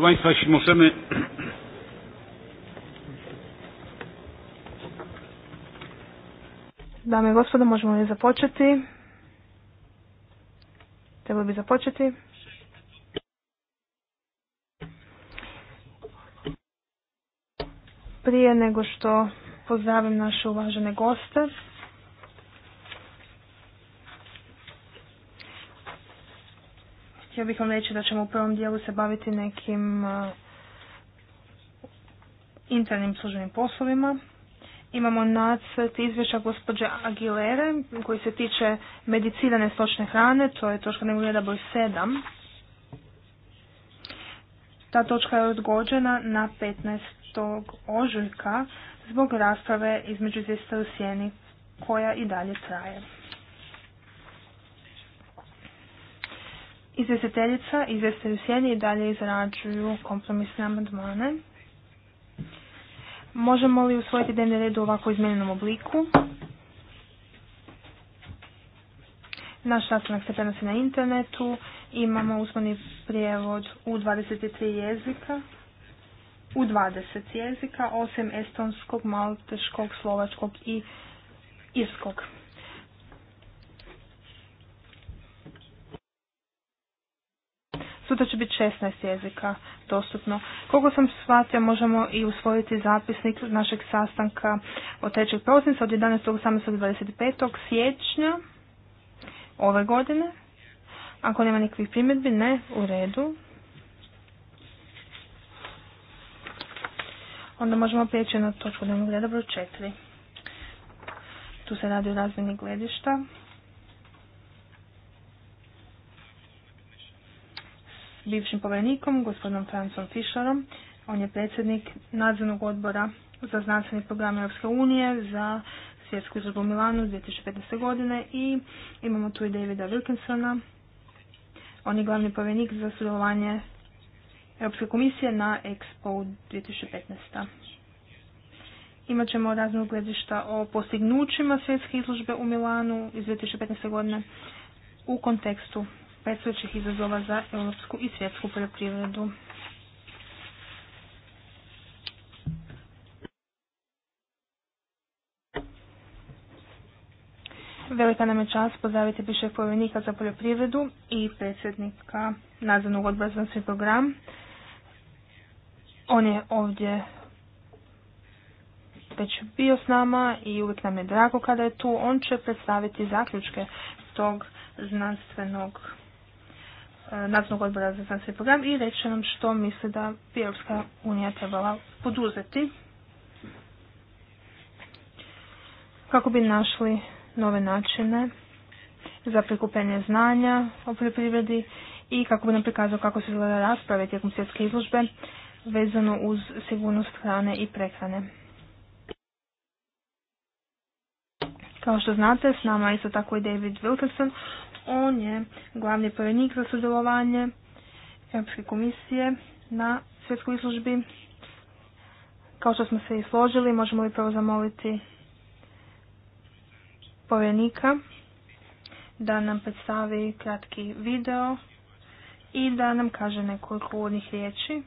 Proszę Państwa, Dame i gospodo, možemo li započeti? Treba bi započeti. Prije nego što pozdravim naše uvažene goste, Htio bih vam reći da ćemo u prvom dijelu se baviti nekim e, internim službenim poslovima. Imamo nacrt izvješća gospođe Aguilere koji se tiče medicirane stočne hrane, to je točka dnevnog reda broj 7. Ta točka je odgođena na 15. ožujka zbog rasprave između izvjestitelja u sjeni koja i dalje traje. Izvjestiteljica, izvjestitelj u sjeni i dalje izrađuju kompromisne amandmane. Možemo li usvojiti dnevni red u ovako izmijenjenom obliku? Naš sastanak se prenosi na internetu. Imamo usmeni prijevod u 23 jezika, u 20 jezika, osim estonskog, malteškog, slovačkog i irskog. Sutra će biti 16 jezika dostupno. Koliko sam shvatio, možemo i usvojiti zapisnik našeg sastanka od 3. prosinca od 11. 18. 25. siječnja ove godine. Ako nema nikakvih primjedbi, ne, u redu. Onda možemo prijeći na točku dnevnog reda broj 4. Tu se radi o razmjeni gledišta bivšim povjerenikom, gospodinom Francom Fischerom. On je predsjednik nadzornog odbora za znanstveni program Europske unije za svjetsku izložbu Milanu 2015. godine i imamo tu i Davida Wilkinsona. On je glavni povjerenik za sudjelovanje Europske komisije na Expo 2015. Imat ćemo raznog gledišta o postignućima svjetske izložbe u Milanu iz 2015. godine u kontekstu predstojećih izazova za europsku i svjetsku poljoprivredu. Velika nam je čast pozdraviti bišeg povjerenika za poljoprivredu i predsjednika nadzornog odbora za svoj program. On je ovdje već bio s nama i uvijek nam je drago kada je tu. On će predstaviti zaključke tog znanstvenog nadzornog odbora za znanstveni program i reći nam što misli da bi Europska unija trebala poduzeti kako bi našli nove načine za prikupljanje znanja o poljoprivredi i kako bi nam prikazao kako se izgleda rasprave tijekom svjetske izložbe vezano uz sigurnost hrane i prehrane. Kao što znate, s nama je isto tako i David Wilkerson, on je glavni povjerenik za sudjelovanje Europske komisije na svjetskoj službi. Kao što smo se i složili, možemo li prvo zamoliti povjerenika da nam predstavi kratki video i da nam kaže nekoliko uvodnih riječi.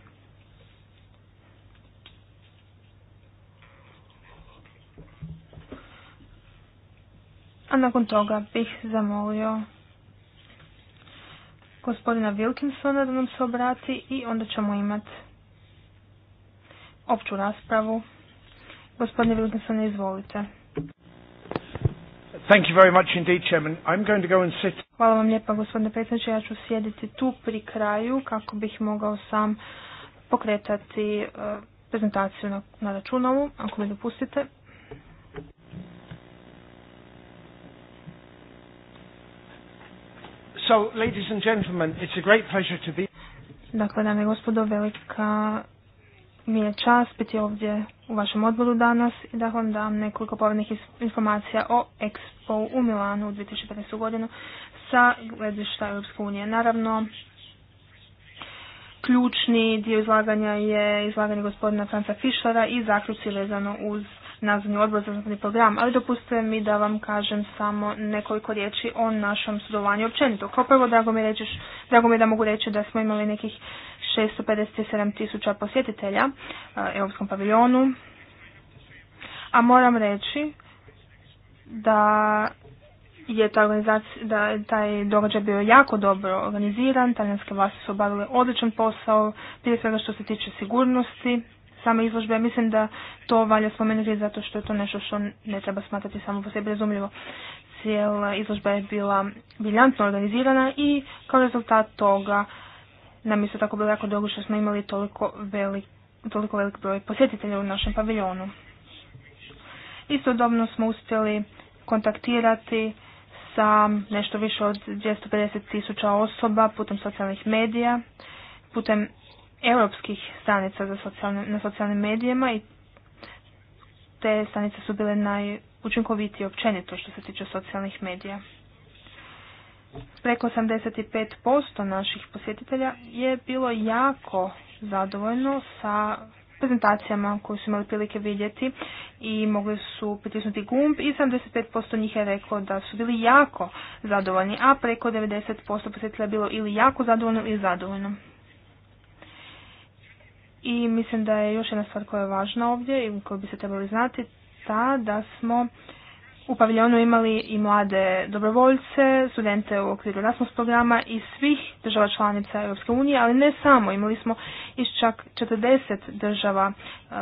A nakon toga bih zamolio gospodina Wilkinsona da nam se obrati i onda ćemo imati opću raspravu. Gospodine Wilkinson, izvolite. Thank you very much indeed, Chairman. I'm going to go and sit. Hvala vam lijepa, gospodine predsjedniče. Ja ću sjediti tu pri kraju kako bih mogao sam pokretati eh, prezentaciju na, na računalu, ako mi dopustite. So, ladies and gentlemen, it's a great pleasure to be... Dakle, dame i gospodo, velika mi je čast biti ovdje u vašem odboru danas i da vam dam nekoliko povednih informacija o Expo u Milanu u 2015. godinu sa gledišta Europske unije. Naravno, ključni dio izlaganja je izlaganje gospodina Franca Fišlera i zaključci vezano uz nadzorni odbor za program, ali dopustite mi da vam kažem samo nekoliko riječi o našem sudovanju općenito. Kao prvo, drago mi, drago mi je da mogu reći da smo imali nekih 657 tisuća posjetitelja e, Europskom paviljonu, a moram reći da je ta organizacija, da taj događaj bio jako dobro organiziran, talijanske vlasti su obavile odličan posao, prije svega što se tiče sigurnosti, same izložbe. Mislim da to valja spomenuti zato što je to nešto što ne treba smatrati samo po sebi razumljivo. Cijela izložba je bila biljantno organizirana i kao rezultat toga nam je se tako bilo jako dobro što smo imali toliko velik, toliko velik broj posjetitelja u našem paviljonu. Istodobno smo uspjeli kontaktirati sa nešto više od 250.000 tisuća osoba putem socijalnih medija, putem europskih stranica za socijalne, na socijalnim medijima i te stranice su bile najučinkovitije općenito što se tiče socijalnih medija. Preko 85% naših posjetitelja je bilo jako zadovoljno sa prezentacijama koje su imali prilike vidjeti i mogli su pritisnuti gumb i 75% njih je reklo da su bili jako zadovoljni, a preko 90% posjetitelja je bilo ili jako zadovoljno ili zadovoljno. I mislim da je još jedna stvar koja je važna ovdje i koju bi se trebali znati, ta da smo u paviljonu imali i mlade dobrovoljce, studente u okviru Erasmus programa i svih država članica Europske unije, ali ne samo. Imali smo iz čak 40 država e,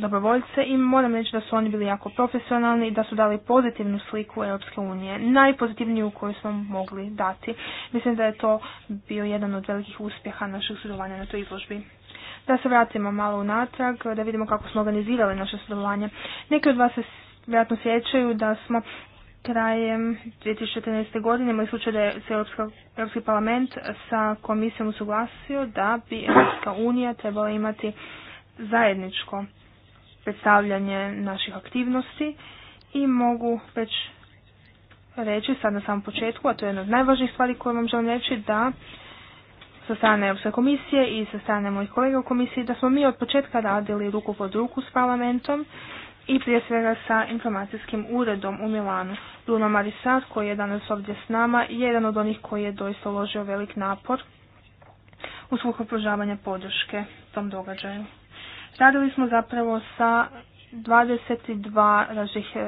dobrovoljce i moram reći da su oni bili jako profesionalni i da su dali pozitivnu sliku Europske unije. Najpozitivniju koju smo mogli dati. Mislim da je to bio jedan od velikih uspjeha našeg sudovanja na toj izložbi da se vratimo malo unatrag, da vidimo kako smo organizirali naše sudjelovanje. Neki od vas se vjerojatno sjećaju da smo krajem 2014. godine imali slučaj da je se Europski parlament sa komisijom usuglasio da bi Europska unija trebala imati zajedničko predstavljanje naših aktivnosti i mogu već reći sad na samom početku, a to je jedna od najvažnijih stvari koje vam želim reći, da sa strane Europske komisije i sa strane mojih kolega u komisiji da smo mi od početka radili ruku pod ruku s parlamentom i prije svega sa informacijskim uredom u Milanu. Bruno marisat koji je danas ovdje s nama je jedan od onih koji je doista uložio velik napor u svrhu pružavanja podrške tom događaju. Radili smo zapravo sa 22 različitih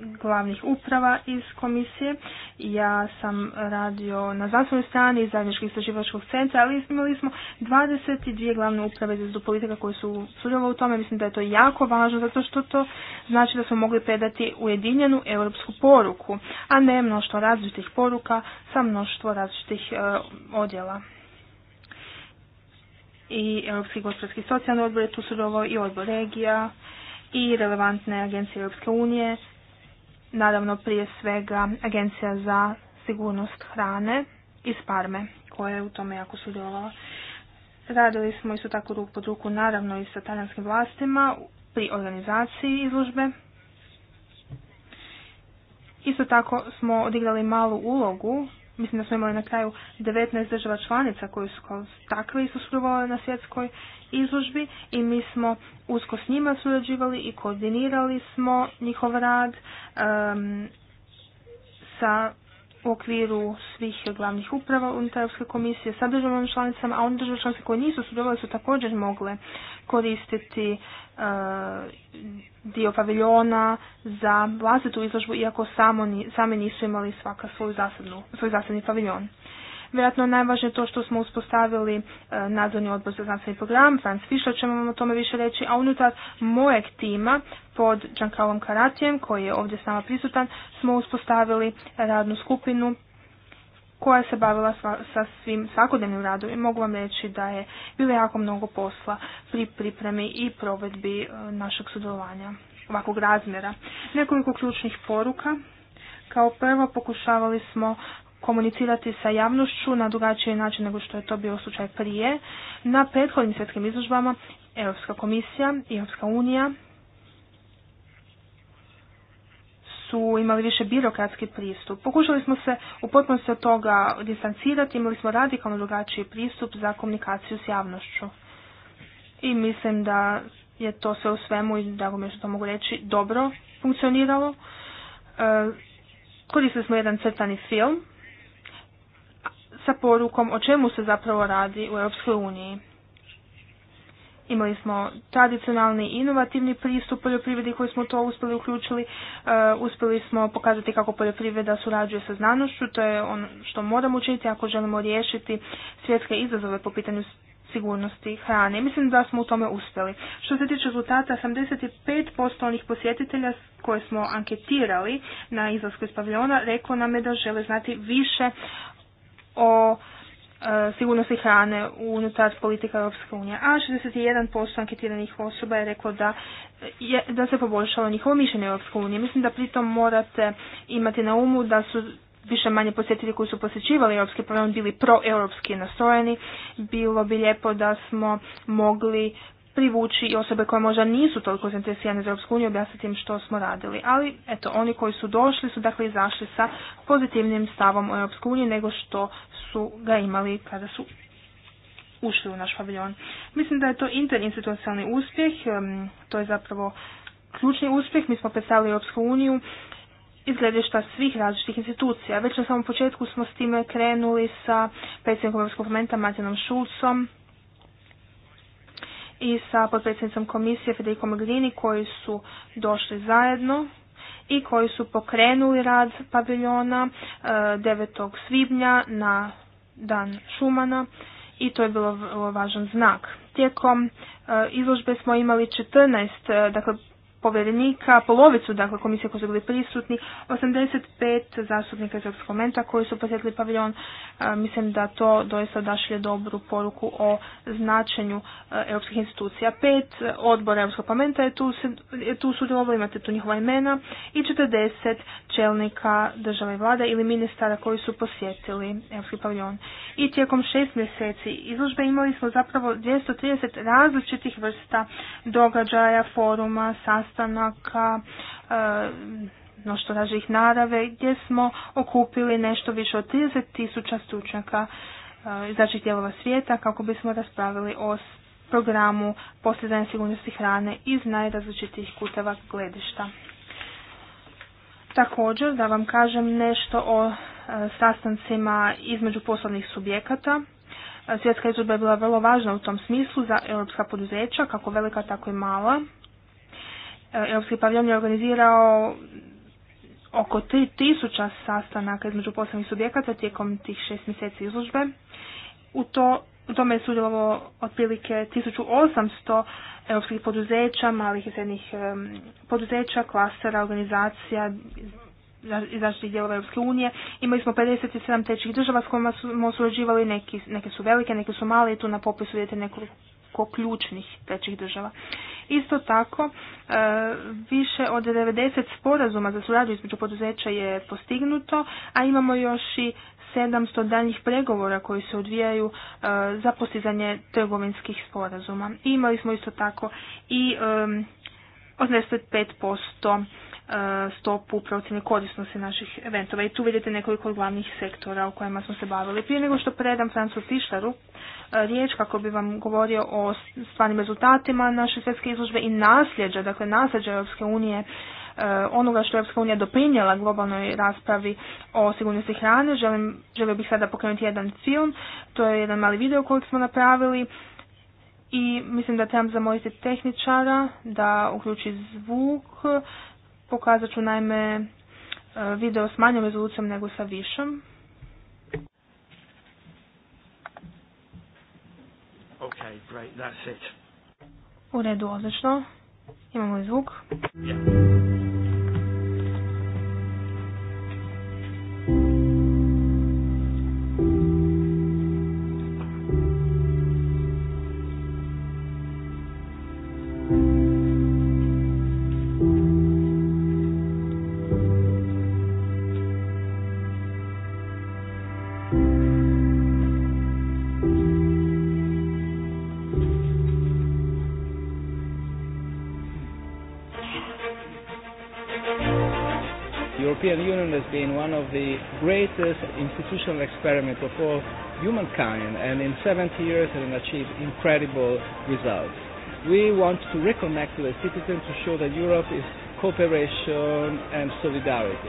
glavnih uprava iz komisije. Ja sam radio na znanstvenoj strani zajedničkog istraživačkog centra, ali imali smo 22 glavne uprave iz politika koje su sudjelovali u tome. Mislim da je to jako važno zato što to znači da smo mogli predati ujedinjenu europsku poruku, a ne mnoštvo različitih poruka sa mnoštvo različitih e, odjela i Europski gospodarski socijalni odbor je tu sudjelovao i odbor regija i relevantne agencije Europske unije naravno prije svega Agencija za sigurnost hrane i Parme, koja je u tome jako sudjelovala. Radili smo isto tako ruku pod ruku, naravno i sa talijanskim vlastima pri organizaciji izložbe. Isto tako smo odigrali malu ulogu Mislim da smo imali na kraju 19 država članica koje su kao takve sudjelovali na svjetskoj izložbi i mi smo usko s njima surađivali i koordinirali smo njihov rad sa u okviru svih glavnih uprava unutar Europske komisije sa državama članicama, a one države članice koje nisu sudjelovale su također mogle koristiti e, dio paviljona za vlastitu izložbu, iako samo, same nisu imali svaka svoj zasadni paviljon. Vjerojatno je najvažnije to što smo uspostavili e, nadzorni odbor za znanstveni program, Franz Fischer ćemo vam o tome više reći, a unutar mojeg tima pod Čankalom Karatijem, koji je ovdje s nama prisutan, smo uspostavili radnu skupinu koja se bavila sa svim svakodnevnim radom i mogu vam reći da je bilo jako mnogo posla pri pripremi i provedbi e, našeg sudjelovanja ovakvog razmjera. Nekoliko ključnih poruka. Kao prvo pokušavali smo komunicirati sa javnošću na drugačiji način nego što je to bio slučaj prije. Na prethodnim svjetskim izložbama Europska komisija i Europska unija su imali više birokratski pristup. Pokušali smo se u potpunosti od toga distancirati, imali smo radikalno drugačiji pristup za komunikaciju s javnošću. I mislim da je to sve u svemu, i da mi što to mogu reći, dobro funkcioniralo. E, koristili smo jedan crtani film sa porukom o čemu se zapravo radi u Europskoj uniji. Imali smo tradicionalni i inovativni pristup poljoprivredi koji smo to uspjeli uključili. E, uspjeli smo pokazati kako poljoprivreda surađuje sa znanošću. To je ono što moramo učiniti ako želimo riješiti svjetske izazove po pitanju sigurnosti hrane. Mislim da smo u tome uspjeli. Što se tiče rezultata, 85% onih posjetitelja koje smo anketirali na izlasku iz paviljona reklo nam je da žele znati više o e, sigurnosti hrane unutar politika Europske unije. A 61% anketiranih osoba je reklo da, je, da se poboljšalo njihovo mišljenje Europske unije. Mislim da pritom morate imati na umu da su više manje posjetitelji koji su posjećivali Europski parlament bili proeuropski nastrojeni. Bilo bi lijepo da smo mogli privući i osobe koje možda nisu toliko zainteresirane za Europsku uniju objasniti im što smo radili. Ali, eto, oni koji su došli su dakle izašli sa pozitivnim stavom o Europsku uniju nego što su ga imali kada su ušli u naš paviljon. Mislim da je to interinstitucionalni uspjeh, to je zapravo ključni uspjeh. Mi smo predstavili Europsku uniju iz svih različitih institucija. Već na samom početku smo s time krenuli sa predsjednikom Europskog parlamenta Martinom Šulcom, i sa potpredsjednicom komisije Federico Maglini koji su došli zajedno i koji su pokrenuli rad paviljona 9. E, svibnja na dan Šumana i to je bilo važan znak. Tijekom e, izložbe smo imali 14 e, dakle, povjerenika, polovicu dakle komisije koji su bili prisutni, 85 zastupnika iz Europskog komenta koji su posjetili paviljon. E, mislim da to doista dašlje dobru poruku o značenju e, europskih institucija. Pet e, odbora Europskog parlamenta je tu, tu sudjelovalo, imate tu njihova imena i 40 čelnika države i vlade ili ministara koji su posjetili Europski paviljon. I tijekom šest mjeseci izložbe imali smo zapravo 230 različitih vrsta događaja, foruma, sa sastanaka, eh, no što ražih narave, gdje smo okupili nešto više od 30 tisuća stručnjaka eh, iz dijelova svijeta kako bismo raspravili o programu posljedanje sigurnosti hrane iz najrazličitih kuteva gledišta. Također da vam kažem nešto o eh, sastancima između poslovnih subjekata. Svjetska izložba je bila vrlo važna u tom smislu za europska poduzeća, kako velika tako i mala. E, Europski pavljon je organizirao oko 3000 sastanaka između poslovnih subjekata tijekom tih šest mjeseci izložbe. U, to, u tome je sudjelovalo otprilike 1800 europskih poduzeća, malih i srednjih poduzeća, klasera, organizacija iz različitih dijelova Europske unije. Imali smo 57 trećih država s kojima smo surađivali, neki, neke su velike, neke su male i tu na popisu vidite nekoliko ko ključnih trećih država. Isto tako, e, više od 90 sporazuma za suradnju između poduzeća je postignuto, a imamo još i 700 daljnjih pregovora koji se odvijaju e, za postizanje trgovinskih sporazuma. imali smo isto tako i 85% e, E, stopu procjene korisnosti naših eventova. I tu vidite nekoliko glavnih sektora u kojima smo se bavili. Prije nego što predam Francu Fišaru e, riječ kako bi vam govorio o stvarnim rezultatima naše svjetske izložbe i nasljeđa, dakle nasljeđa Europske unije e, onoga što je Europska unija doprinjela globalnoj raspravi o sigurnosti hrane. Želim, želio bih sada pokrenuti jedan film, to je jedan mali video kojeg smo napravili i mislim da trebam zamoliti tehničara da uključi zvuk Pokazat ću naime e, video s manjom rezolucijom nego sa višom. great, that's it. U redu, odlično. Imamo i zvuk. Yeah. greatest institutional experiment of all humankind and in 70 years it achieved incredible results. We want to reconnect to the citizens to show that Europe is cooperation and solidarity.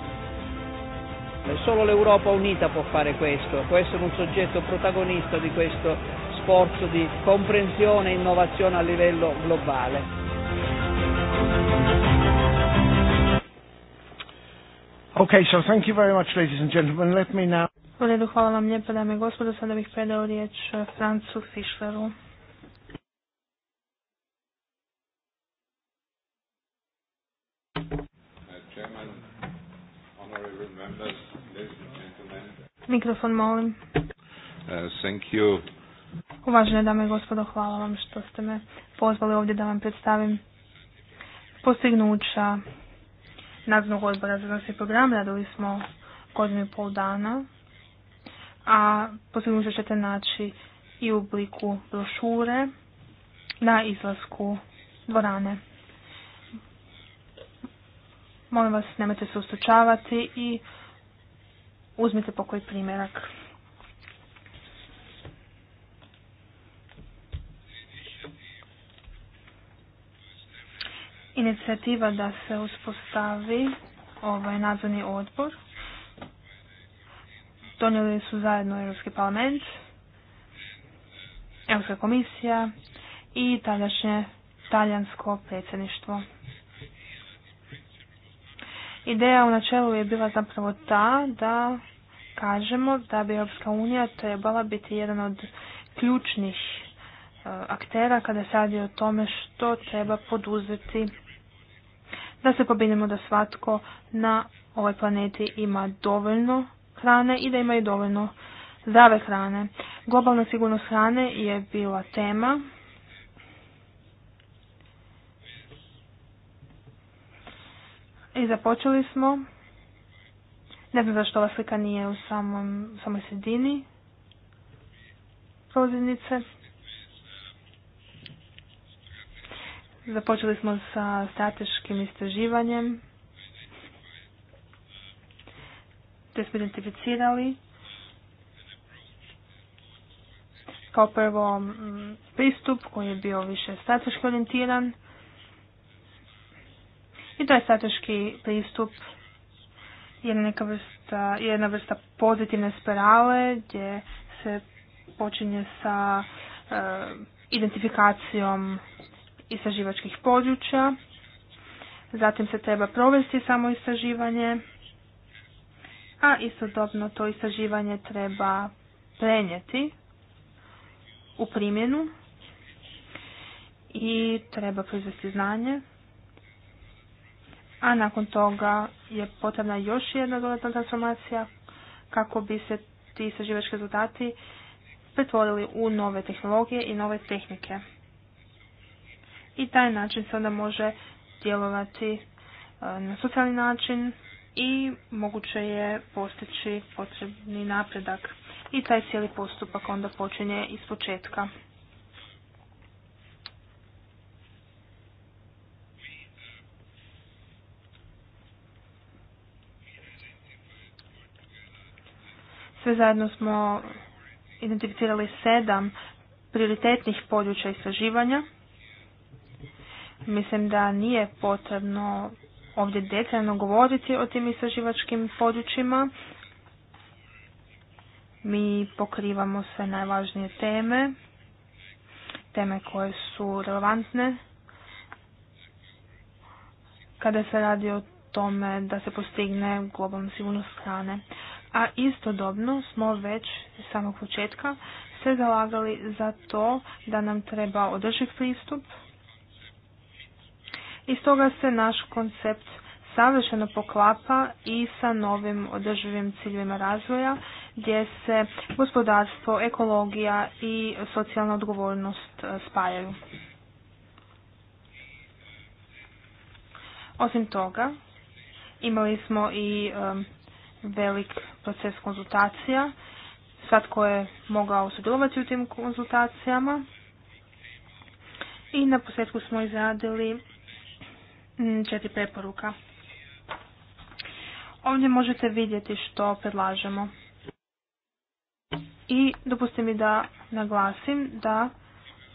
E solo l'Europa unita può fare questo, può essere un soggetto protagonista di questo sforzo di comprensione e innovazione a livello globale. Okay, so thank you very much, ladies and gentlemen. Let me now... hvala vam lijepo, dame i gospodo. Sada bih predao riječ Francu Fischleru. Mikrofon molim. Uh, thank you. Uvažene dame i gospodo, hvala vam što ste me pozvali ovdje da vam predstavim postignuća nadzornog odbora za znanstveni program. Radili smo godinu i pol dana, a postignuća ćete naći i u obliku brošure na izlasku dvorane. Molim vas, nemojte se ustočavati i Uzmite koji primjerak. Inicijativa da se uspostavi ovaj nadzorni odbor donijeli su zajedno Europski parlament, Europska komisija i tadašnje talijansko predsjedništvo. Ideja u načelu je bila zapravo ta da kažemo da bi Europska unija trebala biti jedan od ključnih e, aktera kada se radi o tome što treba poduzeti da se pobinemo da svatko na ovoj planeti ima dovoljno hrane i da i dovoljno zdrave hrane. Globalna sigurnost hrane je bila tema i započeli smo ne znam zašto ova slika nije u samom, samoj sredini prozirnice. Započeli smo sa strateškim istraživanjem. Te smo identificirali kao prvo pristup koji je bio više strateški orijentiran. I taj strateški pristup jedna, neka vrsta, jedna vrsta pozitivne spirale gdje se počinje sa e, identifikacijom istraživačkih područja, zatim se treba provesti samo istraživanje, a istodobno to istraživanje treba prenijeti u primjenu i treba proizvesti znanje a nakon toga je potrebna još jedna dodatna transformacija kako bi se ti istraživački rezultati pretvorili u nove tehnologije i nove tehnike. I taj način se onda može djelovati e, na socijalni način i moguće je postići potrebni napredak. I taj cijeli postupak onda počinje iz početka. Sve zajedno smo identificirali sedam prioritetnih područja istraživanja. Mislim da nije potrebno ovdje detaljno govoriti o tim istraživačkim područjima. Mi pokrivamo sve najvažnije teme, teme koje su relevantne kada se radi o tome da se postigne globalna sigurnost hrane a istodobno smo već samog početka se zalagali za to da nam treba održiv pristup. I stoga se naš koncept savršeno poklapa i sa novim održivim ciljevima razvoja gdje se gospodarstvo, ekologija i socijalna odgovornost e, spajaju. Osim toga, imali smo i e, velik proces konzultacija. Svatko je mogao sudjelovati u tim konzultacijama. I na posljedku smo izradili mm, četiri preporuka. Ovdje možete vidjeti što predlažemo. I dopustite mi da naglasim da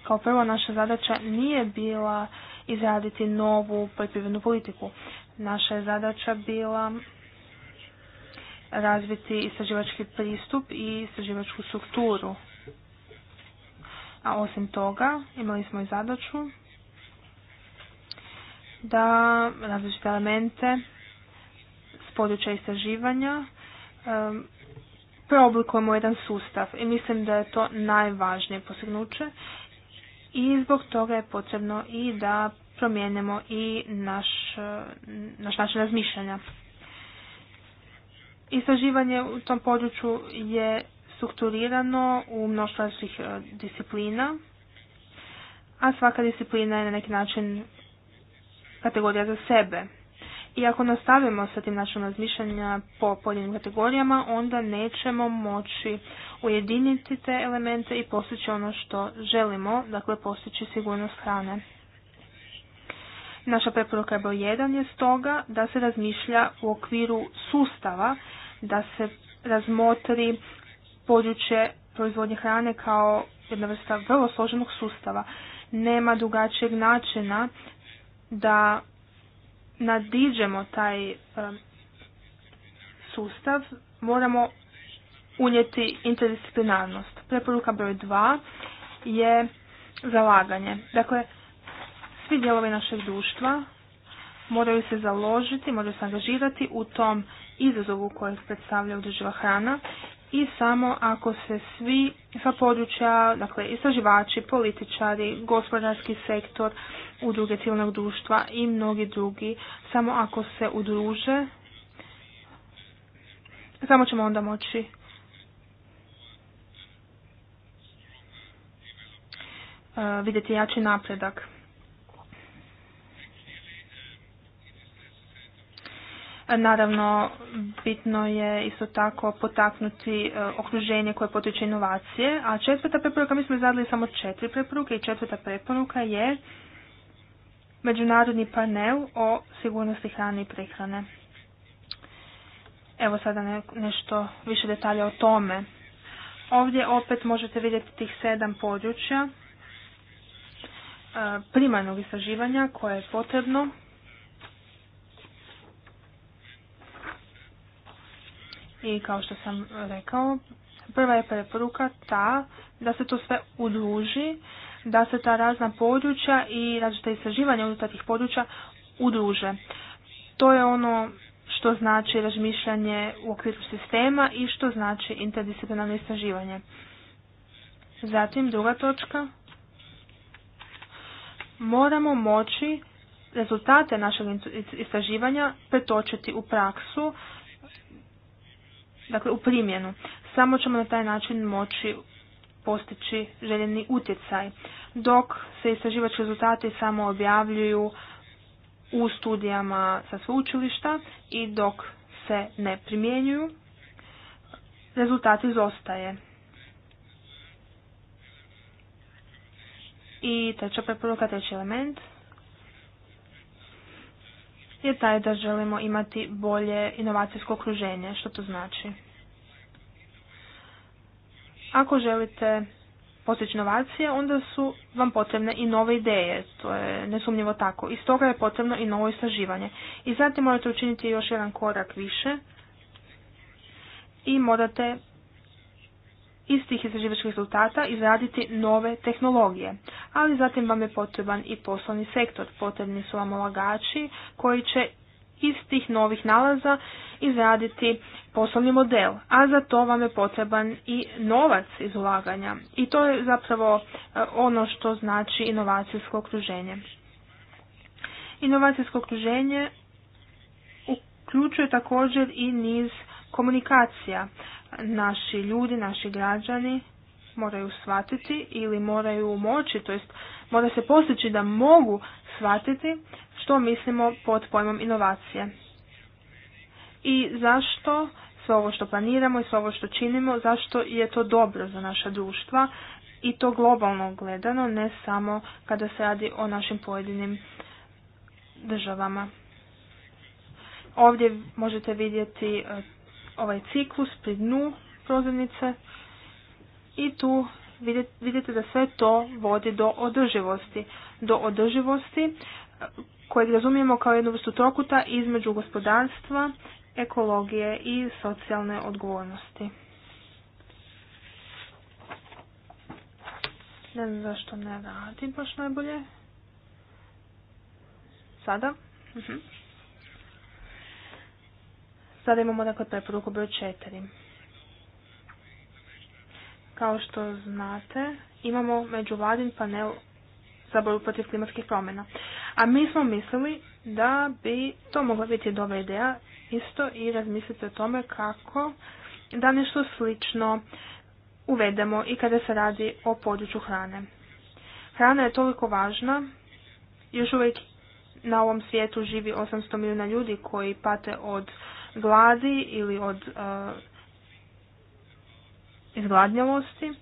kao prvo naša zadaća nije bila izraditi novu poljoprivrednu politiku. Naša je zadaća bila razviti istraživački pristup i istraživačku strukturu. A osim toga, imali smo i zadaću da različite elemente s područja istraživanja um, preoblikujemo jedan sustav i mislim da je to najvažnije postignuće i zbog toga je potrebno i da promijenimo i naš, naš način razmišljanja. Istraživanje u tom području je strukturirano u mnoštvo e, disciplina, a svaka disciplina je na neki način kategorija za sebe. I ako nastavimo sa tim načinom razmišljanja po pojedinim kategorijama, onda nećemo moći ujediniti te elemente i postići ono što želimo, dakle postići sigurnost hrane. Naša preporuka broj jedan je stoga da se razmišlja u okviru sustava, da se razmotri područje proizvodnje hrane kao jedna vrsta vrlo složenog sustava. Nema drugačijeg načina da nadiđemo taj sustav, moramo unijeti interdisciplinarnost. Preporuka broj dva je zalaganje. Dakle, svi dijelovi našeg društva moraju se založiti, moraju se angažirati u tom izazovu koje predstavlja održiva hrana i samo ako se svi sva područja, dakle istraživači, političari, gospodarski sektor, udruge civilnog društva i mnogi drugi, samo ako se udruže, samo ćemo onda moći eh, vidjeti jači napredak. Naravno, bitno je isto tako potaknuti e, okruženje koje potiče inovacije, a četvrta preporuka, mi smo izradili samo četiri preporuke i četvrta preporuka je međunarodni panel o sigurnosti hrane i prehrane. Evo sada nešto više detalja o tome. Ovdje opet možete vidjeti tih sedam područja e, primarnog istraživanja koje je potrebno I kao što sam rekao, prva je preporuka ta da se to sve udruži, da se ta razna područja i različita istraživanja unutar tih područja udruže. To je ono što znači razmišljanje u okviru sistema i što znači interdisciplinarno istraživanje. Zatim druga točka. Moramo moći rezultate našeg istraživanja pretočiti u praksu dakle u primjenu. Samo ćemo na taj način moći postići željeni utjecaj, dok se istraživački rezultati samo objavljuju u studijama sa sveučilišta i dok se ne primjenjuju, rezultat izostaje. I treća preporuka, treći element je taj da želimo imati bolje inovacijsko okruženje. Što to znači? Ako želite postići inovacije, onda su vam potrebne i nove ideje. To je nesumnjivo tako. I toga je potrebno i novo istraživanje. I zatim morate učiniti još jedan korak više i morate iz tih istraživačkih rezultata izraditi nove tehnologije. Ali zatim vam je potreban i poslovni sektor, potrebni su vam ulagači koji će iz tih novih nalaza izraditi poslovni model, a za to vam je potreban i novac iz ulaganja. I to je zapravo e, ono što znači inovacijsko okruženje. Inovacijsko okruženje uključuje također i niz komunikacija naši ljudi, naši građani moraju shvatiti ili moraju moći, to jest mora se postići da mogu shvatiti što mislimo pod pojmom inovacije. I zašto sve ovo što planiramo i sve ovo što činimo, zašto je to dobro za naša društva i to globalno gledano, ne samo kada se radi o našim pojedinim državama. Ovdje možete vidjeti e, ovaj ciklus pri dnu prozirnice i tu vidite da sve to vodi do održivosti. Do održivosti e, kojeg razumijemo kao jednu vrstu trokuta između gospodarstva, ekologije i socijalne odgovornosti. Ne znam zašto ne radim baš najbolje. Sada? Uh Sada imamo dakle preporuku broj četiri. Kao što znate, imamo međuvladin panel za borbu protiv klimatskih promjena. A mi smo mislili da bi to mogla biti dobra ideja isto i razmisliti o tome kako da nešto slično uvedemo i kada se radi o području hrane. Hrana je toliko važna, još uvijek na ovom svijetu živi 800 milijuna ljudi koji pate od gladi ili od uh, izgladnjavosti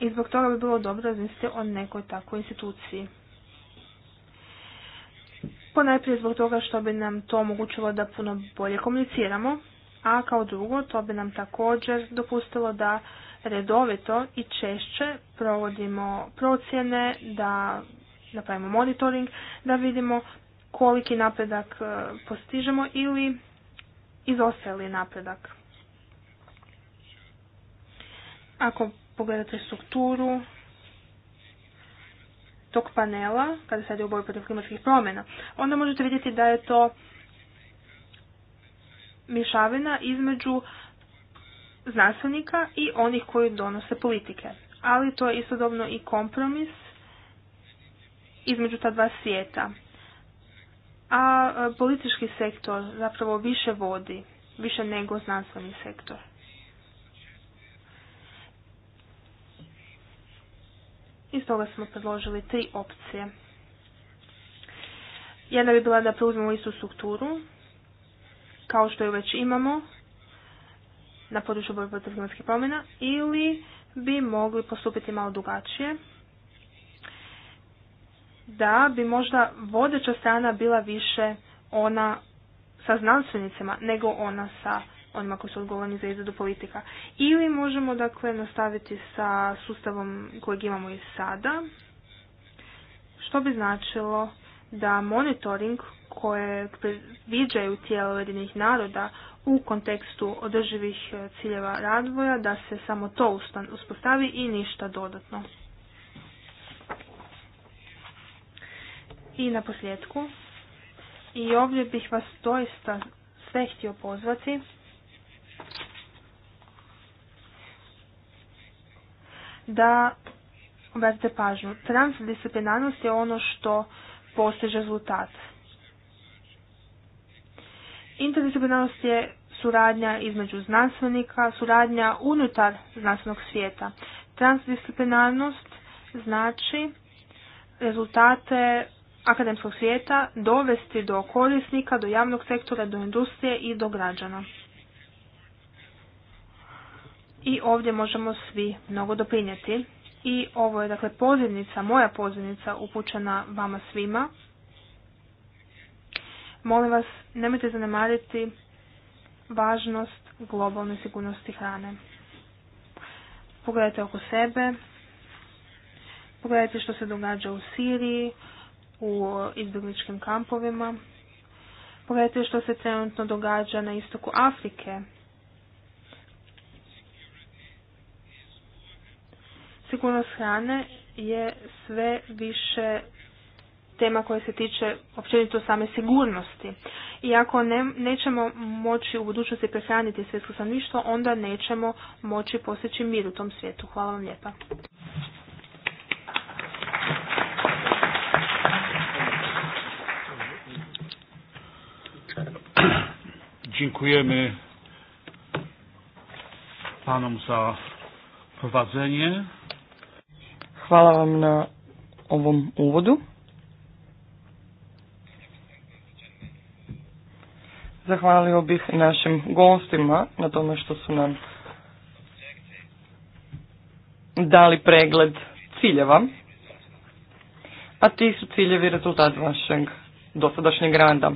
i zbog toga bi bilo dobro razmisliti o nekoj takvoj instituciji. Ponajprije zbog toga što bi nam to omogućilo da puno bolje komuniciramo, a kao drugo to bi nam također dopustilo da redovito i češće provodimo procjene, da napravimo monitoring, da vidimo koliki napredak e, postižemo ili izostajali napredak. Ako pogledate strukturu tog panela, kada se radi o boju protiv klimatskih promjena, onda možete vidjeti da je to mješavina između znanstvenika i onih koji donose politike. Ali to je istodobno i kompromis između ta dva svijeta a e, politički sektor zapravo više vodi, više nego znanstveni sektor. Iz toga smo predložili tri opcije. Jedna bi bila da preuzmemo istu strukturu, kao što ju već imamo, na području borbe protiv klimatskih promjena, ili bi mogli postupiti malo drugačije, da bi možda vodeća strana bila više ona sa znanstvenicima nego ona sa onima koji su odgovorni za izradu politika. Ili možemo dakle nastaviti sa sustavom kojeg imamo i sada, što bi značilo da monitoring koje viđaju tijela jedinih naroda u kontekstu održivih ciljeva razvoja, da se samo to uspostavi i ništa dodatno. I na posljedku, i ovdje bih vas doista sve htio pozvati da obratite pažnju. Transdisciplinarnost je ono što postiže rezultat. Interdisciplinarnost je suradnja između znanstvenika, suradnja unutar znanstvenog svijeta. Transdisciplinarnost znači rezultate akademskog svijeta dovesti do korisnika, do javnog sektora, do industrije i do građana. I ovdje možemo svi mnogo doprinijeti. I ovo je dakle pozivnica, moja pozivnica upućena vama svima. Molim vas, nemojte zanemariti važnost globalne sigurnosti hrane. Pogledajte oko sebe, pogledajte što se događa u Siriji, u izbjegličkim kampovima. Pogledajte što se trenutno događa na istoku Afrike. Sigurnost hrane je sve više tema koja se tiče općenito same sigurnosti. I ako nećemo moći u budućnosti prehraniti svjetsko stanovništvo, onda nećemo moći postići mir u tom svijetu. Hvala vam lijepa. Dziękujemy panom za prowadzenie. Hvala vam na ovom uvodu. Zahvalio bih i našim gostima na tome što su nam dali pregled ciljeva, a ti su ciljevi rezultat vašeg dosadašnjeg randa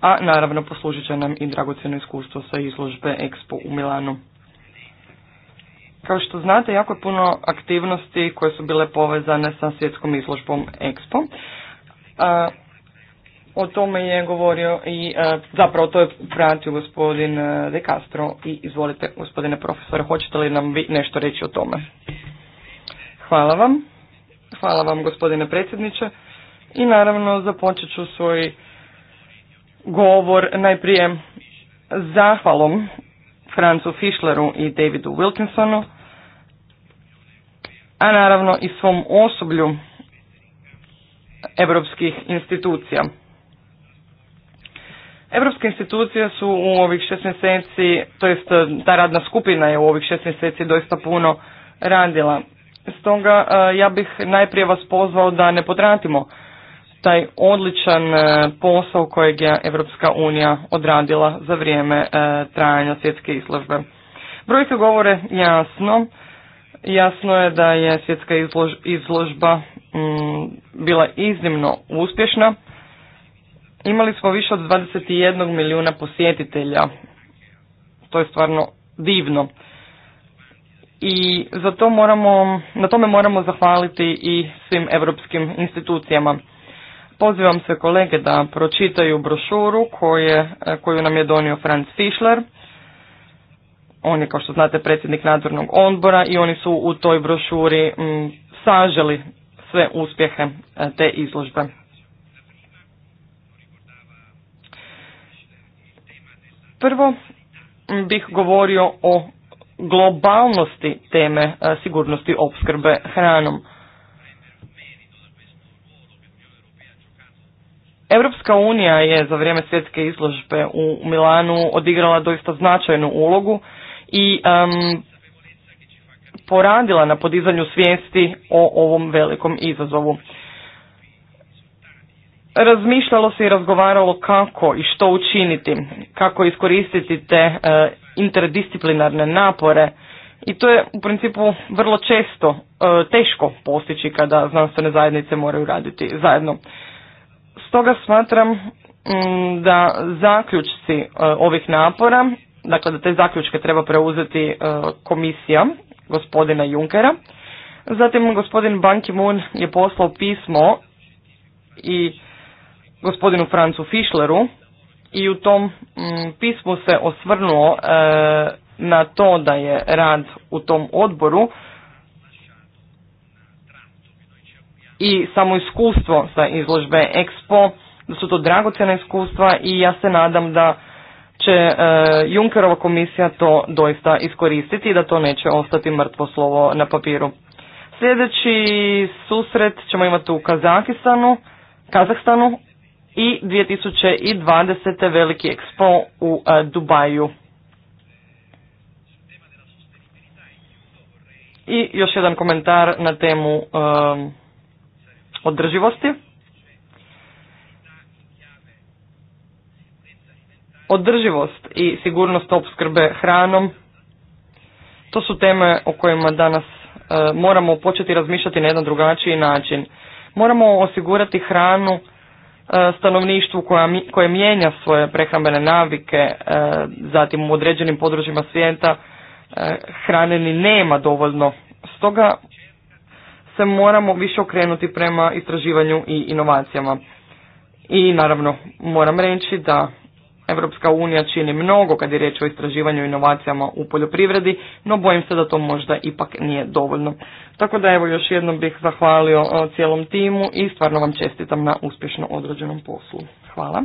a naravno poslužit će nam i dragocjeno iskustvo sa izložbe Expo u Milanu. Kao što znate, jako je puno aktivnosti koje su bile povezane sa svjetskom izložbom Expo. o tome je govorio i zapravo to je pratio gospodin De Castro i izvolite gospodine profesore, hoćete li nam vi nešto reći o tome? Hvala vam. Hvala vam gospodine predsjedniče i naravno započet ću svoj govor najprije zahvalom Francu Fischleru i Davidu Wilkinsonu, a naravno i svom osoblju europskih institucija. Europske institucije su u ovih šest mjeseci, to jest e, ta radna skupina je u ovih šest mjeseci doista puno radila. Stoga e, ja bih najprije vas pozvao da ne potratimo taj odličan e, posao kojeg je Europska unija odradila za vrijeme e, trajanja svjetske izložbe. Brojke govore jasno. Jasno je da je svjetska izložba mm, bila iznimno uspješna. Imali smo više od 21 milijuna posjetitelja. To je stvarno divno. I za to moramo, na tome moramo zahvaliti i svim europskim institucijama. Pozivam sve kolege da pročitaju brošuru koje, e, koju nam je donio Franz Fischler. On je, kao što znate, predsjednik nadzornog odbora i oni su u toj brošuri mm, saželi sve uspjehe e, te izložbe. Prvo mm, bih govorio o globalnosti teme e, sigurnosti opskrbe hranom. Europska unija je za vrijeme svjetske izložbe u Milanu odigrala doista značajnu ulogu i poradila na podizanju svijesti o ovom velikom izazovu. Razmišljalo se i razgovaralo kako i što učiniti, kako iskoristiti te eh, interdisciplinarne napore i to je u principu vrlo često eh, teško postići kada znanstvene zajednice moraju raditi zajedno. Stoga smatram mm, da zaključci e, ovih napora, dakle da te zaključke treba preuzeti e, komisija gospodina Junkera. Zatim gospodin Ban Ki-moon je poslao pismo i gospodinu Francu Fischleru i u tom mm, pismu se osvrnuo e, na to da je rad u tom odboru i samo iskustvo sa izložbe Expo, da su to dragocjena iskustva i ja se nadam da će e, Junkerova komisija to doista iskoristiti i da to neće ostati mrtvo slovo na papiru. Sljedeći susret ćemo imati u Kazahistanu, Kazahstanu i 2020. veliki ekspo u e, Dubaju. I još jedan komentar na temu e, održivosti. Održivost i sigurnost opskrbe hranom, to su teme o kojima danas e, moramo početi razmišljati na jedan drugačiji način. Moramo osigurati hranu e, stanovništvu koja, koje mijenja svoje prehrambene navike, e, zatim u određenim područjima svijeta ni nema dovoljno. Stoga moramo više okrenuti prema istraživanju i inovacijama. I naravno moram reći da Evropska unija čini mnogo kad je riječ o istraživanju i inovacijama u poljoprivredi, no bojim se da to možda ipak nije dovoljno. Tako da evo još jednom bih zahvalio cijelom timu i stvarno vam čestitam na uspješno odrađenom poslu. Hvala.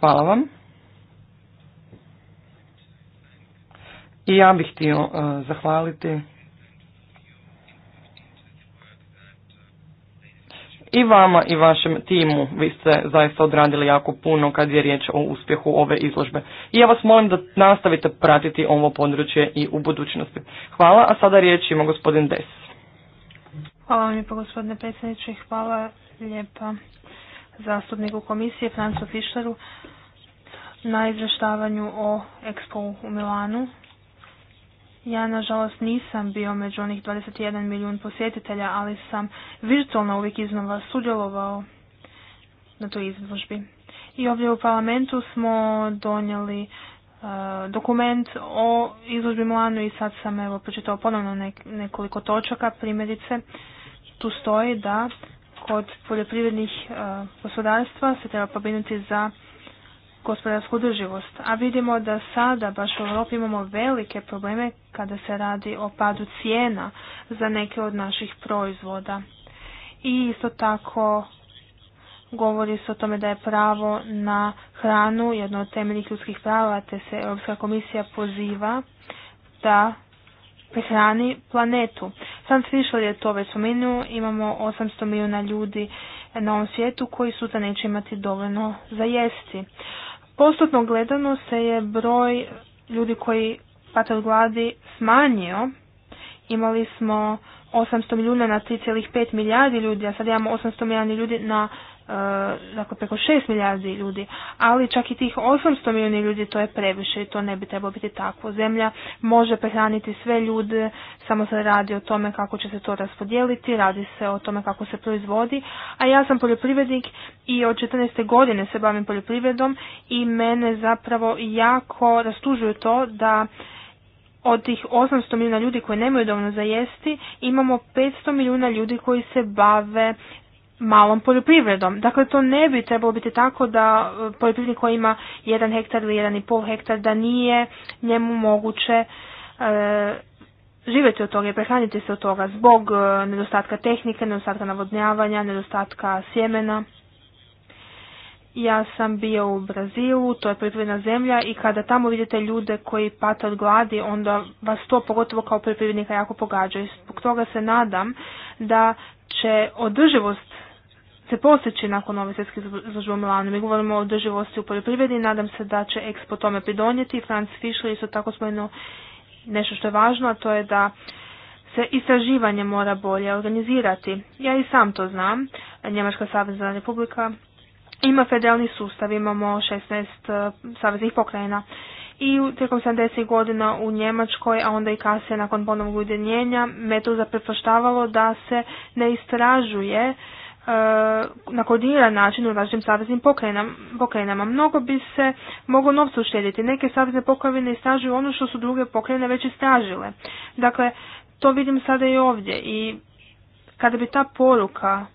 Hvala vam. I ja bih htio e, zahvaliti i vama i vašem timu. Vi ste zaista odradili jako puno kad je riječ o uspjehu ove izložbe. I ja vas molim da nastavite pratiti ovo područje i u budućnosti. Hvala, a sada riječ ima gospodin Des. Hvala vam lijepo gospodine predsjedniče, hvala lijepa zastupniku komisije Francu Fišleru na izvještavanju o Expo u Milanu ja nažalost nisam bio među onih 21 milijun posjetitelja, ali sam virtualno uvijek iznova sudjelovao na toj izložbi. I ovdje u parlamentu smo donijeli e, dokument o izložbi Milanu i sad sam evo pročitao ponovno nekoliko točaka, primjerice tu stoji da kod poljoprivrednih uh, gospodarstva se treba pobinuti za gospodarsku održivost. A vidimo da sada baš u Europi imamo velike probleme kada se radi o padu cijena za neke od naših proizvoda. I isto tako govori se o tome da je pravo na hranu jedno od temeljnih ljudskih prava, te se Europska komisija poziva da prehrani planetu. Sam svišao je to već spomenuo, imamo 800 milijuna ljudi na ovom svijetu koji sutra neće imati dovoljno za jesti. Postupno gledano se je broj ljudi koji pate od gladi smanjio. Imali smo 800 milijuna na 3,5 milijardi ljudi, a sad imamo 800 milijuna ljudi na E, dakle preko 6 milijardi ljudi, ali čak i tih 800 milijuna ljudi to je previše i to ne bi trebalo biti takvo. Zemlja može prehraniti sve ljude, samo se radi o tome kako će se to raspodijeliti, radi se o tome kako se proizvodi, a ja sam poljoprivrednik i od 14. godine se bavim poljoprivredom i mene zapravo jako rastužuje to da od tih 800 milijuna ljudi koji nemaju dovoljno za jesti, imamo 500 milijuna ljudi koji se bave malom poljoprivredom. Dakle, to ne bi trebalo biti tako da e, poljoprivrednik koji ima jedan hektar ili jedan i pol hektar, da nije njemu moguće e, živjeti od toga i prehraniti se od toga zbog e, nedostatka tehnike, nedostatka navodnjavanja, nedostatka sjemena. Ja sam bio u Brazilu, to je poljoprivredna zemlja i kada tamo vidite ljude koji pate od gladi, onda vas to pogotovo kao poljoprivrednika jako pogađa i zbog toga se nadam da će održivost se posjeći nakon ove svjetske izložbe u Milanu. Mi govorimo o održivosti u poljoprivredi i nadam se da će ekspo tome pridonijeti. Franz Fischler isto tako spomenuo nešto što je važno, a to je da se istraživanje mora bolje organizirati. Ja i sam to znam. Njemačka savezna republika ima federalni sustav, imamo 16 e, saveznih pokrajina. I tijekom 70. godina u Njemačkoj, a onda i kasnije nakon ponovog ujedinjenja, metu zaprepoštavalo da se ne istražuje E, na koordiniran način u različitim saveznim pokrenama. Mnogo bi se moglo novca uštediti. Neke savezne pokrajine istražuju ono što su druge pokrajine već istražile. Dakle, to vidim sada i ovdje i kada bi ta poruka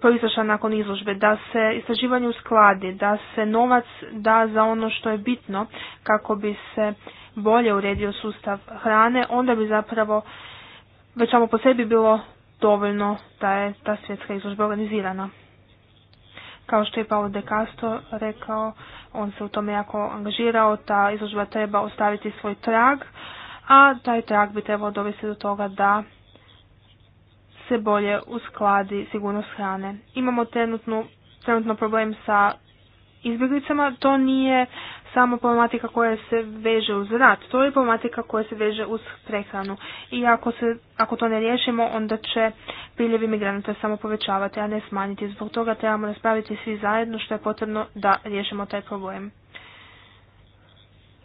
proizašla nakon izložbe, da se istraživanje uskladi, da se novac da za ono što je bitno kako bi se bolje uredio sustav hrane, onda bi zapravo već samo po sebi bilo dovoljno da je ta svjetska izložba organizirana. Kao što je Paolo De Castro rekao, on se u tome jako angažirao, ta izložba treba ostaviti svoj trag, a taj trag bi trebao dovesti do toga da se bolje uskladi sigurnost hrane. Imamo trenutno, trenutno problem sa izbjeglicama, to nije samo problematika koja se veže uz rat, to je problematika koja se veže uz prehranu. I ako, se, ako to ne riješimo, onda će priljevi migranata samo povećavati, a ne smanjiti. Zbog toga trebamo raspraviti svi zajedno što je potrebno da riješimo taj problem.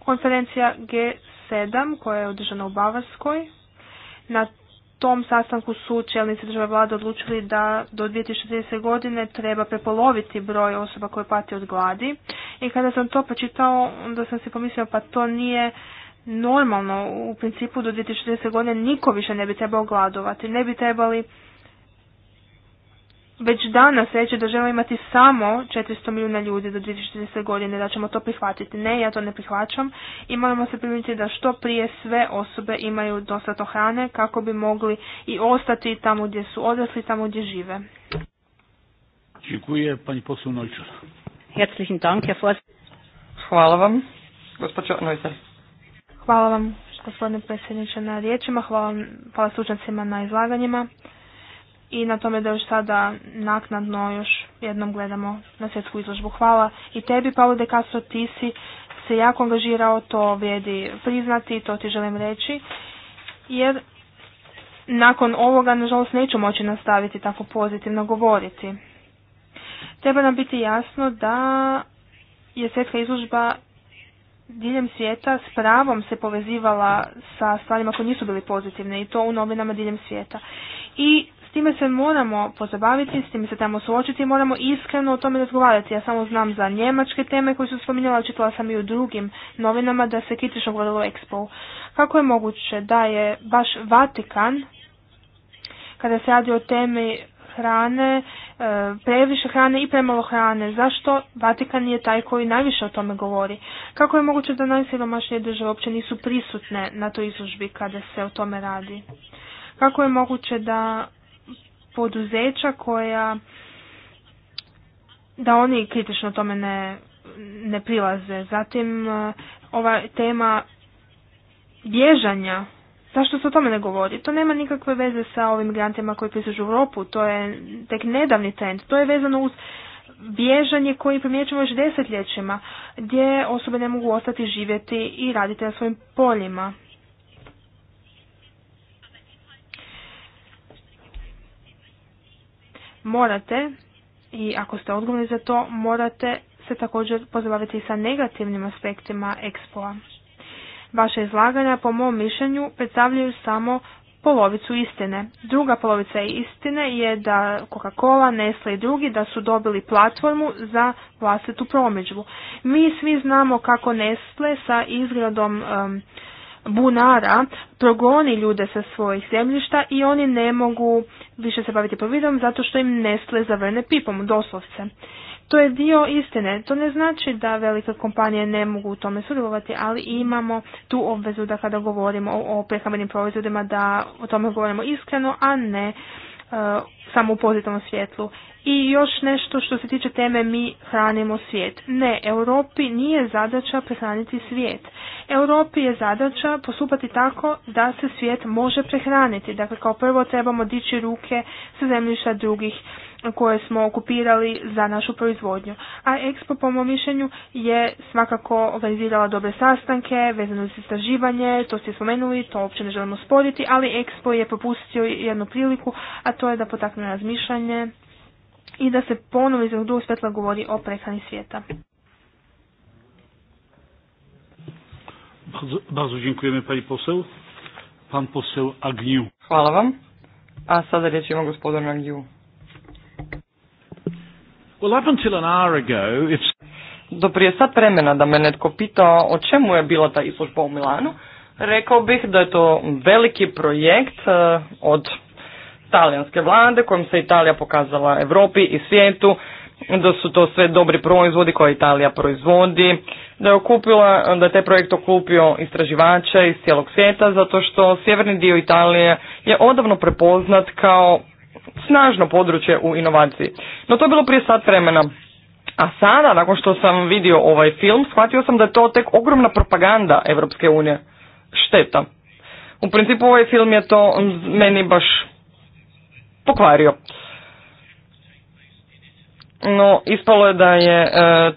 Konferencija G7 koja je održana u Bavarskoj, na tom sastanku su čelnici države vlade odlučili da do 2030. godine treba prepoloviti broj osoba koje pati od gladi. I kada sam to pročitao, onda sam se pomislio pa to nije normalno. U principu do 2030. godine niko više ne bi trebao gladovati. Ne bi trebali već danas reći da želimo imati samo 400 milijuna ljudi do 2040 godine, da ćemo to prihvatiti. Ne, ja to ne prihvaćam i moramo se primiti da što prije sve osobe imaju dostato hrane kako bi mogli i ostati tamo gdje su odrasli, tamo gdje žive. Dziękuję, pani poseł Neutscher. Herzlichen Dank, Herr Hvala vam, gospođo Neuser. Hvala vam, gospodine predsjedniče, na riječima. Hvala, hvala na izlaganjima i na tome da još sada naknadno još jednom gledamo na svjetsku izložbu. Hvala i tebi, Paolo de Castro, ti si se jako angažirao, to vrijedi priznati, to ti želim reći, jer nakon ovoga, nažalost, neću moći nastaviti tako pozitivno govoriti. Treba nam biti jasno da je svjetska izložba diljem svijeta s pravom se povezivala sa stvarima koje nisu bili pozitivne i to u novinama diljem svijeta. I s time se moramo pozabaviti, s time se tamo suočiti i moramo iskreno o tome razgovarati. Ja samo znam za njemačke teme koje su spominjala, čitala sam i u drugim novinama da se kritično govorilo o Expo. Kako je moguće da je baš Vatikan, kada se radi o temi hrane, e, previše hrane i premalo hrane. Zašto Vatikan je taj koji najviše o tome govori? Kako je moguće da najsiromašnije države uopće nisu prisutne na toj izložbi kada se o tome radi? Kako je moguće da poduzeća koja da oni kritično tome ne, ne prilaze. Zatim eh, ova tema bježanja Zašto se o tome ne govori? To nema nikakve veze sa ovim migrantima koji prisužu Europu, to je tek nedavni trend. To je vezano uz bježanje koji primjećujemo još desetljećima, gdje osobe ne mogu ostati živjeti i raditi na svojim poljima. morate i ako ste odgovorni za to, morate se također pozabaviti sa negativnim aspektima Expoa. Vaše izlaganja, po mom mišljenju, predstavljaju samo polovicu istine. Druga polovica istine je da Coca-Cola, Nestle i drugi da su dobili platformu za vlastitu promidžbu. Mi svi znamo kako Nestle sa izgradom bunara progoni ljude sa svojih zemljišta i oni ne mogu više se baviti povidom zato što im Nestle zavrne pipom, doslovce. To je dio istine. To ne znači da velike kompanije ne mogu u tome sudjelovati, ali imamo tu obvezu da kada govorimo o, prehrambenim proizvodima da o tome govorimo iskreno, a ne e, samo u pozitivnom svjetlu. I još nešto što se tiče teme mi hranimo svijet. Ne, Europi nije zadaća prehraniti svijet. Europi je zadaća postupati tako da se svijet može prehraniti. Dakle, kao prvo trebamo dići ruke sa zemljišta drugih koje smo okupirali za našu proizvodnju. A Expo, po mom mišljenju, je svakako organizirala dobre sastanke vezano za istraživanje, to ste spomenuli, to uopće ne želimo sporiti, ali Expo je propustio jednu priliku, a to je da potakne razmišljanje i da se ponovno iz drugog svjetla govori o prehrani svijeta. Bardzo dziękujemy pani poseł. Pan poseł Agniu. Hvala vam. A sada rječimo ima Agniu. Do prije sat vremena da me netko pitao o čemu je bila ta izložba u Milanu, rekao bih da je to veliki projekt eh, od talijanske vlade kojim se Italija pokazala Europi i svijetu, da su to sve dobri proizvodi koje Italija proizvodi, da je, okupila, da je taj projekt okupio istraživače iz cijelog svijeta zato što sjeverni dio Italije je odavno prepoznat kao snažno područje u inovaciji. No to je bilo prije sat vremena. A sada, nakon što sam vidio ovaj film, shvatio sam da je to tek ogromna propaganda Europske unije. Šteta. U principu ovaj film je to meni baš pokvario. No, ispalo je da je e,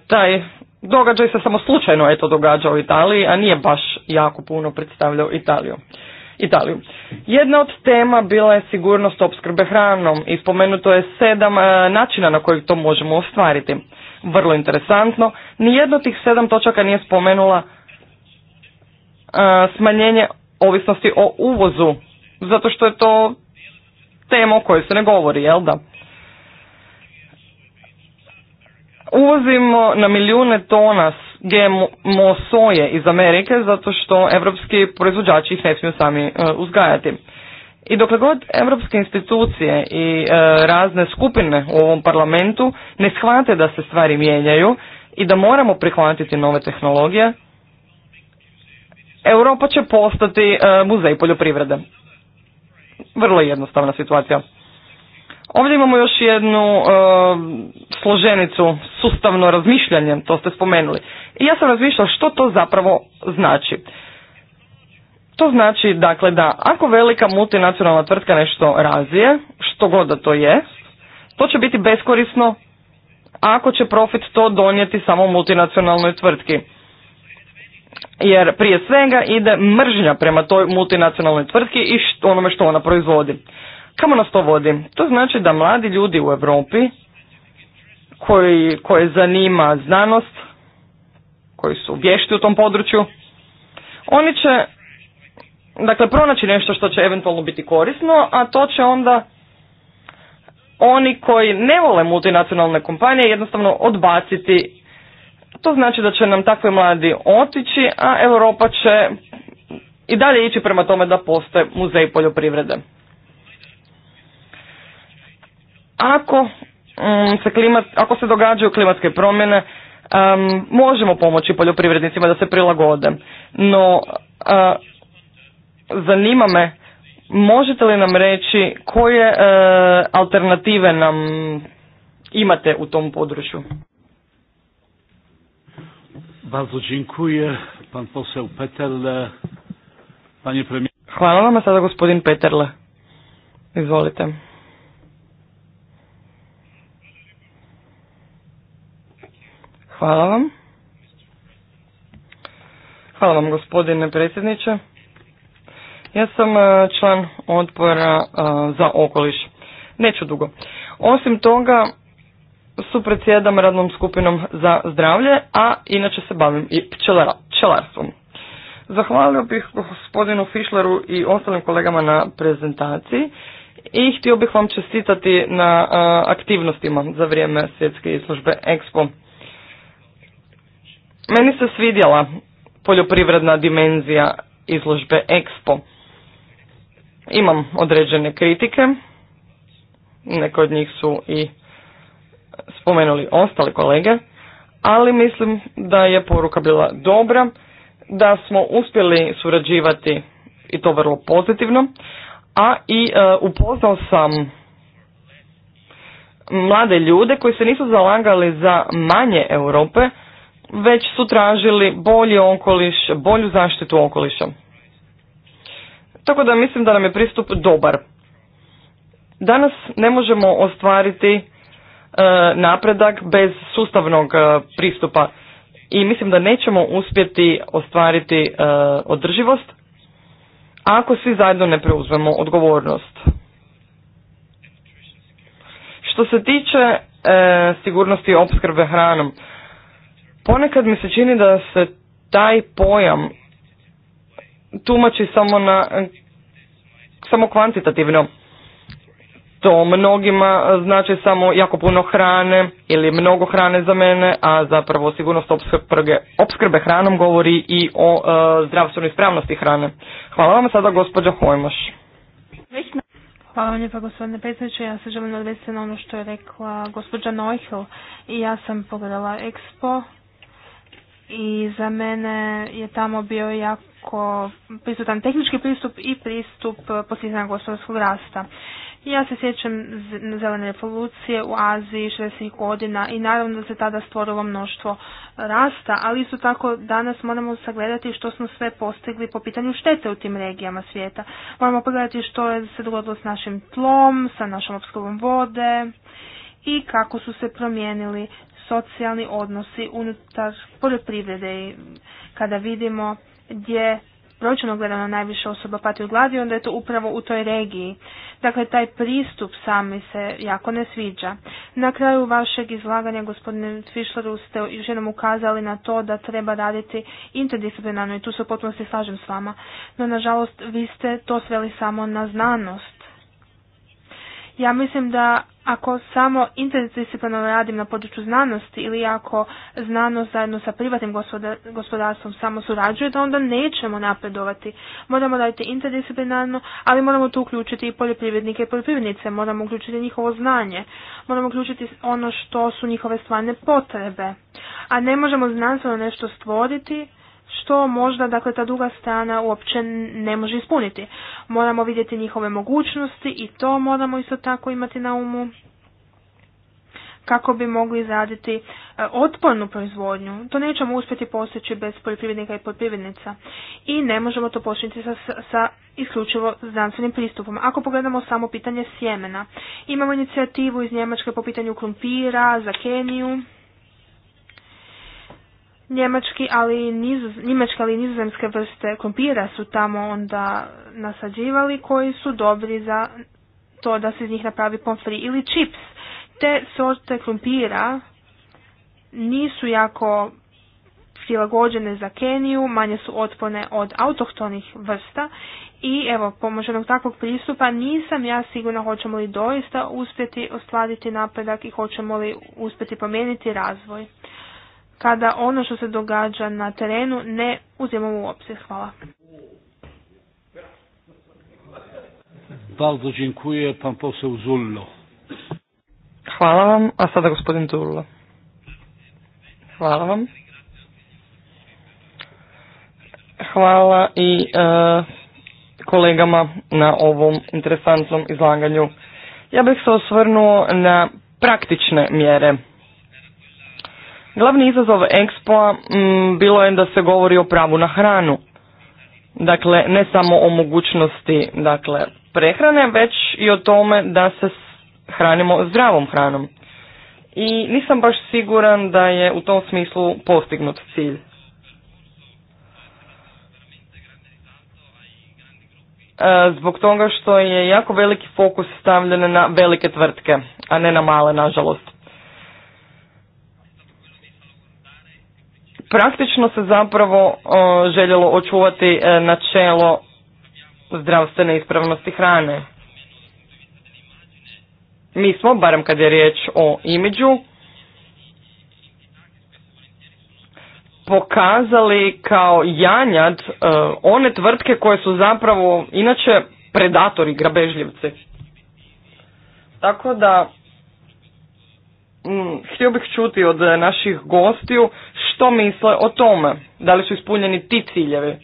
taj događaj se samo slučajno eto događao u Italiji, a nije baš jako puno predstavljao Italiju. Italiju. Jedna od tema bila je sigurnost opskrbe hranom i spomenuto je sedam e, načina na kojeg to možemo ostvariti. Vrlo interesantno, nijedno tih sedam točaka nije spomenula e, smanjenje ovisnosti o uvozu, zato što je to tema o kojoj se ne govori, jel da? Uvozimo na milijune tona GMO soje iz Amerike zato što evropski proizvođači ih ne smiju sami e, uzgajati. I dokle god evropske institucije i e, razne skupine u ovom parlamentu ne shvate da se stvari mijenjaju i da moramo prihvatiti nove tehnologije, Europa će postati e, muzej poljoprivrede. Vrlo jednostavna situacija. Ovdje imamo još jednu e, složenicu, sustavno razmišljanje, to ste spomenuli. I ja sam razmišljala što to zapravo znači. To znači, dakle, da ako velika multinacionalna tvrtka nešto razvije, što god da to je, to će biti beskorisno ako će profit to donijeti samo multinacionalnoj tvrtki. Jer prije svega ide mržnja prema toj multinacionalnoj tvrtki i onome što ona proizvodi. Kamo nas to vodi? To znači da mladi ljudi u Europi koji, koje zanima znanost, koji su vješti u tom području, oni će dakle pronaći nešto što će eventualno biti korisno, a to će onda oni koji ne vole multinacionalne kompanije jednostavno odbaciti. To znači da će nam takvi mladi otići, a Europa će i dalje ići prema tome da postoje muzej poljoprivrede. Ako mm, se, klimat, ako se događaju klimatske promjene, možemo pomoći poljoprivrednicima da se prilagode. No, uh, zanima me, možete li nam reći koje e, alternative nam imate u tom području? Bardzo dziękuję. Pan poseł Peterle. Panie premier... Hvala vam, sada gospodin Peterle. Izvolite. Hvala vam. Hvala vam gospodine predsjedniče. Ja sam e, član odbora e, za okoliš. Neću dugo. Osim toga su predsjedam radnom skupinom za zdravlje, a inače se bavim i pčelarstvom. Zahvalio bih gospodinu Fišleru i ostalim kolegama na prezentaciji i htio bih vam čestitati na e, aktivnostima za vrijeme svjetske službe Expo. Meni se svidjela poljoprivredna dimenzija izložbe Expo. Imam određene kritike, neke od njih su i spomenuli ostali kolege, ali mislim da je poruka bila dobra, da smo uspjeli surađivati i to vrlo pozitivno, a i e, upoznao sam mlade ljude koji se nisu zalagali za manje Europe, već su tražili bolji okoliš, bolju zaštitu okoliša. Tako da mislim da nam je pristup dobar. Danas ne možemo ostvariti e, napredak bez sustavnog e, pristupa i mislim da nećemo uspjeti ostvariti e, održivost ako svi zajedno ne preuzmemo odgovornost. Što se tiče sigurnosti opskrbe hranom, Ponekad mi se čini da se taj pojam tumači samo na samo kvantitativno. To mnogima znači samo jako puno hrane ili mnogo hrane za mene, a zapravo sigurnost opskrbe, hranom govori i o e, zdravstvenoj ispravnosti hrane. Hvala vam sada gospođa Hojmaš. Hvala vam lijepa gospodine predsjedniče. Ja se želim odvesti na ono što je rekla gospođa Neuchel i ja sam pogledala Expo i za mene je tamo bio jako prisutan tehnički pristup i pristup postizanja gospodarskog rasta. Ja se sjećam zelene revolucije u Aziji 60 godina i naravno da se tada stvorilo mnoštvo rasta, ali isto tako danas moramo sagledati što smo sve postigli po pitanju štete u tim regijama svijeta. Moramo pogledati što je se dogodilo s našim tlom, sa našom opskrbom vode i kako su se promijenili socijalni odnosi unutar poljoprivrede i kada vidimo gdje brojčano gledano najviše osoba pati u gladi, onda je to upravo u toj regiji. Dakle, taj pristup sami se jako ne sviđa. Na kraju vašeg izlaganja, gospodine Fišleru, ste još jednom ukazali na to da treba raditi interdisciplinarno i tu se potpuno se slažem s vama. No, nažalost, vi ste to sveli samo na znanost ja mislim da ako samo interdisciplinarno radim na području znanosti ili ako znanost zajedno sa privatnim gospodarstvom samo surađuje, da onda nećemo napredovati. Moramo raditi interdisciplinarno, ali moramo tu uključiti i poljoprivrednike i poljoprivrednice, moramo uključiti njihovo znanje, moramo uključiti ono što su njihove stvarne potrebe. A ne možemo znanstveno nešto stvoriti što možda dakle ta druga strana uopće ne može ispuniti. Moramo vidjeti njihove mogućnosti i to moramo isto tako imati na umu kako bi mogli izraditi e, otpornu proizvodnju. To nećemo uspjeti postići bez poljoprivrednika i poljoprivrednica i ne možemo to počiniti sa, sa isključivo znanstvenim pristupom. Ako pogledamo samo pitanje sjemena, imamo inicijativu iz Njemačke po pitanju krumpira za Keniju, Njemački, ali njemačke, ali nizozemske vrste kompira su tamo onda nasađivali koji su dobri za to da se iz njih napravi pomfri ili čips. Te sorte krumpira nisu jako prilagođene za Keniju, manje su otpone od autohtonih vrsta i evo, pomoć jednog takvog pristupa nisam ja sigurna hoćemo li doista uspjeti ostvariti napredak i hoćemo li uspjeti promijeniti razvoj kada ono što se događa na terenu ne uzimamo u obzir. Hvala. Hvala vam, a sada gospodin Zullo. Hvala vam. Hvala i e, kolegama na ovom interesantnom izlaganju. Ja bih se osvrnuo na praktične mjere. Glavni izazov expo mm, bilo je da se govori o pravu na hranu. Dakle, ne samo o mogućnosti dakle, prehrane, već i o tome da se hranimo zdravom hranom. I nisam baš siguran da je u tom smislu postignut cilj. E, zbog toga što je jako veliki fokus stavljen na velike tvrtke, a ne na male, nažalost. praktično se zapravo željelo očuvati e, načelo zdravstvene ispravnosti hrane. Mi smo, barem kad je riječ o imidžu, pokazali kao janjad e, one tvrtke koje su zapravo inače predatori, grabežljivci. Tako da Mm, htio bih čuti od eh, naših gostiju što misle o tome, da li su ispunjeni ti ciljevi.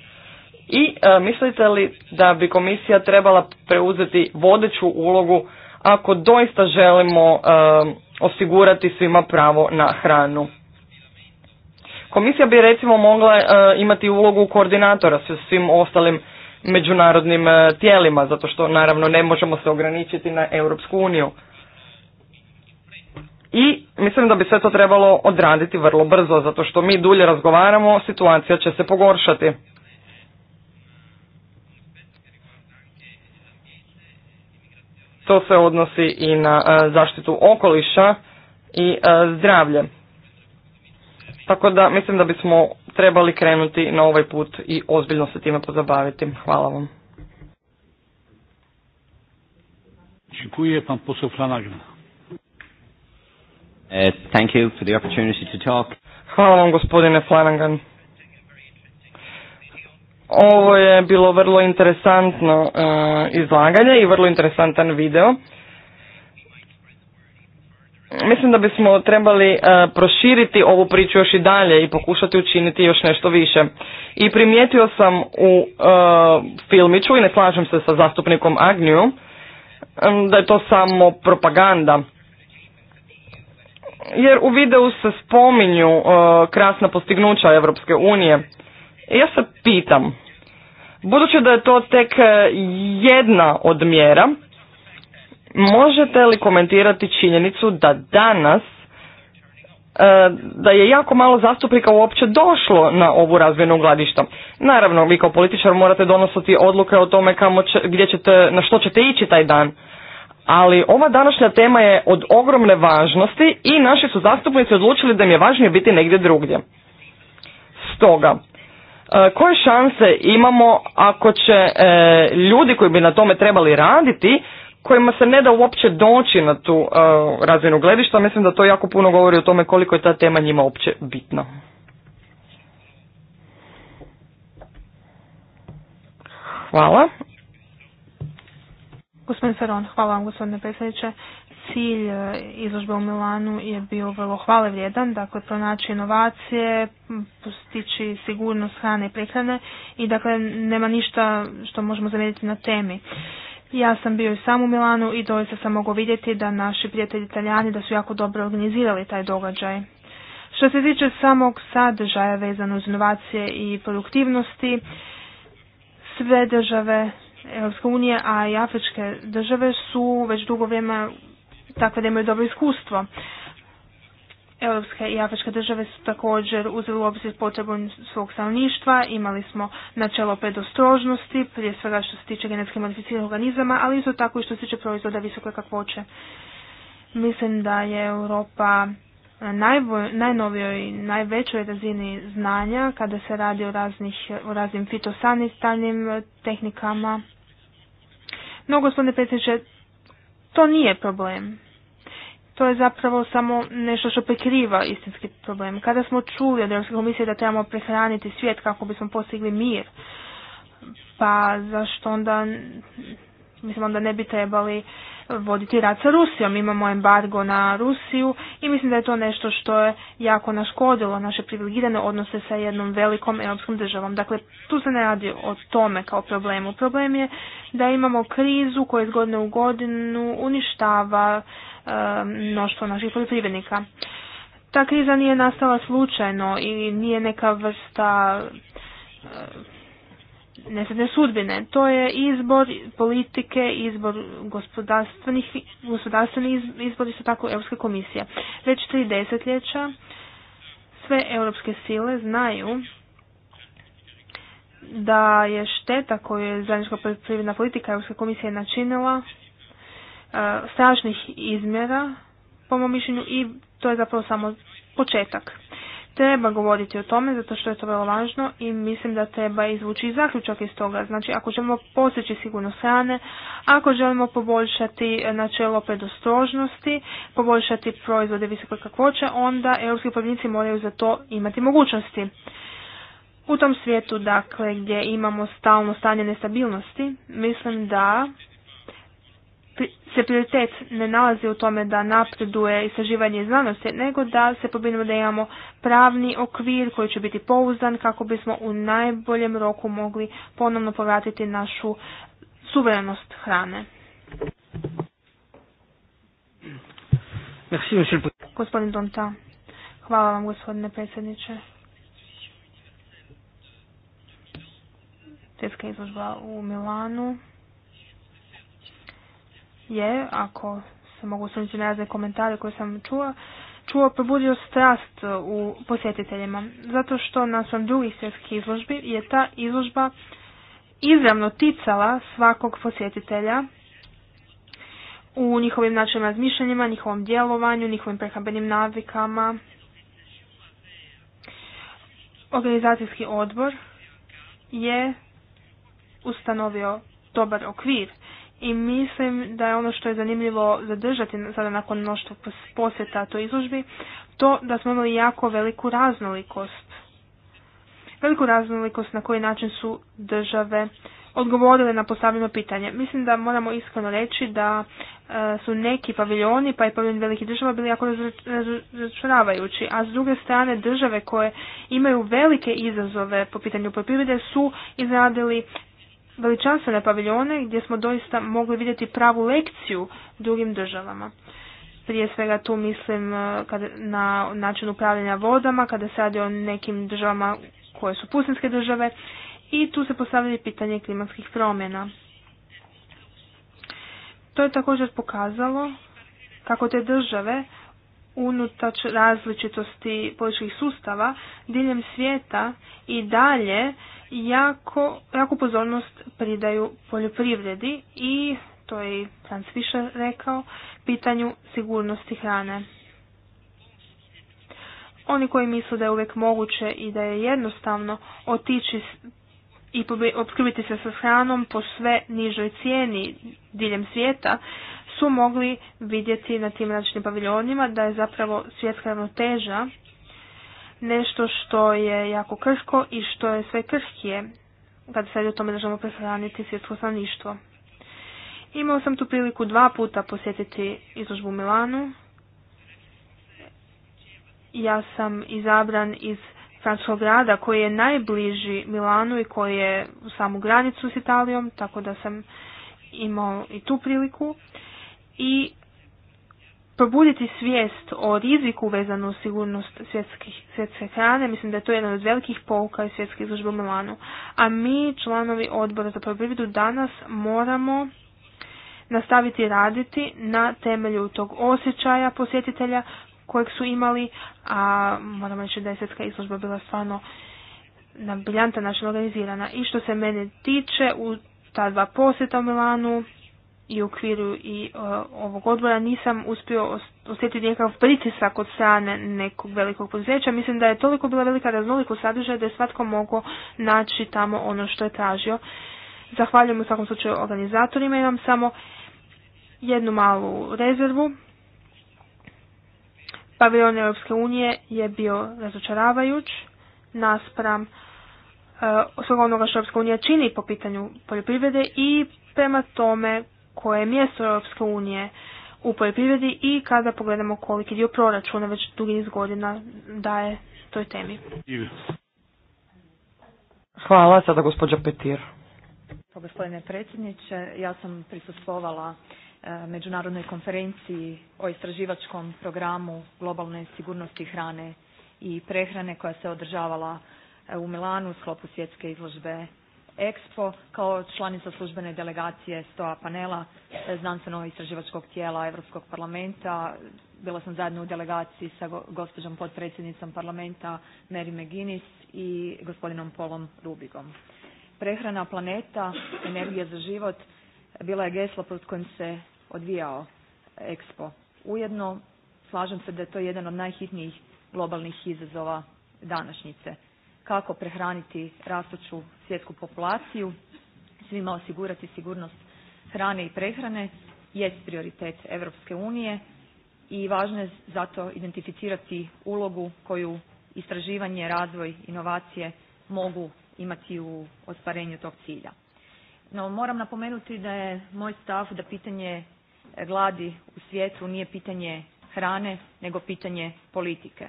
I eh, mislite li da bi komisija trebala preuzeti vodeću ulogu ako doista želimo eh, osigurati svima pravo na hranu? Komisija bi recimo mogla imati ulogu koordinatora sa svim ostalim međunarodnim tijelima, zato što naravno ne možemo se ograničiti na Europsku uniju. I mislim da bi sve to trebalo odraditi vrlo brzo, zato što mi dulje razgovaramo, situacija će se pogoršati. To se odnosi i na e, zaštitu okoliša i e, zdravlje. Tako da mislim da bismo trebali krenuti na ovaj put i ozbiljno se time pozabaviti. Hvala vam. Dziękuję pan Uh, thank you Hvala vam gospodine Flanagan. Ovo je bilo vrlo interesantno uh, izlaganje i vrlo interesantan video. Mislim da bismo trebali uh, proširiti ovu priču još i dalje i pokušati učiniti još nešto više. I primijetio sam u filmiću i ne slažem se sa zastupnikom Agniju um, da je to samo propaganda jer u videu se spominju uh, krasna postignuća Europske unije. Ja se pitam, budući da je to tek uh, jedna od mjera, možete li komentirati činjenicu da danas uh, da je jako malo zastupnika uopće došlo na ovu razvijenu gladišta. Naravno, vi kao političar morate donositi odluke o tome kamo gdje ćete, na što ćete ići taj dan ali ova današnja tema je od ogromne važnosti i naši su zastupnici odlučili da im je važnije biti negdje drugdje. Stoga, e, koje šanse imamo ako će e, ljudi koji bi na tome trebali raditi, kojima se ne da uopće doći na tu e, razinu gledišta, mislim da to jako puno govori o tome koliko je ta tema njima uopće bitna. Hvala. Gospodin feron hvala vam gospodine predsjedniče. Cilj e, izložbe u Milanu je bio vrlo hvale vrijedan, dakle pronaći inovacije, postići sigurnost hrane i prehrane i dakle nema ništa što možemo zamijeniti na temi. Ja sam bio i sam u Milanu i doista sam mogao vidjeti da naši prijatelji Italijani da su jako dobro organizirali taj događaj. Što se tiče samog sadržaja vezano uz inovacije i produktivnosti, sve države Europska unija, a i afričke države su već dugo vrijeme takve da imaju dobro iskustvo. Europske i afričke države su također uzeli u obzir potrebu svog stanovništva, imali smo načelo predostrožnosti, prije svega što se tiče genetski modificiranih organizama, ali isto tako i što se tiče proizvoda visoke kakvoće. Mislim da je Europa najnovijoj najvećoj razini znanja kada se radi o, raznih, o raznim fitosanitarnim tehnikama no, gospodine predsjedniče, to nije problem. To je zapravo samo nešto što prekriva istinski problem. Kada smo čuli od Europske komisije da trebamo prehraniti svijet kako bismo postigli mir, pa zašto onda mislim onda ne bi trebali voditi rat sa Rusijom. Imamo embargo na Rusiju i mislim da je to nešto što je jako naškodilo naše privilegirane odnose sa jednom velikom europskom državom. Dakle, tu se ne radi o tome kao problemu. Problem je da imamo krizu koja iz godine u godinu uništava e, mnoštvo naših poljoprivrednika. Ta kriza nije nastala slučajno i nije neka vrsta e, Nesredne sudbine. To je izbor politike, izbor gospodarstvenih, gospodarstveni izbor, isto tako Europske komisije. Već tri desetljeća sve europske sile znaju da je šteta koju je zajednička poljoprivredna politika Europske komisije načinila e, strašnih izmjera, po mom mišljenju, i to je zapravo samo početak treba govoriti o tome zato što je to vrlo važno i mislim da treba izvući i zaključak iz toga. Znači ako želimo postići sigurno hrane, ako želimo poboljšati načelo predostrožnosti, poboljšati proizvode visoke kakvoće, onda europski pojedinci moraju za to imati mogućnosti. U tom svijetu, dakle, gdje imamo stalno stanje nestabilnosti, mislim da se prioritet ne nalazi u tome da napreduje istraživanje znanosti, nego da se pobinimo da imamo pravni okvir koji će biti pouzdan kako bismo u najboljem roku mogli ponovno povratiti našu suverenost hrane. Gospodin Donta, hvala vam gospodine predsjedniče. Svjetska izložba u Milanu je, ako se mogu osvrnuti na razne komentare koje sam čula, čuo probudio strast e, u posjetiteljima. Zato što na svom drugih svjetskih izložbi je ta izložba izravno ticala svakog posjetitelja u njihovim načinima razmišljanjima, njihovom djelovanju, njihovim prehrambenim navikama. Organizacijski odbor je ustanovio dobar okvir i mislim da je ono što je zanimljivo zadržati sada nakon mnoštva posjeta toj izložbi, to da smo imali jako veliku raznolikost. Veliku raznolikost na koji način su države odgovorile na postavljeno pitanje. Mislim da moramo iskreno reći da e, su neki paviljoni, pa i paviljon velikih država bili jako razočaravajući, a s druge strane države koje imaju velike izazove po pitanju poljoprivrede su izradili veličanstvene paviljone gdje smo doista mogli vidjeti pravu lekciju drugim državama. Prije svega tu mislim e, na način upravljanja vodama, kada se radi o nekim državama koje su pustinske države i tu se postavlja pitanje klimatskih promjena. To je također pokazalo kako te države unutač različitosti političkih sustava diljem svijeta i dalje jako, jako pozornost pridaju poljoprivredi i to je i Franz Fischer rekao, pitanju sigurnosti hrane. Oni koji misle da je uvijek moguće i da je jednostavno otići i opskrbiti se sa hranom po sve nižoj cijeni diljem svijeta, su mogli vidjeti na tim različitim paviljonima da je zapravo svjetska ravnoteža nešto što je jako krško i što je sve krhkije kad se radi o tome da želimo prehraniti svjetsko stanovništvo. Imao sam tu priliku dva puta posjetiti izložbu u Milanu. Ja sam izabran iz francuskog grada koji je najbliži Milanu i koji je u samu granicu s Italijom, tako da sam imao i tu priliku. I probuditi svijest o riziku vezanu u sigurnost svjetskih, svjetske hrane. Mislim da je to jedan od velikih pouka iz svjetske izložbe u Milanu. A mi, članovi odbora za poljoprivredu, danas moramo nastaviti raditi na temelju tog osjećaja posjetitelja kojeg su imali, a moramo reći da je svjetska izložba bila stvarno na biljanta način organizirana. I što se mene tiče, u ta dva posjeta u Milanu, i u okviru i e, ovog odbora nisam uspio osjetiti nekakav pritisak od strane nekog velikog poduzeća. Mislim da je toliko bila velika raznoliko sadržaja da je svatko mogao naći tamo ono što je tražio. Zahvaljujem u svakom slučaju organizatorima. Imam samo jednu malu rezervu. Paviljon Europske unije je bio razočaravajuć naspram e, svega onoga što Europska unija čini po pitanju poljoprivrede i prema tome koje je mjesto Europske unije u poljoprivredi i kada pogledamo koliki dio proračuna već dugi niz godina daje toj temi. Hvala, sada gospođa Petir. Pa, gospodine predsjedniče, ja sam prisustvovala e, međunarodnoj konferenciji o istraživačkom programu globalne sigurnosti hrane i prehrane koja se održavala e, u Milanu u sklopu svjetske izložbe EXPO kao članica službene delegacije stoa panela e, znanstveno-istraživačkog tijela Europskog parlamenta. Bila sam zajedno u delegaciji sa gospođom potpredsjednicom parlamenta Mary McGuinness i gospodinom Polom Rubigom. Prehrana planeta, energija za život bila je geslo pod kojim se odvijao EXPO. Ujedno slažem se da je to jedan od najhitnijih globalnih izazova današnjice kako prehraniti rastuću svjetsku populaciju, svima osigurati sigurnost hrane i prehrane jest prioritet Europske unije i važno je zato identificirati ulogu koju istraživanje, razvoj, inovacije mogu imati u ostvarenju tog cilja. No moram napomenuti da je moj stav da pitanje gladi u svijetu nije pitanje hrane nego pitanje politike.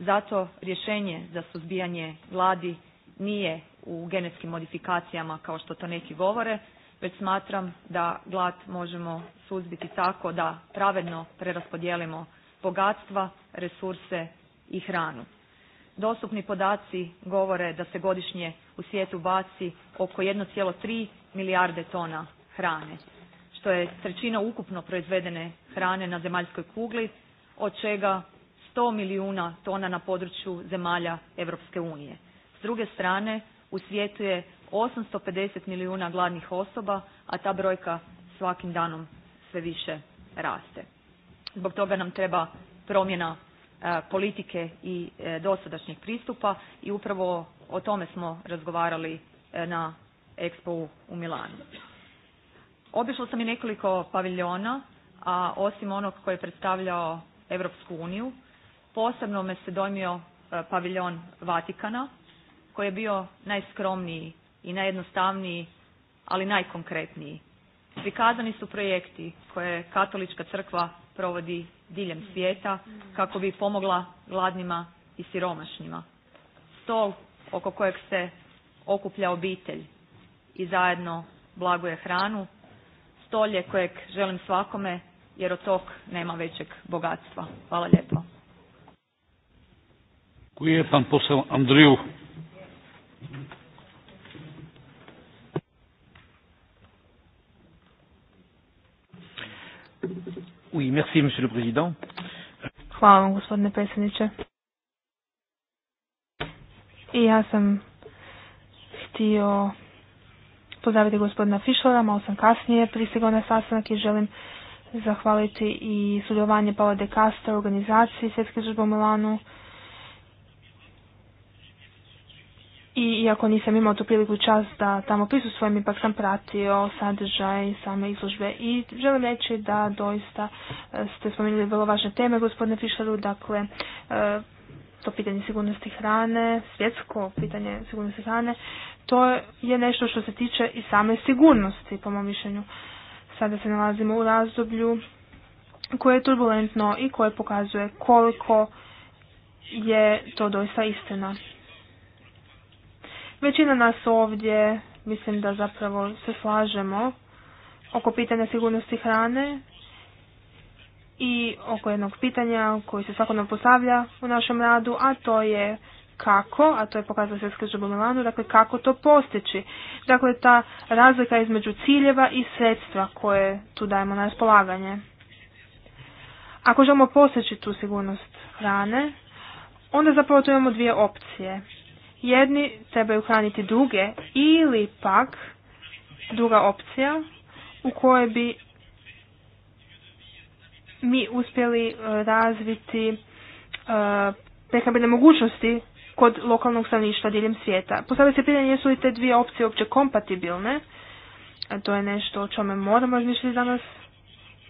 Zato rješenje za suzbijanje gladi nije u genetskim modifikacijama kao što to neki govore, već smatram da glad možemo suzbiti tako da pravedno preraspodijelimo bogatstva, resurse i hranu. Dostupni podaci govore da se godišnje u svijetu baci oko 1,3 milijarde tona hrane, što je trećina ukupno proizvedene hrane na zemaljskoj kugli, od čega 100 milijuna tona na području zemalja Europske unije. S druge strane, u svijetu je 850 milijuna gladnih osoba, a ta brojka svakim danom sve više raste. Zbog toga nam treba promjena e, politike i e, dosadašnjih pristupa i upravo o tome smo razgovarali e, na Expo u Milanu. Obišla sam i nekoliko paviljona, a osim onog koji je predstavljao Europsku uniju, Posebno me se dojmio e, paviljon Vatikana koji je bio najskromniji i najjednostavniji, ali najkonkretniji. Prikazani su projekti koje katolička crkva provodi diljem svijeta kako bi pomogla gladnima i siromašnjima. Stol oko kojeg se okuplja obitelj i zajedno blaguje hranu, stolje kojeg želim svakome jer od tog nema većeg bogatstva. Hvala lijepo. Dziękuję. Pan poseł Andriju? Oui, merci, monsieur le président. Hvala vam, gospodine predsjedniče. I ja sam htio pozdraviti gospodina Fišlora, malo sam kasnije pristigao na sastanak i želim zahvaliti i sudjelovanje Paola de Castro, organizaciji Svjetske družbe u Milanu, iako nisam imao tu priliku čast da tamo svojim ipak sam pratio sadržaj same izložbe i želim reći da doista e, ste spomenuli vrlo važne teme, gospodine Fišeru, dakle, e, to pitanje sigurnosti hrane, svjetsko pitanje sigurnosti hrane, to je nešto što se tiče i same sigurnosti, po mom mišljenju. Sada se nalazimo u razdoblju koje je turbulentno i koje pokazuje koliko je to doista istina. Većina nas ovdje mislim da zapravo se slažemo oko pitanja sigurnosti hrane i oko jednog pitanja koji se svakodnevno postavlja u našem radu, a to je kako, a to je pokazala svjetska žaba dakle kako to postići. Dakle, ta razlika između ciljeva i sredstva koje tu dajemo na raspolaganje. Ako želimo postići tu sigurnost hrane, onda zapravo tu imamo dvije opcije jedni trebaju hraniti duge ili pak druga opcija u kojoj bi mi uspjeli e, razviti e, prehrambene mogućnosti kod lokalnog stanovništva diljem svijeta. Postavlja se pitanje jesu li te dvije opcije uopće kompatibilne, to je nešto o čemu moramo razmišljati danas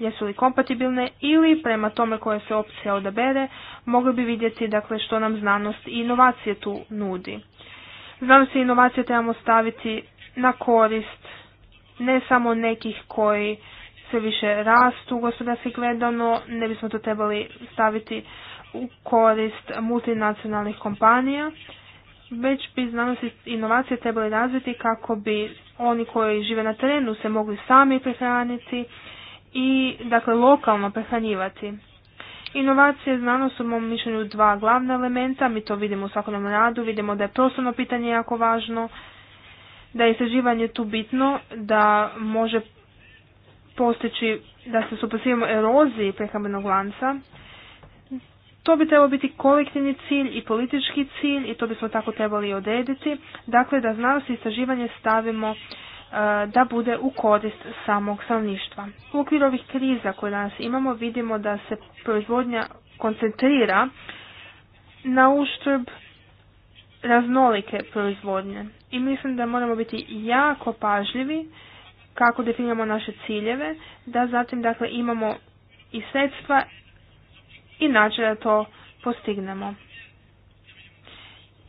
jesu li kompatibilne ili prema tome koje se opcija odabere, mogli bi vidjeti dakle, što nam znanost i inovacije tu nudi. Znanost i inovacije trebamo staviti na korist ne samo nekih koji sve više rastu gospodarski gledano, ne bismo to trebali staviti u korist multinacionalnih kompanija, već bi znanost i inovacije trebali razviti kako bi oni koji žive na terenu se mogli sami prehraniti, i dakle lokalno prehranjivati. Inovacije znanost su u mom mišljenju dva glavna elementa, mi to vidimo u svakodnevnom radu, vidimo da je prostorno pitanje jako važno, da je istraživanje tu bitno, da može postići da se suprotstavimo eroziji prehrambenog lanca. To bi trebalo biti kolektivni cilj i politički cilj i to bismo tako trebali odrediti. Dakle, da znanost i istraživanje stavimo Eh, da bude u korist samog stanovništva. U okviru ovih kriza koje danas imamo vidimo da se proizvodnja koncentrira na uštrb raznolike proizvodnje. I mislim da moramo biti jako pažljivi kako definiramo naše ciljeve, da zatim dakle imamo i sredstva i način da to postignemo.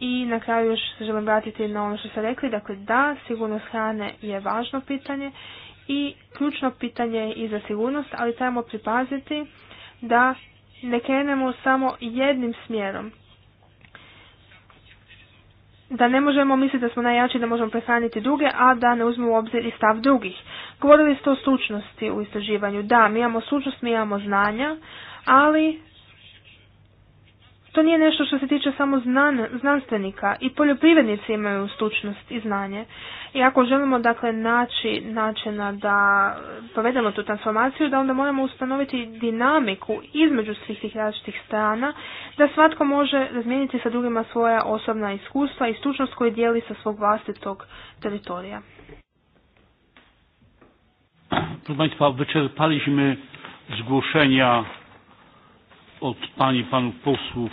I na kraju još želim vratiti na ono što ste rekli, dakle da, sigurnost hrane je važno pitanje i ključno pitanje je i za sigurnost, ali trebamo pripaziti da ne krenemo samo jednim smjerom. Da ne možemo misliti da smo najjači, da možemo prehraniti druge, a da ne uzmemo u obzir i stav drugih. Govorili ste o stručnosti u istraživanju. Da, mi imamo stručnost, mi imamo znanja, ali to nije nešto što se tiče samo znan, znanstvenika. I poljoprivrednici imaju stručnost i znanje. I ako želimo dakle naći načina da povedemo tu transformaciju, da onda moramo ustanoviti dinamiku između svih tih različitih strana, da svatko može razmijeniti sa drugima svoja osobna iskustva i stručnost koju dijeli sa svog vlastitog teritorija. Proszę Państwa, wyczerpaliśmy zgłoszenia od pani panu posłów.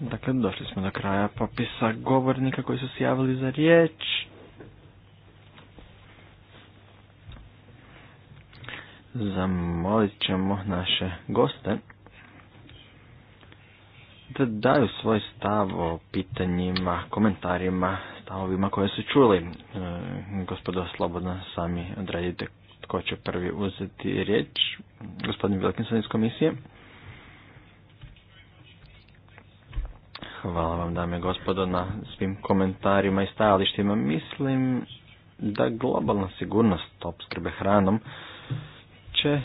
Dakle, došli smo do kraja popisa govornika koji su se javili za riječ. Zamolit ćemo naše goste da daju svoj stav o pitanjima, komentarima, stavovima koje su čuli. E, gospodo, slobodno sami odredite tko će prvi uzeti riječ. Gospodin Vilkinson iz komisije. Hvala vam dame i gospodo na svim komentarima i stajalištima. Mislim da globalna sigurnost opskrbe hranom će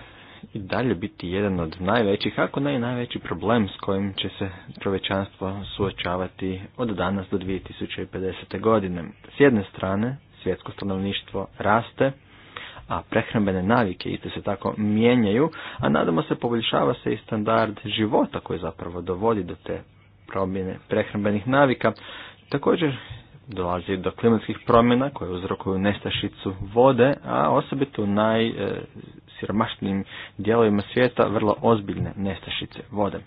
i dalje biti jedan od najvećih, ako ne najveći problem s kojim će se čovečanstvo suočavati od danas do 2050. godine. S jedne strane, svjetsko stanovništvo raste, a prehrambene navike isto se tako mijenjaju, a nadamo se poboljšava se i standard života koji zapravo dovodi do te promjene prehrambenih navika. Također dolazi do klimatskih promjena koje uzrokuju nestašicu vode, a osobito u najsiromašnijim dijelovima svijeta vrlo ozbiljne nestašice vode.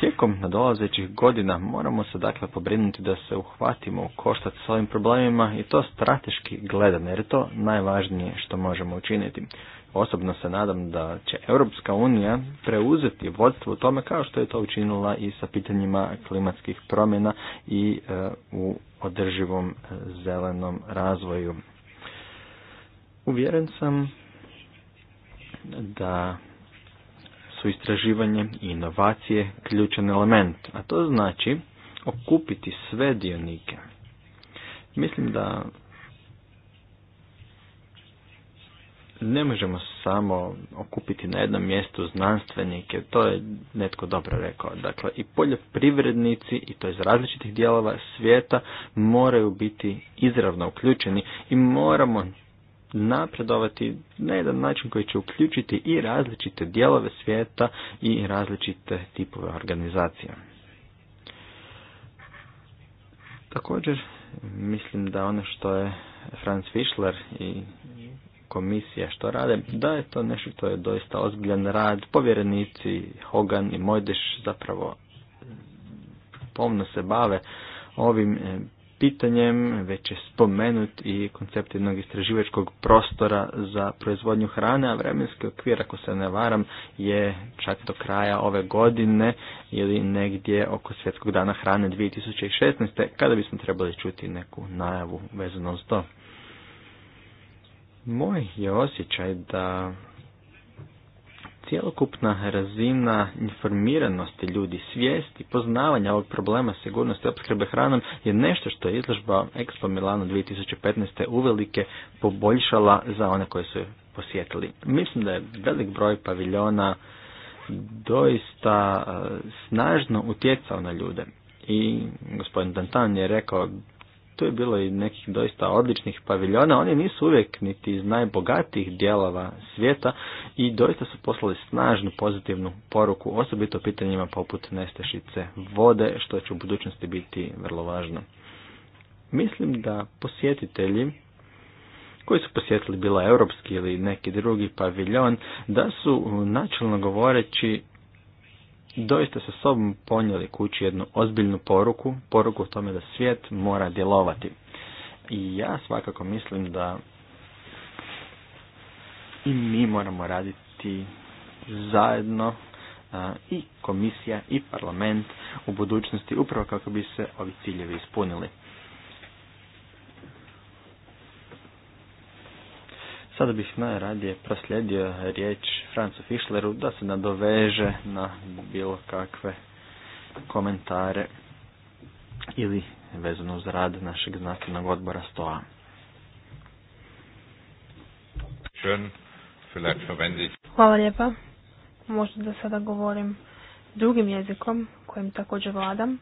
Tijekom nadolazećih godina moramo se dakle pobrinuti da se uhvatimo u koštac s ovim problemima i to strateški gledano jer je to najvažnije što možemo učiniti. Osobno se nadam da će Europska unija preuzeti vodstvo u tome kao što je to učinila i sa pitanjima klimatskih promjena i e, u održivom e, zelenom razvoju. Uvjeren sam da su istraživanje i inovacije ključan element, a to znači okupiti sve dionike. Mislim da ne možemo samo okupiti na jednom mjestu znanstvenike, to je netko dobro rekao. Dakle, i poljoprivrednici, i to iz različitih dijelova svijeta, moraju biti izravno uključeni i moramo napredovati na jedan način koji će uključiti i različite dijelove svijeta i različite tipove organizacija. Također, mislim da ono što je Franz Fischler i komisija što rade, da je to nešto to je doista ozbiljan rad. Povjerenici Hogan i Mojdeš zapravo pomno se bave ovim pitanjem, već je spomenut i koncept jednog istraživačkog prostora za proizvodnju hrane, a vremenski okvir, ako se ne varam, je čak do kraja ove godine ili negdje oko svjetskog dana hrane 2016. kada bismo trebali čuti neku najavu vezano uz to. Moj je osjećaj da cjelokupna razina informiranosti ljudi, svijesti, poznavanja ovog problema sigurnosti opskrbe hranom je nešto što je izložba Expo Milano 2015. uvelike poboljšala za one koje su posjetili. Mislim da je velik broj paviljona doista e, snažno utjecao na ljude. I gospodin Dantan je rekao tu je bilo i nekih doista odličnih paviljona, oni nisu uvijek niti iz najbogatijih dijelova svijeta i doista su poslali snažnu pozitivnu poruku, osobito pitanjima poput nestešice vode, što će u budućnosti biti vrlo važno. Mislim da posjetitelji koji su posjetili bilo europski ili neki drugi paviljon, da su načelno govoreći doista sa sobom ponijeli kući jednu ozbiljnu poruku, poruku o tome da svijet mora djelovati. I ja svakako mislim da i mi moramo raditi zajedno i komisija i parlament u budućnosti upravo kako bi se ovi ciljevi ispunili. Sada bih najradije proslijedio riječ Francu Fischleru da se nadoveže na bilo kakve komentare ili vezano uz rad našeg znanstvenog odbora STOA. Hvala lijepa. Možda da sada govorim drugim jezikom kojim također vladam.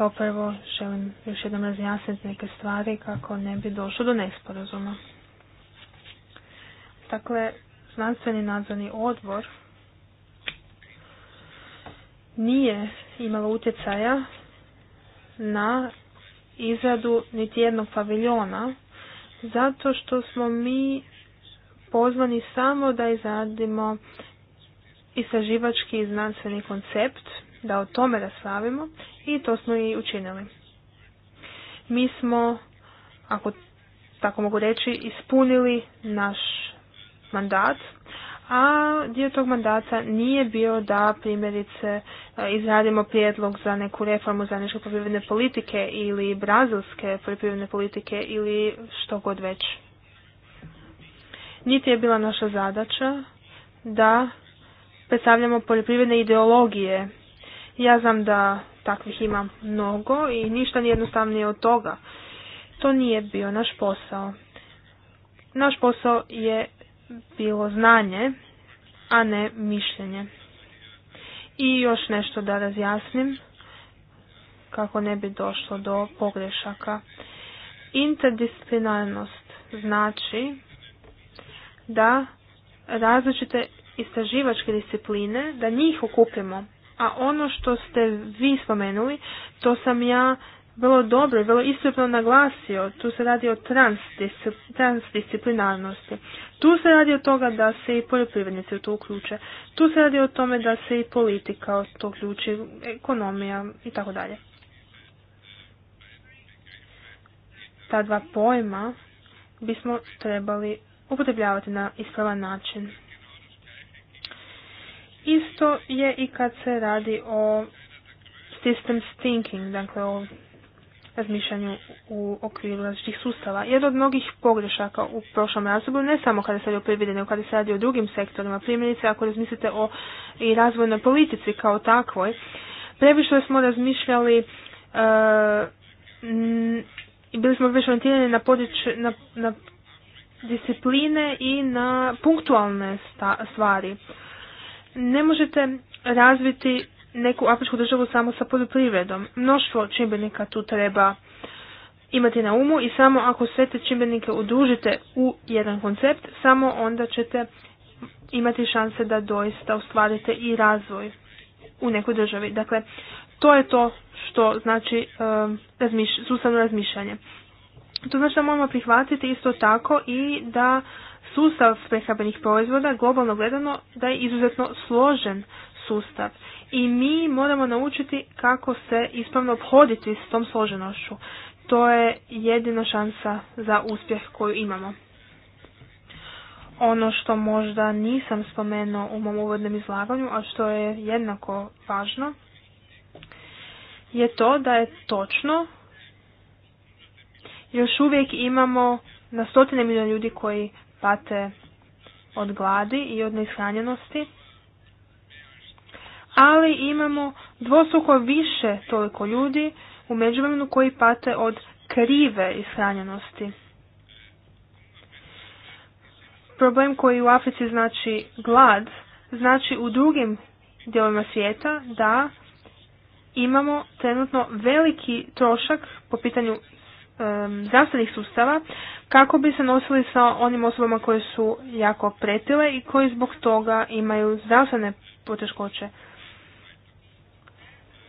Kao prvo želim još jednom razjasniti neke stvari kako ne bi došlo do nesporazuma. Dakle, znanstveni nadzorni odbor nije imalo utjecaja na izradu niti jednog paviljona zato što smo mi pozvani samo da izradimo istraživački i znanstveni koncept da o tome raspravimo i to smo i učinili. Mi smo, ako tako mogu reći, ispunili naš mandat, a dio tog mandata nije bio da primjerice e, izradimo prijedlog za neku reformu za zajedničke poljoprivredne politike ili brazilske poljoprivredne politike ili što god već. Niti je bila naša zadaća da predstavljamo poljoprivredne ideologije ja znam da takvih ima mnogo i ništa nije jednostavnije od toga. To nije bio naš posao. Naš posao je bilo znanje, a ne mišljenje. I još nešto da razjasnim, kako ne bi došlo do pogrešaka. Interdisciplinarnost znači da različite istraživačke discipline, da njih okupimo a ono što ste vi spomenuli, to sam ja vrlo dobro i vrlo istupno naglasio. Tu se radi o transdisciplinarnosti. Tu se radi o toga da se i poljoprivrednici u to uključe. Tu se radi o tome da se i politika u to uključi, ekonomija i tako dalje. Ta dva pojma bismo trebali upotrebljavati na ispravan način. Isto je i kad se radi o systems thinking, dakle o razmišljanju u okviru različitih sustava. Jedno od mnogih pogrešaka u prošlom razdoblju, ne samo kada se radi o privredi, nego kada se radi o drugim sektorima, primjerice ako razmislite o i razvojnoj politici kao takvoj, previše smo razmišljali e, i bili smo više orientirani na, podič na, na discipline i na punktualne sta, stvari. Ne možete razviti neku afričku državu samo sa poljoprivredom. Mnoštvo čimbenika tu treba imati na umu i samo ako sve te čimbenike udružite u jedan koncept, samo onda ćete imati šanse da doista ostvarite i razvoj u nekoj državi. Dakle, to je to što znači um, sustavno razmišljanje. To znači da moramo prihvatiti isto tako i da sustav prehrambenih proizvoda globalno gledano da je izuzetno složen sustav i mi moramo naučiti kako se ispravno obhoditi s tom složenošću. To je jedina šansa za uspjeh koju imamo. Ono što možda nisam spomenuo u mom uvodnom izlaganju, a što je jednako važno, je to da je točno još uvijek imamo na stotine milijuna ljudi koji pate od gladi i od neishranjenosti, ali imamo dvostruko više toliko ljudi u međuvremenu koji pate od krive ishranjenosti. Problem koji u Africi znači glad, znači u drugim dijelovima svijeta da imamo trenutno veliki trošak po pitanju um, zdravstvenih sustava kako bi se nosili sa onim osobama koje su jako pretile i koji zbog toga imaju zdravstvene poteškoće.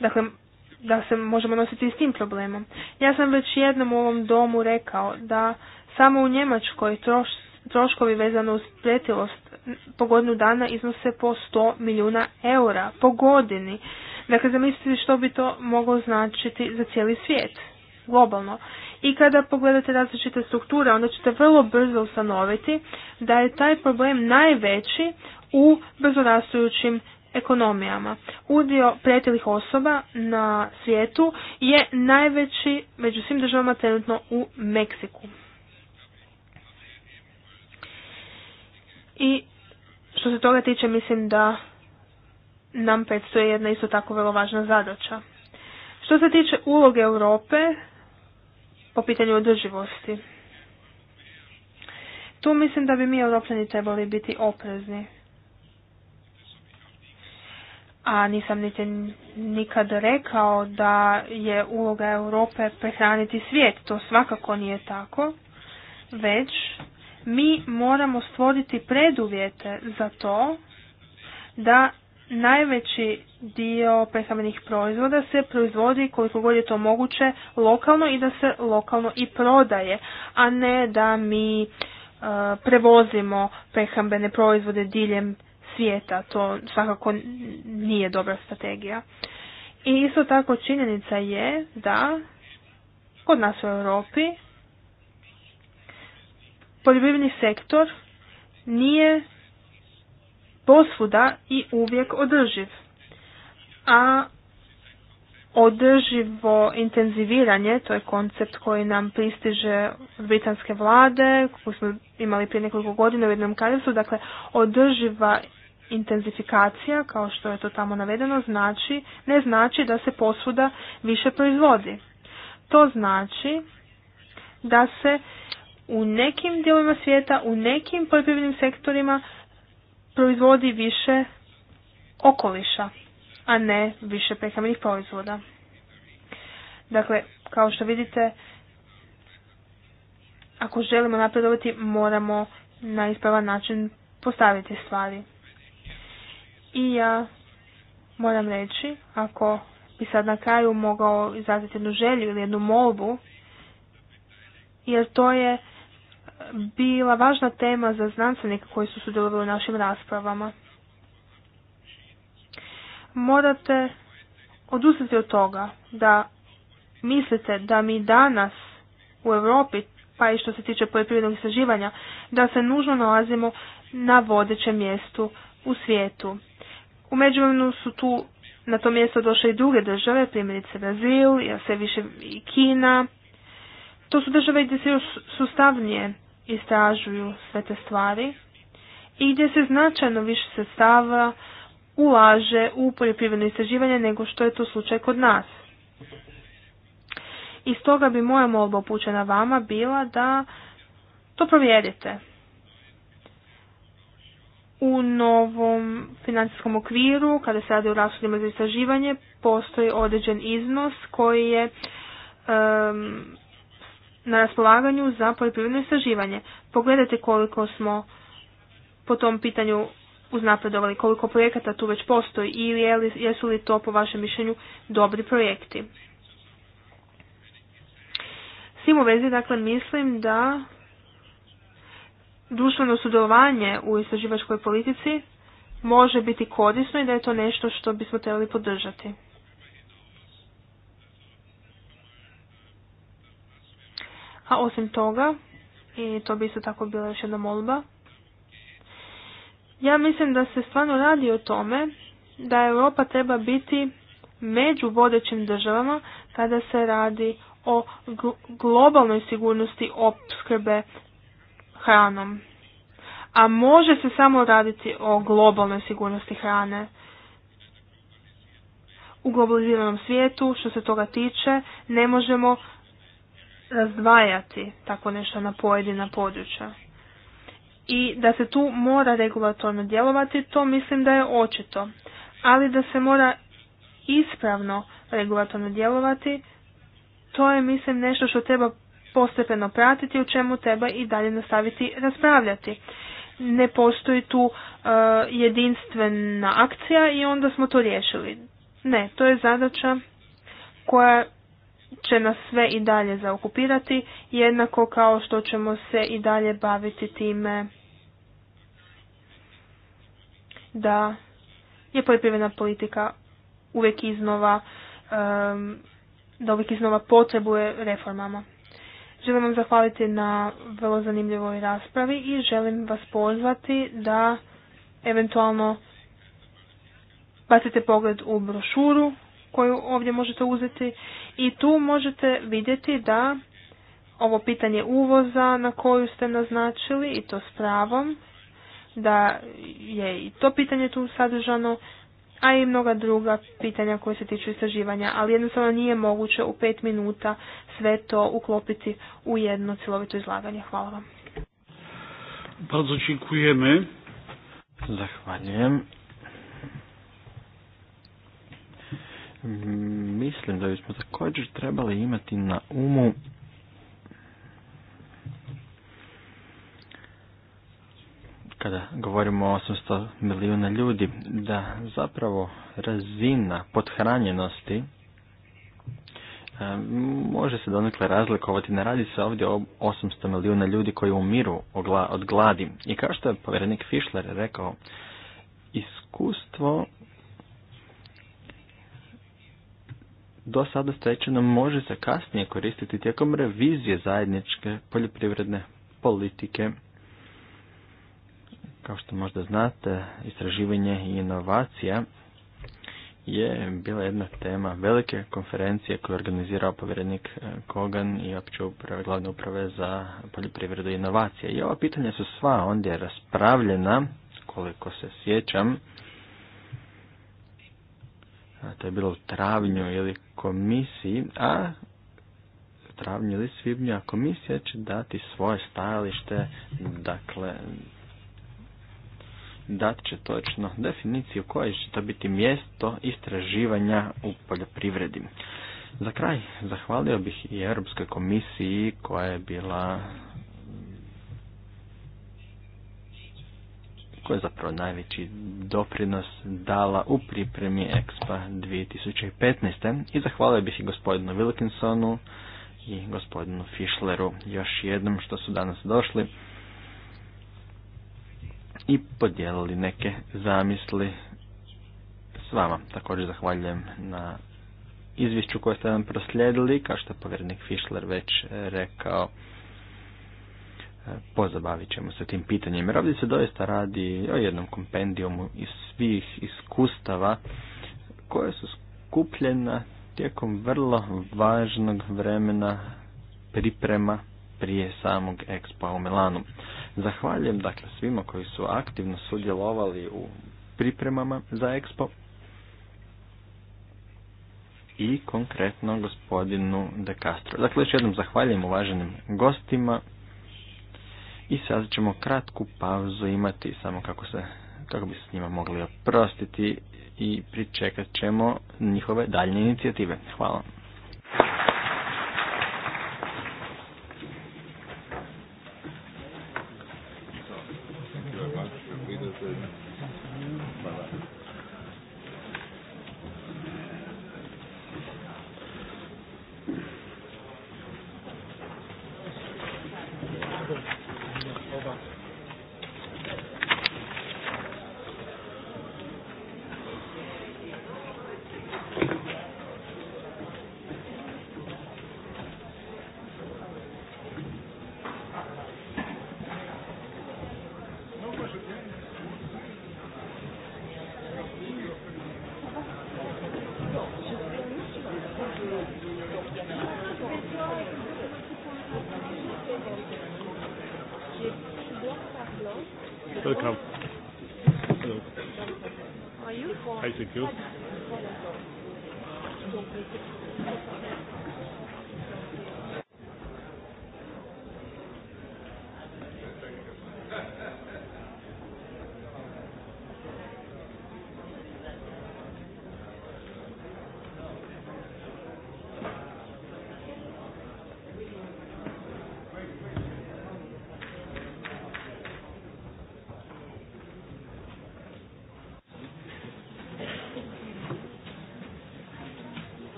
Dakle, da se možemo nositi i s tim problemom. Ja sam već jednom u ovom domu rekao da samo u Njemačkoj troškovi vezano uz pretilost po godinu dana iznose po 100 milijuna eura po godini. Dakle, zamislite što bi to moglo značiti za cijeli svijet globalno. I kada pogledate različite strukture, onda ćete vrlo brzo ustanoviti da je taj problem najveći u brzorastujućim ekonomijama. Udio pretilih osoba na svijetu je najveći među svim državama trenutno u Meksiku. I što se toga tiče mislim da nam predstoji jedna isto tako vrlo važna zadaća. Što se tiče uloge Europe po pitanju održivosti. Tu mislim da bi mi europljani trebali biti oprezni. A nisam niti nikad rekao da je uloga Europe prehraniti svijet. To svakako nije tako. Već mi moramo stvoriti preduvjete za to da najveći dio prehrambenih proizvoda se proizvodi koliko god je to moguće lokalno i da se lokalno i prodaje, a ne da mi e, prevozimo prehrambene proizvode diljem svijeta. To svakako nije dobra strategija. I isto tako činjenica je da kod nas u Europi poljoprivredni sektor nije posvuda i uvijek održiv. A održivo intenziviranje, to je koncept koji nam pristiže britanske vlade, koju smo imali prije nekoliko godina u jednom kraljevstvu, dakle održiva intenzifikacija, kao što je to tamo navedeno, znači, ne znači da se posvuda više proizvodi. To znači da se u nekim dijelovima svijeta, u nekim poljoprivrednim sektorima proizvodi više okoliša, a ne više prehrambenih proizvoda. Dakle, kao što vidite, ako želimo napredovati, moramo na ispravan način postaviti stvari. I ja moram reći, ako bi sad na kraju mogao izraziti jednu želju ili jednu molbu, jer to je bila važna tema za znanstvenike koji su sudjelovali u našim raspravama. Morate odustati od toga da mislite da mi danas u Europi, pa i što se tiče poljoprivrednog istraživanja, da se nužno nalazimo na vodećem mjestu u svijetu. U međuvremenu su tu na to mjesto došle i druge države, primjerice Brazil, ja sve više i Kina, to su države gdje se još sustavnije istražuju sve te stvari i gdje se značajno više sredstava ulaže u poljoprivredno istraživanje nego što je to slučaj kod nas. I stoga bi moja molba upućena vama bila da to provjerite. U novom financijskom okviru, kada se radi o rashodima za istraživanje, postoji određen iznos koji je na raspolaganju za poljoprivredno istraživanje. Pogledajte koliko smo po tom pitanju uznapredovali, koliko projekata tu već postoji i jesu li to po vašem mišljenju dobri projekti. S tim u vezi, dakle, mislim da društveno sudjelovanje u istraživačkoj politici može biti korisno i da je to nešto što bismo trebali podržati. A osim toga, i to bi isto tako bila još jedna molba, ja mislim da se stvarno radi o tome da Europa treba biti među vodećim državama kada se radi o globalnoj sigurnosti opskrbe hranom. A može se samo raditi o globalnoj sigurnosti hrane. U globaliziranom svijetu, što se toga tiče, ne možemo razdvajati tako nešto na pojedina područja. I da se tu mora regulatorno djelovati, to mislim da je očito. Ali da se mora ispravno regulatorno djelovati, to je mislim nešto što treba postepeno pratiti, u čemu treba i dalje nastaviti raspravljati. Ne postoji tu e, jedinstvena akcija i onda smo to riješili. Ne, to je zadaća koja će nas sve i dalje zaokupirati, jednako kao što ćemo se i dalje baviti time da je poljoprivredna politika uvijek iznova da uvijek iznova potrebuje reformama. Želim vam zahvaliti na vrlo zanimljivoj raspravi i želim vas pozvati da eventualno bacite pogled u brošuru koju ovdje možete uzeti i tu možete vidjeti da ovo pitanje uvoza na koju ste naznačili i to s pravom, da je i to pitanje tu sadržano, a i mnoga druga pitanja koje se tiču istraživanja, ali jednostavno nije moguće u pet minuta sve to uklopiti u jedno cjelovito izlaganje. Hvala vam. mislim da bismo također trebali imati na umu kada govorimo o 800 milijuna ljudi, da zapravo razina podhranjenosti e, može se donekle razlikovati. Ne radi se ovdje o 800 milijuna ljudi koji umiru od gladi. I kao što je povjerenik Fischler rekao, iskustvo do sada stečeno može se kasnije koristiti tijekom revizije zajedničke poljoprivredne politike. Kao što možda znate, istraživanje i inovacija je bila jedna tema velike konferencije koju je organizirao povjerenik eh, Kogan i opće uprave, glavne uprave za poljoprivredu i inovacije. I ova pitanja su sva ondje raspravljena, koliko se sjećam, to je bilo u travnju ili komisiji, a travnju ili svibnju, a komisija će dati svoje stajalište, dakle, dat će točno definiciju koje će to biti mjesto istraživanja u poljoprivredi. Za kraj, zahvalio bih i Europskoj komisiji koja je bila koja je zapravo najveći doprinos dala u pripremi EXPA 2015. I zahvalio bih i gospodinu Wilkinsonu i gospodinu Fischleru još jednom što su danas došli i podijelili neke zamisli s vama. Također zahvaljujem na izvješću koje ste nam proslijedili, kao što je povjerenik Fischler već rekao, pozabavit ćemo se tim pitanjem. Jer ovdje se doista radi o jednom kompendijumu iz svih iskustava koje su skupljena tijekom vrlo važnog vremena priprema prije samog ekspoa u Milanu. Zahvaljujem dakle svima koji su aktivno sudjelovali u pripremama za ekspo i konkretno gospodinu De Castro. Dakle, još jednom zahvaljujem uvaženim gostima i sad ćemo kratku pauzu imati samo kako se kako bi se s njima mogli oprostiti i pričekat ćemo njihove daljne inicijative. Hvala.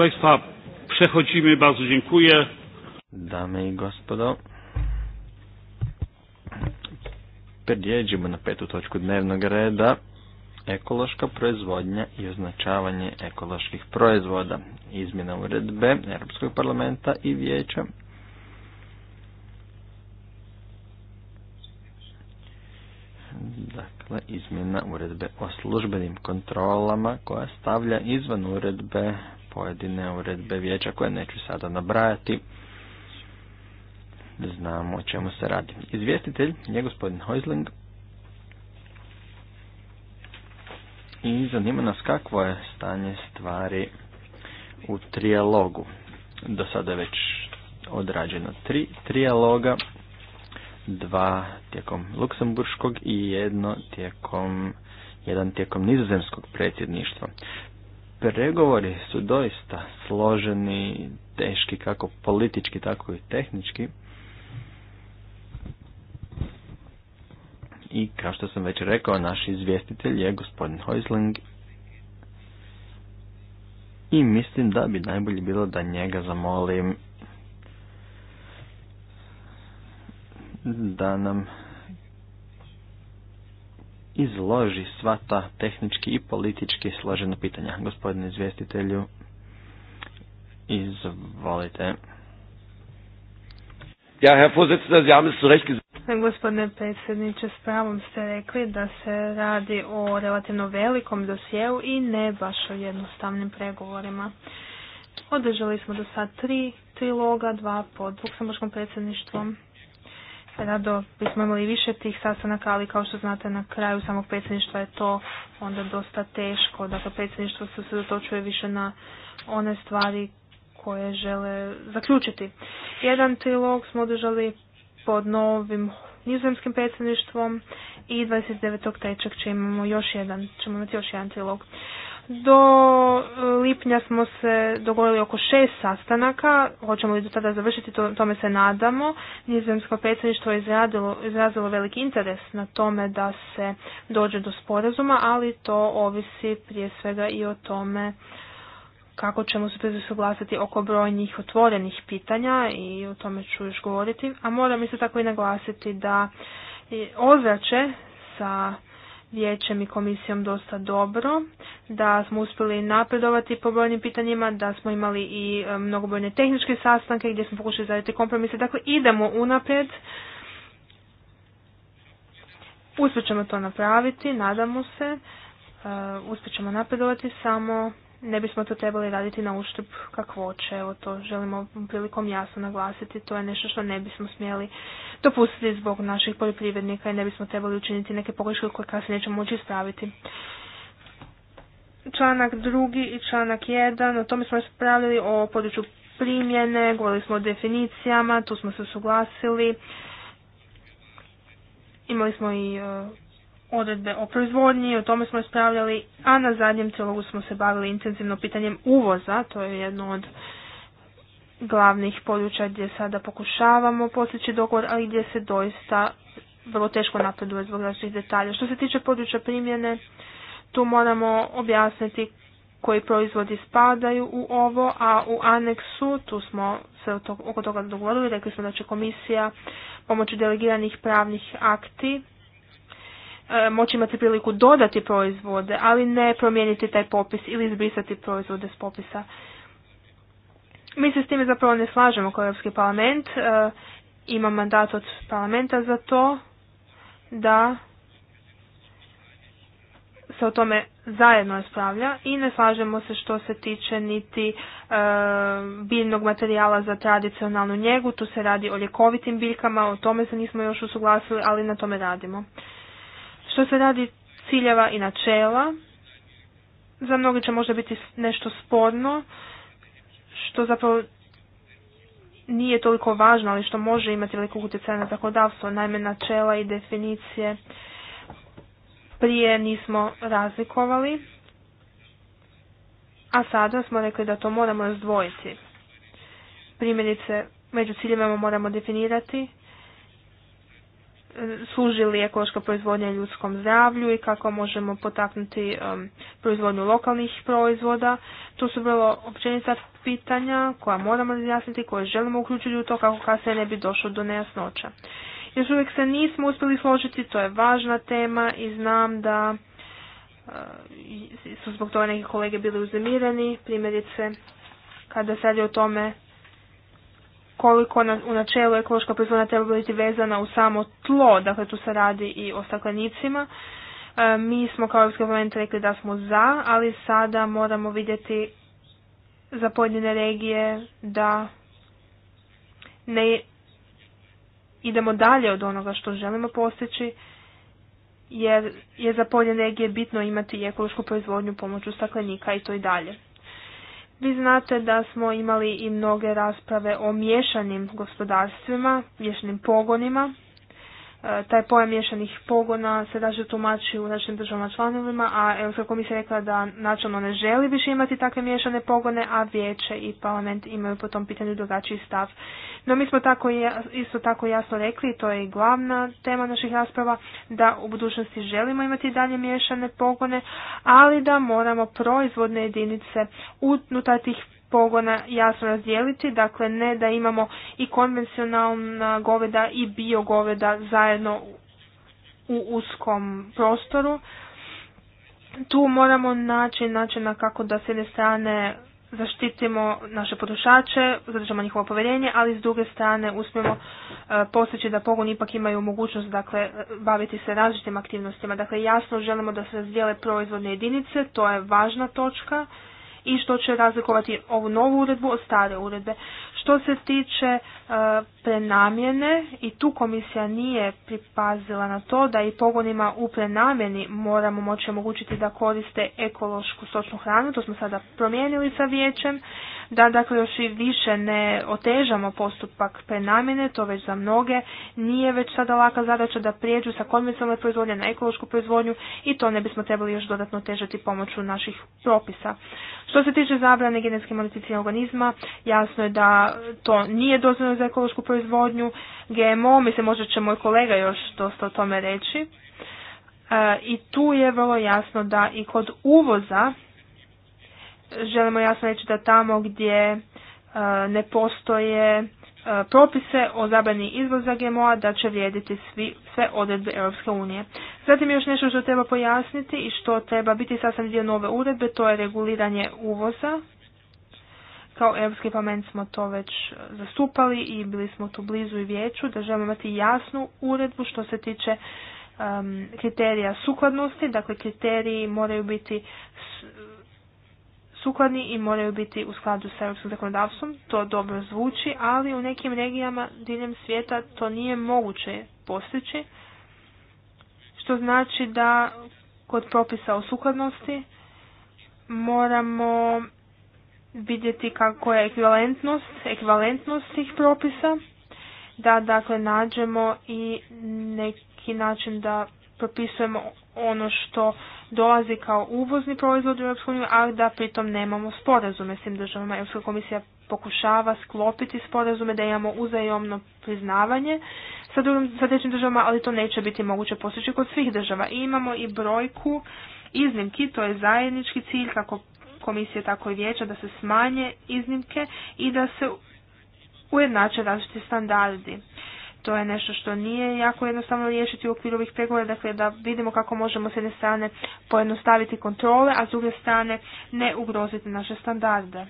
Państwa, przechodzimy. Bardzo dziękuję. Dame i gospodo, prijeđimo na petu točku dnevnog reda ekološka proizvodnja i označavanje ekoloških proizvoda, izmjena uredbe Europskog parlamenta i vijeća. Dakle, izmjena uredbe o službenim kontrolama koja stavlja izvan uredbe pojedine uredbe vijeća koje neću sada nabrajati. Znamo o čemu se radi. Izvjestitelj je gospodin Hojzling. I zanima nas kakvo je stanje stvari u trijalogu. Do sada je već odrađeno tri trijaloga, dva tijekom luksemburškog i jedno tijekom jedan tijekom nizozemskog predsjedništva pregovori su doista složeni, teški kako politički, tako i tehnički. I kao što sam već rekao, naš izvjestitelj je gospodin Hoisling i mislim da bi najbolje bilo da njega zamolim da nam izloži sva ta tehnički i politički složena pitanja. Gospodine izvjestitelju, izvolite. Ja, Herr Vorsitzender, Sie haben es Gospodine predsjedniče, s pravom ste rekli da se radi o relativno velikom dosjeu i ne baš o jednostavnim pregovorima. Održali smo do sad tri triloga, dva pod Luksemburskom predsjedništvom rado bismo imali više tih sastanaka, ali kao što znate na kraju samog predsjedništva je to onda dosta teško. Dakle, predsjedništvo se sredotočuje više na one stvari koje žele zaključiti. Jedan trilog smo održali pod novim nizozemskim predsjedništvom i 29.3. će imamo još jedan, ćemo imati još jedan trilog. Do e, lipnja smo se dogovorili oko šest sastanaka, hoćemo li do tada završiti, to, tome se nadamo. Nizozemsko predsjedništvo je izrazilo velik interes na tome da se dođe do sporazuma, ali to ovisi prije svega i o tome kako ćemo se suglasiti oko brojnih otvorenih pitanja i o tome ću još govoriti. A moram isto tako i naglasiti da ozrače sa vijećem i komisijom dosta dobro, da smo uspjeli napredovati po brojnim pitanjima, da smo imali i e, mnogobrojne tehničke sastanke gdje smo pokušali zadati kompromise. Dakle, idemo unaprijed. Uspjećemo to napraviti, nadamo se. E, Uspjećemo napredovati, samo ne bismo to trebali raditi na uštrb kakvoće. Evo to želimo prilikom jasno naglasiti. To je nešto što ne bismo smjeli dopustiti zbog naših poljoprivrednika i ne bismo trebali učiniti neke pogreške koje kasnije nećemo moći ispraviti. Članak drugi i članak jedan, o tome smo raspravljali o području primjene, govorili smo o definicijama, tu smo se usuglasili. Imali smo i e, odredbe o proizvodnji, o tome smo ispravljali, a na zadnjem celogu smo se bavili intenzivno pitanjem uvoza, to je jedno od glavnih područja gdje sada pokušavamo postići dogovor, ali gdje se doista vrlo teško napreduje zbog različitih detalja. Što se tiče područja primjene, tu moramo objasniti koji proizvodi spadaju u ovo, a u aneksu, tu smo se oko toga dogovorili, rekli smo da će komisija pomoći delegiranih pravnih akti E, moći imati priliku dodati proizvode, ali ne promijeniti taj popis ili izbrisati proizvode s popisa. Mi se s time zapravo ne slažemo kao Europski parlament. E, ima mandat od parlamenta za to da se o tome zajedno raspravlja i ne slažemo se što se tiče niti e, biljnog materijala za tradicionalnu njegu. Tu se radi o ljekovitim biljkama, o tome se nismo još usuglasili, ali na tome radimo. Što se radi ciljeva i načela, za mnogi će možda biti nešto sporno, što zapravo nije toliko važno, ali što može imati velikog utjecaj na zakonodavstvo, naime načela i definicije prije nismo razlikovali, a sada smo rekli da to moramo razdvojiti. Primjerice, među ciljevima moramo definirati služi li ekološka proizvodnja ljudskom zdravlju i kako možemo potaknuti um, proizvodnju lokalnih proizvoda. To su vrlo općenita pitanja koja moramo razjasniti, koje želimo uključiti u to kako kasnije ne bi došlo do nejasnoća. Još uvijek se nismo uspjeli složiti, to je važna tema i znam da uh, su zbog toga neki kolege bili uzemireni, primjerice kada se radi o tome koliko u načelu ekološka proizvodnja treba biti vezana u samo tlo, dakle tu se radi i o staklenicima. E, mi smo kao Europski parlament rekli da smo za, ali sada moramo vidjeti za pojedine regije da ne idemo dalje od onoga što želimo postići, jer je za pojedine regije bitno imati ekološku proizvodnju pomoću staklenika i to i dalje. Vi znate da smo imali i mnoge rasprave o miješanim gospodarstvima, miješanim pogonima taj pojam miješanih pogona se daže tumači u našim državama članovima, a Europska komisija rekla da načelno ne želi više imati takve miješane pogone, a vijeće i parlament imaju po tom pitanju drugačiji stav. No mi smo tako, isto tako jasno rekli, to je i glavna tema naših rasprava, da u budućnosti želimo imati dalje miješane pogone, ali da moramo proizvodne jedinice unutar tih pogona jasno razdijeliti, dakle ne da imamo i konvencionalna goveda i biogoveda zajedno u uskom prostoru. Tu moramo naći načina kako da s jedne strane zaštitimo naše potrošače, zadržamo njihovo povjerenje, ali s druge strane uspijemo e, postići da pogon ipak imaju mogućnost dakle, baviti se različitim aktivnostima. Dakle, jasno želimo da se razdijele proizvodne jedinice, to je važna točka i što će razlikovati ovu novu uredbu od stare uredbe. Što se tiče e, prenamjene, i tu komisija nije pripazila na to da i pogonima u prenamjeni moramo moći omogućiti da koriste ekološku stočnu hranu, to smo sada promijenili sa vijećem, da dakle još i više ne otežamo postupak prenamjene, to već za mnoge nije već sada laka zadaća da prijeđu sa konvencionalne proizvodnje na ekološku proizvodnju i to ne bismo trebali još dodatno otežati pomoću naših propisa. Što se tiče zabrane genetske modificiranog organizma, jasno je da to nije dozvoljeno za ekološku proizvodnju GMO, mislim možda će moj kolega još dosta o tome reći. E, I tu je vrlo jasno da i kod uvoza želimo jasno reći da tamo gdje e, ne postoje e, propise o zabrani izvoza GMO-a da će vrijediti svi, sve odredbe Europske unije. Zatim još nešto što treba pojasniti i što treba biti sasvim dio nove uredbe, to je reguliranje uvoza kao Europski parlament smo to već e, zastupali i bili smo tu blizu i vijeću da želimo imati jasnu uredbu što se tiče kriterija sukladnosti, dakle kriteriji moraju biti sukladni i moraju biti u skladu sa europskim zakonodavstvom, to dobro zvuči, ali u nekim regijama diljem svijeta to nije moguće postići, što znači da kod propisa o sukladnosti moramo vidjeti kako je ekvivalentnost, ekvivalentnost tih propisa, da dakle nađemo i neki način da propisujemo ono što dolazi kao uvozni proizvod u EU, a da pritom nemamo sporazume s tim državama. Europska komisija pokušava sklopiti sporazume da imamo uzajomno priznavanje sa, drugim, sa državama, ali to neće biti moguće postići kod svih država. I imamo i brojku iznimki, to je zajednički cilj kako komisije tako i vijeća da se smanje iznimke i da se ujednače različiti standardi. To je nešto što nije jako jednostavno riješiti u okviru ovih pregovora, dakle da vidimo kako možemo s jedne strane pojednostaviti kontrole, a s druge strane ne ugroziti naše standarde.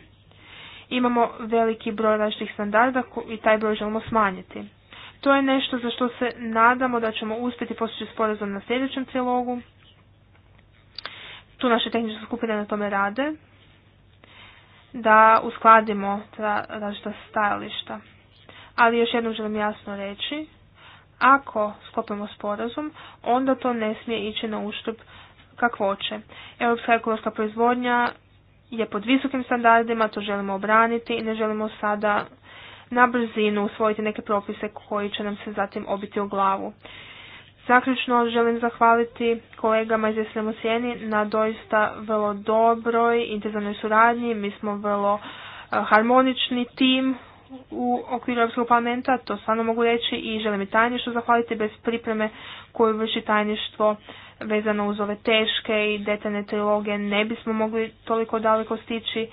Imamo veliki broj različitih standarda i taj broj želimo smanjiti. To je nešto za što se nadamo da ćemo uspjeti postići sporazum na sljedećem cijelogu tu naše tehničke skupine na tome rade, da uskladimo ta različita stajališta. Ali još jednom želim jasno reći, ako sklopimo sporazum, onda to ne smije ići na uštup kakvoće. Europska ekološka proizvodnja je pod visokim standardima, to želimo obraniti i ne želimo sada na brzinu usvojiti neke propise koji će nam se zatim obiti u glavu. Zaključno želim zahvaliti kolegama iz Islemu Sjeni na doista vrlo dobroj, intenzivnoj suradnji. Mi smo vrlo e, harmonični tim u okviru Europskog parlamenta, to stvarno mogu reći i želim i tajništvo zahvaliti bez pripreme koju vrši tajništvo vezano uz ove teške i detaljne trilogije ne bismo mogli toliko daleko stići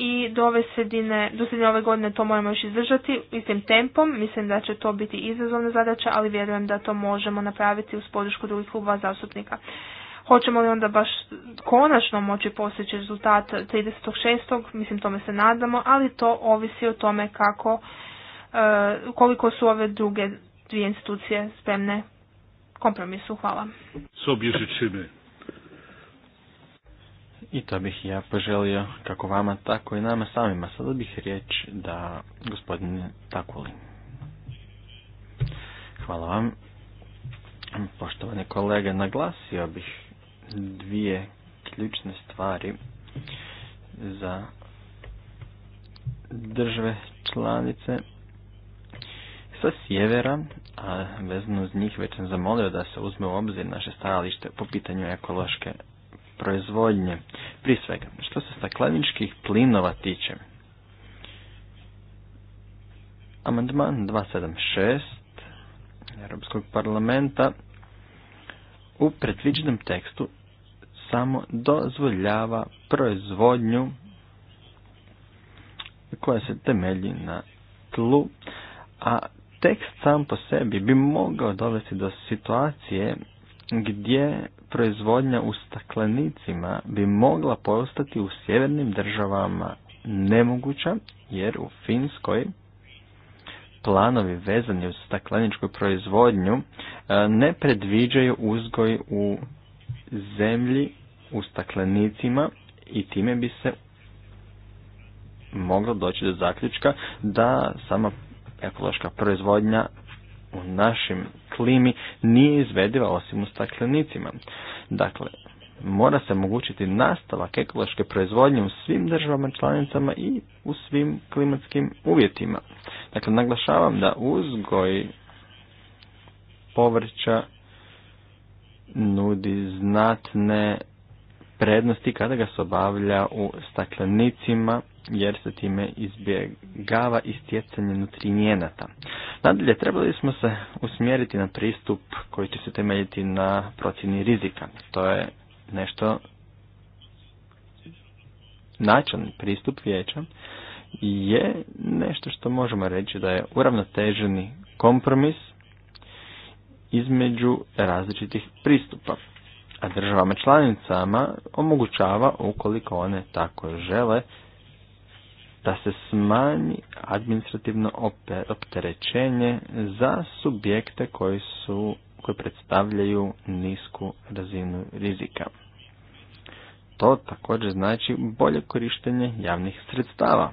i do sredine, do sredine ove godine to moramo još izdržati istim tempom. Mislim da će to biti izazovna zadaća, ali vjerujem da to možemo napraviti uz podršku drugih klubova zastupnika. Hoćemo li onda baš konačno moći postići rezultat 36. mislim tome se nadamo, ali to ovisi o tome kako, e, koliko su ove druge dvije institucije spremne kompromisu. Hvala. I to bih ja poželio kako vama, tako i nama samima. Sada bih riječ da gospodine Takuli. Hvala vam. Poštovane kolege, naglasio bih dvije ključne stvari za države članice sa sjevera, a vezano uz njih već sam zamolio da se uzme u obzir naše stajalište po pitanju ekološke proizvodnje. Prije svega, što se stakleničkih plinova tiče, amandman 276 Europskog parlamenta u predviđenom tekstu samo dozvoljava proizvodnju koja se temelji na tlu, a tekst sam po sebi bi mogao dovesti do situacije gdje proizvodnja u staklenicima bi mogla postati u sjevernim državama nemoguća jer u Finskoj planovi vezani uz stakleničku proizvodnju e, ne predviđaju uzgoj u zemlji u staklenicima i time bi se moglo doći do zaključka da sama ekološka proizvodnja u našim klimi nije izvediva osim u staklenicima. Dakle, mora se omogućiti nastavak ekološke proizvodnje u svim državama članicama i u svim klimatskim uvjetima. Dakle, naglašavam da uzgoj povrća nudi znatne prednosti kada ga se obavlja u staklenicima jer se time izbjegava istjecanje nutrinijenata. Nadalje, trebali smo se usmjeriti na pristup koji će se temeljiti na procjeni rizika. To je nešto način, pristup vijeća je nešto što možemo reći da je uravnoteženi kompromis između različitih pristupa. A državama članicama omogućava, ukoliko one tako žele, da se smanji administrativno opterećenje za subjekte koji su koji predstavljaju nisku razinu rizika. To također znači bolje korištenje javnih sredstava.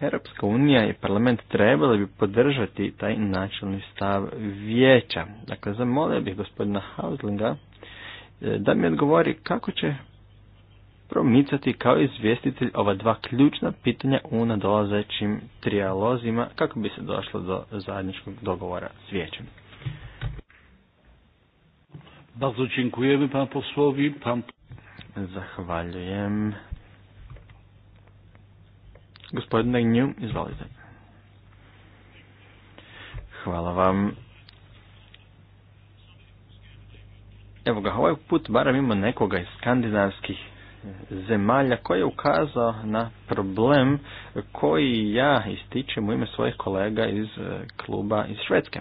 Europska unija i parlament trebali bi podržati taj načelni stav vijeća. Dakle, zamolio bih gospodina Hauslinga e, da mi odgovori kako će promicati kao izvjestitelj ova dva ključna pitanja u nadolazećim trijalozima kako bi se došlo do zajedničkog dogovora s vijećem. Bardzo dziękujemy panu posłowi. Pan... Zahvaljujem. Gospodin Gnju, izvolite. Hvala vam. Evo ga, ovaj put barem ima nekoga iz skandinavskih zemalja koji je ukazao na problem koji ja ističem u ime svojih kolega iz eh, kluba iz Švedske.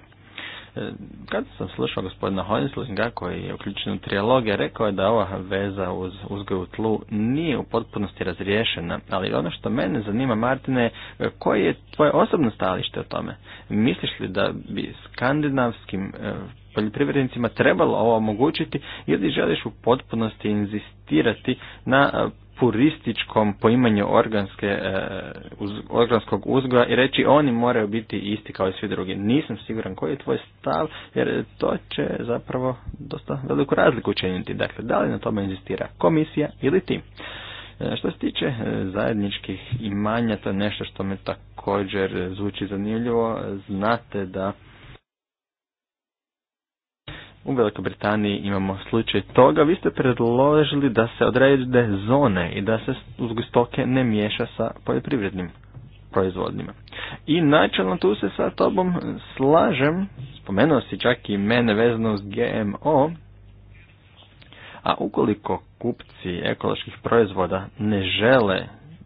E, kad sam slušao gospodina Honislinga koji je uključen u trijaloge, rekao je da ova veza uz uzgoj u tlu nije u potpunosti razriješena, ali ono što mene zanima Martine, e, koje je tvoje osobno stajalište o tome? Misliš li da bi skandinavskim e, poljoprivrednicima trebalo ovo omogućiti ili želiš u potpunosti inzistirati na purističkom poimanju organske, e, organskog uzgoja i reći oni moraju biti isti kao i svi drugi. Nisam siguran koji je tvoj stav jer to će zapravo dosta veliku razliku učiniti. Dakle, da li na tome inzistira komisija ili ti? E, što se tiče e, zajedničkih imanja, to je nešto što me također zvuči zanimljivo. Znate da u Velikoj Britaniji imamo slučaj toga. Vi ste predložili da se odrede zone i da se uzgoj stoke ne miješa sa poljoprivrednim proizvodnjima. I načelno tu se sa tobom slažem, spomenuo si čak i mene vezano s GMO, a ukoliko kupci ekoloških proizvoda ne žele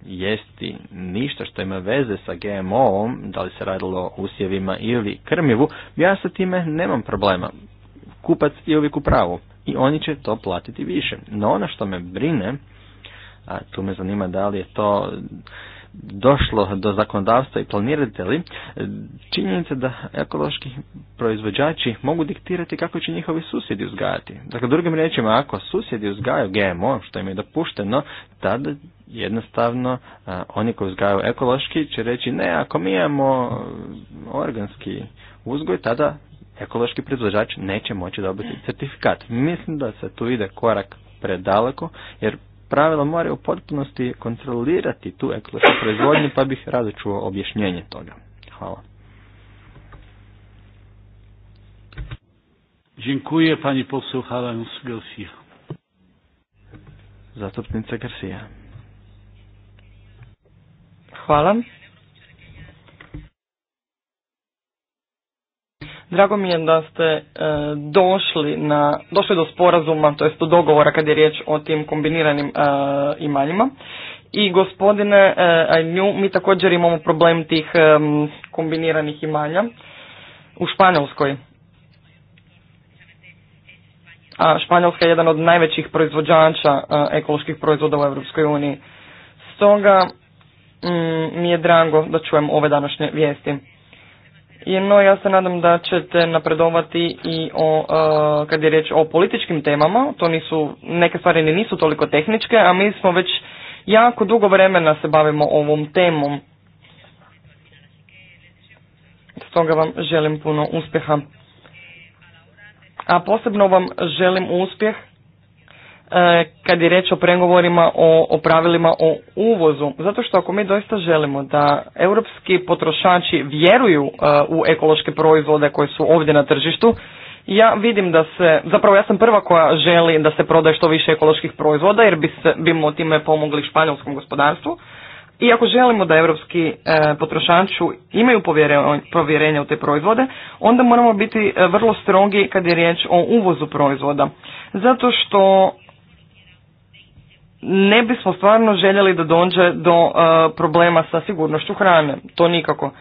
jesti ništa što ima veze sa GMO-om, da li se radilo o usjevima ili krmivu, ja sa time nemam problema kupac je uvijek u pravu i oni će to platiti više. No ono što me brine, a tu me zanima da li je to došlo do zakonodavstva i planirate li, činjenica da ekološki proizvođači mogu diktirati kako će njihovi susjedi uzgajati. Dakle, drugim riječima, ako susjedi uzgajaju GMO, što im je dopušteno, tada jednostavno oni koji uzgajaju ekološki će reći ne, ako mi imamo organski uzgoj, tada ekološki proizvođač neće moći dobiti certifikat. Mislim da se tu ide korak predaleko, jer pravila moraju u potpunosti kontrolirati tu ekološku proizvodnju, pa bih rado čuo objašnjenje toga. Hvala. Dziękuję pani poseł Halens Garcia. Zastupnica Garcia. Hvala. Drago mi je da ste e, došli, na, došli do sporazuma, to jest do dogovora kad je riječ o tim kombiniranim e, imanjima. I gospodine e, Nju, mi također imamo problem tih kombiniranih imanja u Španjolskoj. A Španjolska je jedan od najvećih proizvođača ekoloških proizvoda u Europskoj uniji. Stoga mi je drago da čujem ove današnje vijesti no ja se nadam da ćete napredovati i o, e, kad je riječ o političkim temama, to nisu, neke stvari nisu toliko tehničke, a mi smo već jako dugo vremena se bavimo ovom temom. Stoga vam želim puno uspjeha. A posebno vam želim uspjeh E, kad je reč o pregovorima o, pravilima o uvozu. Zato što ako mi doista želimo da europski potrošači vjeruju e, u ekološke proizvode koji su ovdje na tržištu, ja vidim da se, zapravo ja sam prva koja želi da se prodaje što više ekoloških proizvoda jer bi se, bimo time pomogli španjolskom gospodarstvu. I ako želimo da europski e, potrošači imaju povjerenje u te proizvode, onda moramo biti vrlo strogi kad je riječ o uvozu proizvoda. Zato što ne bismo stvarno željeli da dođe do uh, problema sa sigurnošću hrane. To nikako.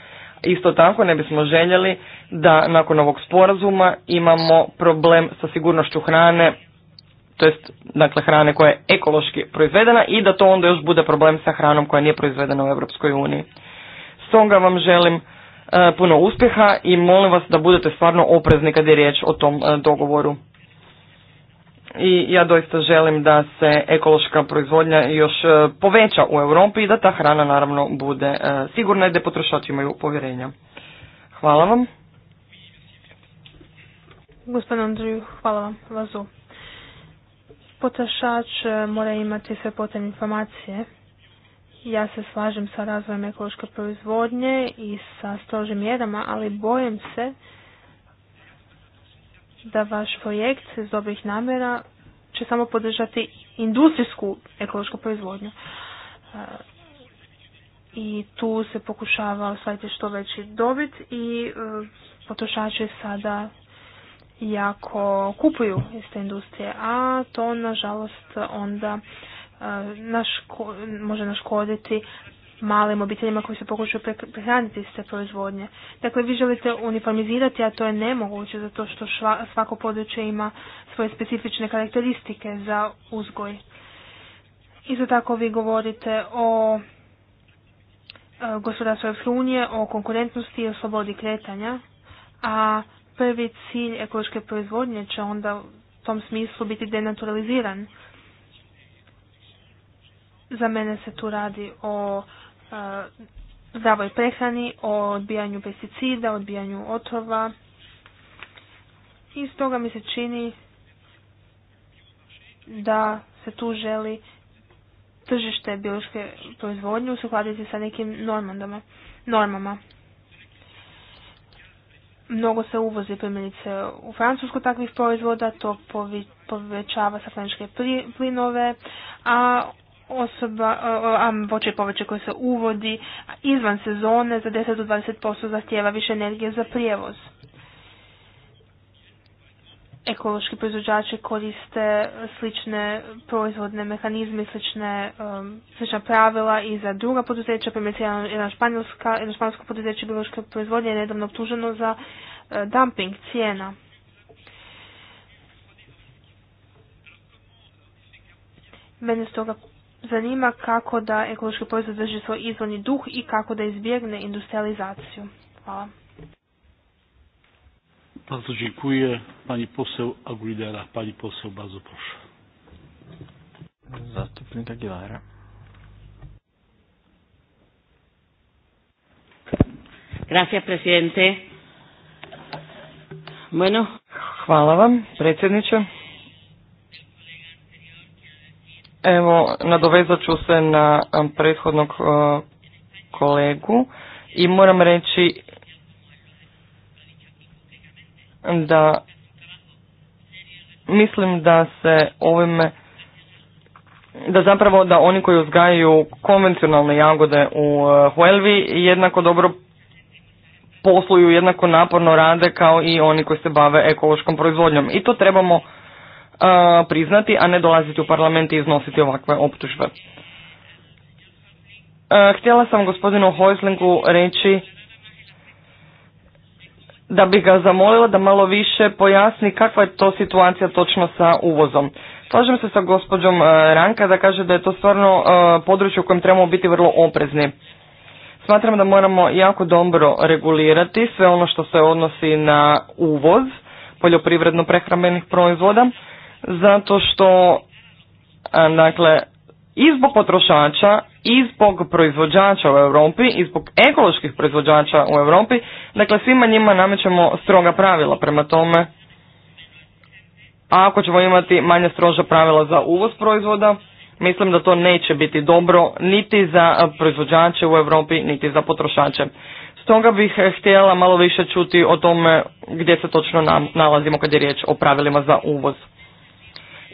Isto tako ne bismo željeli da nakon ovog sporazuma imamo problem sa sigurnošću hrane, to jest dakle hrane koja je ekološki proizvedena i da to onda još bude problem sa hranom koja nije proizvedena u Europskoj uniji. Stoga vam želim uh, puno uspjeha i molim vas da budete stvarno oprezni kad je riječ o tom uh, dogovoru i ja doista želim da se ekološka proizvodnja još e, poveća u Europi i da ta hrana naravno bude e, sigurna i da potrošači imaju povjerenja. Hvala vam. Gospodin Andriju, hvala vam, Lazu. Potrošač e, mora imati sve potrebne informacije. Ja se slažem sa razvojem ekološke proizvodnje i sa strožim mjerama, ali bojem se da vaš projekt iz dobrih namjera će samo podržati industrijsku ekološku proizvodnju. E, I tu se pokušava osvajati što veći dobit i e, potrošači sada jako kupuju iz te industrije, a to nažalost onda e, naš, može naškoditi malim obiteljima koji se pokušaju prehraniti iz te proizvodnje. Dakle, vi želite uniformizirati, a to je nemoguće zato što svako područje ima svoje specifične karakteristike za uzgoj. Isto tako vi govorite o e, gospodarstvu Evropske unije, o konkurentnosti i o slobodi kretanja, a prvi cilj ekološke proizvodnje će onda u tom smislu biti denaturaliziran. Za mene se tu radi o zdravoj prehrani, o odbijanju pesticida, odbijanju otrova. I stoga mi se čini da se tu želi tržište biološke proizvodnje usukladiti sa nekim normandama, normama. Mnogo se uvozi primjerice u Francusku takvih proizvoda, to povećava stakleničke plinove, a osoba, a voće i koje se uvodi izvan sezone za 10 do 20% zahtjeva više energije za prijevoz. Ekološki proizvođači koriste slične proizvodne mehanizme, slične, um, slična pravila i za druga poduzeća, primjerice na španjolska poduzeće biološke proizvodnje je nedavno optuženo za e, dumping cijena. Mene stoga zanima kako da ekološki proizvod drži svoj izvorni duh i kako da izbjegne industrializaciju. Hvala. Bardzo dziękuję. Pani poseł Aguilera. Pani poseł, bardzo proszę. Zastupnik Aguilera. Gracias, presidente. Bueno. Hvala vam, predsjedniče. Evo, nadovezat ću se na um, prethodnog uh, kolegu i moram reći da mislim da se ovime da zapravo da oni koji uzgajaju konvencionalne jagode u uh, Huelvi jednako dobro posluju, jednako naporno rade kao i oni koji se bave ekološkom proizvodnjom. I to trebamo priznati, a ne dolaziti u parlament i iznositi ovakve optužbe. Htjela sam gospodinu Hoislingu reći da bi ga zamolila da malo više pojasni kakva je to situacija točno sa uvozom. Slažem se sa gospođom Ranka da kaže da je to stvarno područje u kojem trebamo biti vrlo oprezni. Smatram da moramo jako dobro regulirati sve ono što se odnosi na uvoz poljoprivredno prehrambenih proizvoda, zato što dakle i zbog potrošača i zbog proizvođača u Europi i zbog ekoloških proizvođača u Europi, dakle svima njima namećemo stroga pravila prema tome. A ako ćemo imati manje stroža pravila za uvoz proizvoda, mislim da to neće biti dobro niti za proizvođače u Europi, niti za potrošače. Stoga bih htjela malo više čuti o tome gdje se točno nalazimo kad je riječ o pravilima za uvoz.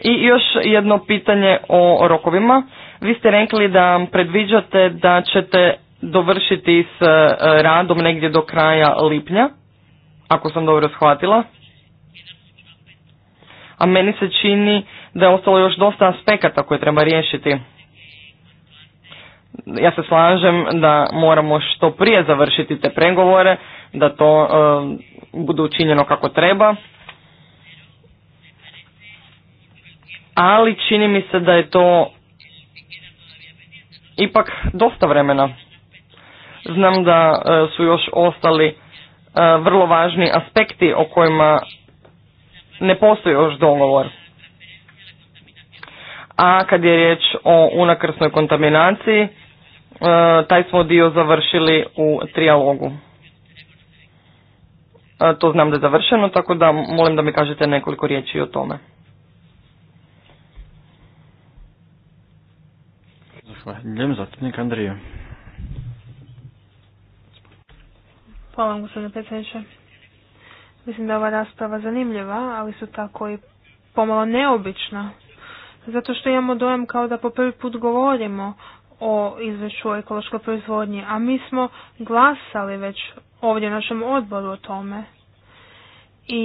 I još jedno pitanje o rokovima. Vi ste rekli da predviđate da ćete dovršiti s e, radom negdje do kraja lipnja, ako sam dobro shvatila. A meni se čini da je ostalo još dosta aspekata koje treba riješiti. Ja se slažem da moramo što prije završiti te pregovore, da to e, bude učinjeno kako treba, ali čini mi se da je to ipak dosta vremena. Znam da e, su još ostali e, vrlo važni aspekti o kojima ne postoji još dogovor. A kad je riječ o unakrsnoj kontaminaciji, e, taj smo dio završili u trijalogu. To znam da je završeno, tako da molim da mi kažete nekoliko riječi o tome. Andrija. Hvala vam, gospodine predsjedniče. Mislim da je ova rasprava zanimljiva, ali su tako i pomalo neobična. Zato što imamo dojam kao da po prvi put govorimo o izvješću o ekološkoj proizvodnji, a mi smo glasali već ovdje u našem odboru o tome. I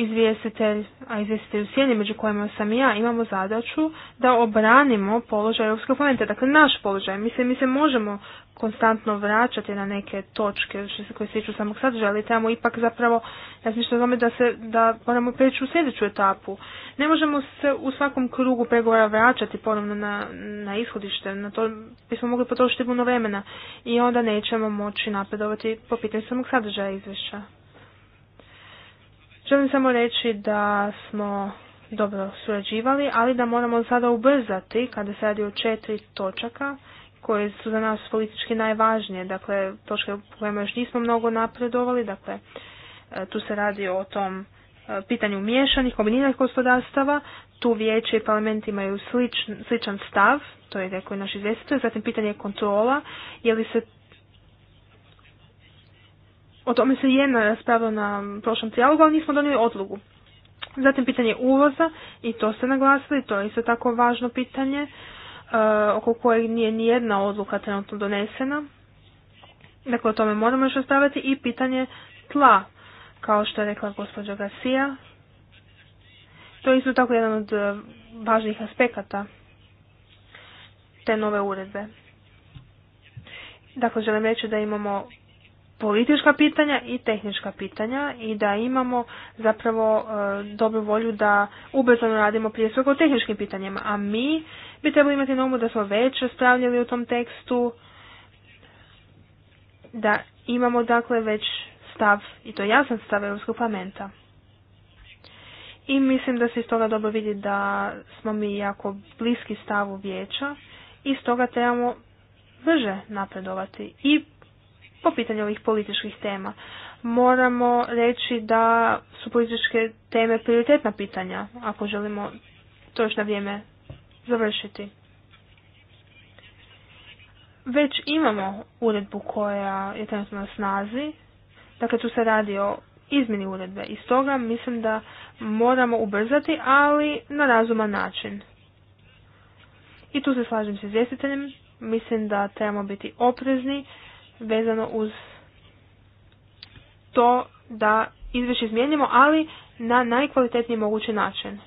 izvjestitelj, a izvjestitelj u sjeni među kojima sam i ja, imamo zadaću da obranimo položaj Europskog parlamenta, dakle naš položaj. Mi se, mi se možemo konstantno vraćati na neke točke koje se tiču samog sadržaja, ali trebamo ipak zapravo razmišljati o tome da, se, da moramo preći u sljedeću etapu. Ne možemo se u svakom krugu pregovora vraćati ponovno na, na ishodište, na to bismo mogli potrošiti puno vremena i onda nećemo moći napredovati po pitanju samog sadržaja izvješća. Želim samo reći da smo dobro surađivali, ali da moramo sada ubrzati kada se radi o četiri točaka koje su za nas politički najvažnije. Dakle, točke u kojima još nismo mnogo napredovali, dakle, e, tu se radi o tom e, pitanju miješanih, kombiniranih gospodarstava, tu vijeće i parlament imaju sličan stav, to je rekao i naš izvestitelj, zatim pitanje kontrola, je li se o tome se jedna raspravilo na prošlom trijalogu, ali nismo donijeli odlugu. Zatim pitanje uvoza, i to ste naglasili, to je isto tako važno pitanje, e, oko kojeg nije nijedna odluka trenutno donesena. Dakle, o tome moramo još ostaviti i pitanje tla, kao što je rekla gospođa Garcia. To je isto tako jedan od e, važnijih aspekata te nove uredbe. Dakle, želim reći da imamo politička pitanja i tehnička pitanja i da imamo zapravo e, dobru volju da ubrzano radimo prije svega o tehničkim pitanjima, a mi bi trebali imati na umu da smo već raspravljali u tom tekstu, da imamo dakle već stav i to jasan stav Europskog parlamenta. I mislim da se iz toga dobro vidi da smo mi jako bliski stavu vijeća i stoga trebamo brže napredovati i po pitanju ovih političkih tema. Moramo reći da su političke teme prioritetna pitanja, ako želimo to još na vrijeme završiti. Već imamo uredbu koja je trenutno na snazi, dakle tu se radi o izmjeni uredbe i stoga mislim da moramo ubrzati, ali na razuman način. I tu se slažem s izvjestiteljem, mislim da trebamo biti oprezni vezano uz to da izvješće izmijenimo, ali na najkvalitetniji mogući način.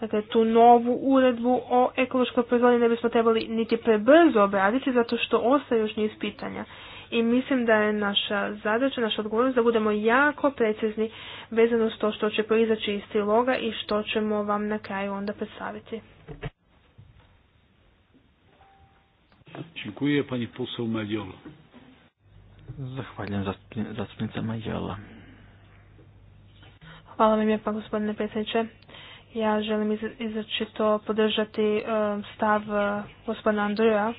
Dakle, tu novu uredbu o ekološkoj proizvodnji ne bismo trebali niti prebrzo obraditi, zato što ostaje još niz pitanja. I mislim da je naša zadaća, naša odgovornost da budemo jako precizni vezano s to što će proizaći iz triloga i što ćemo vam na kraju onda predstaviti. Dziękuję pani poseł Zahvaljujem zastupnicama jela. Hvala vam lijepa gospodine predsjedniče. Ja želim izračito podržati um, stav uh, gospodina Andreja.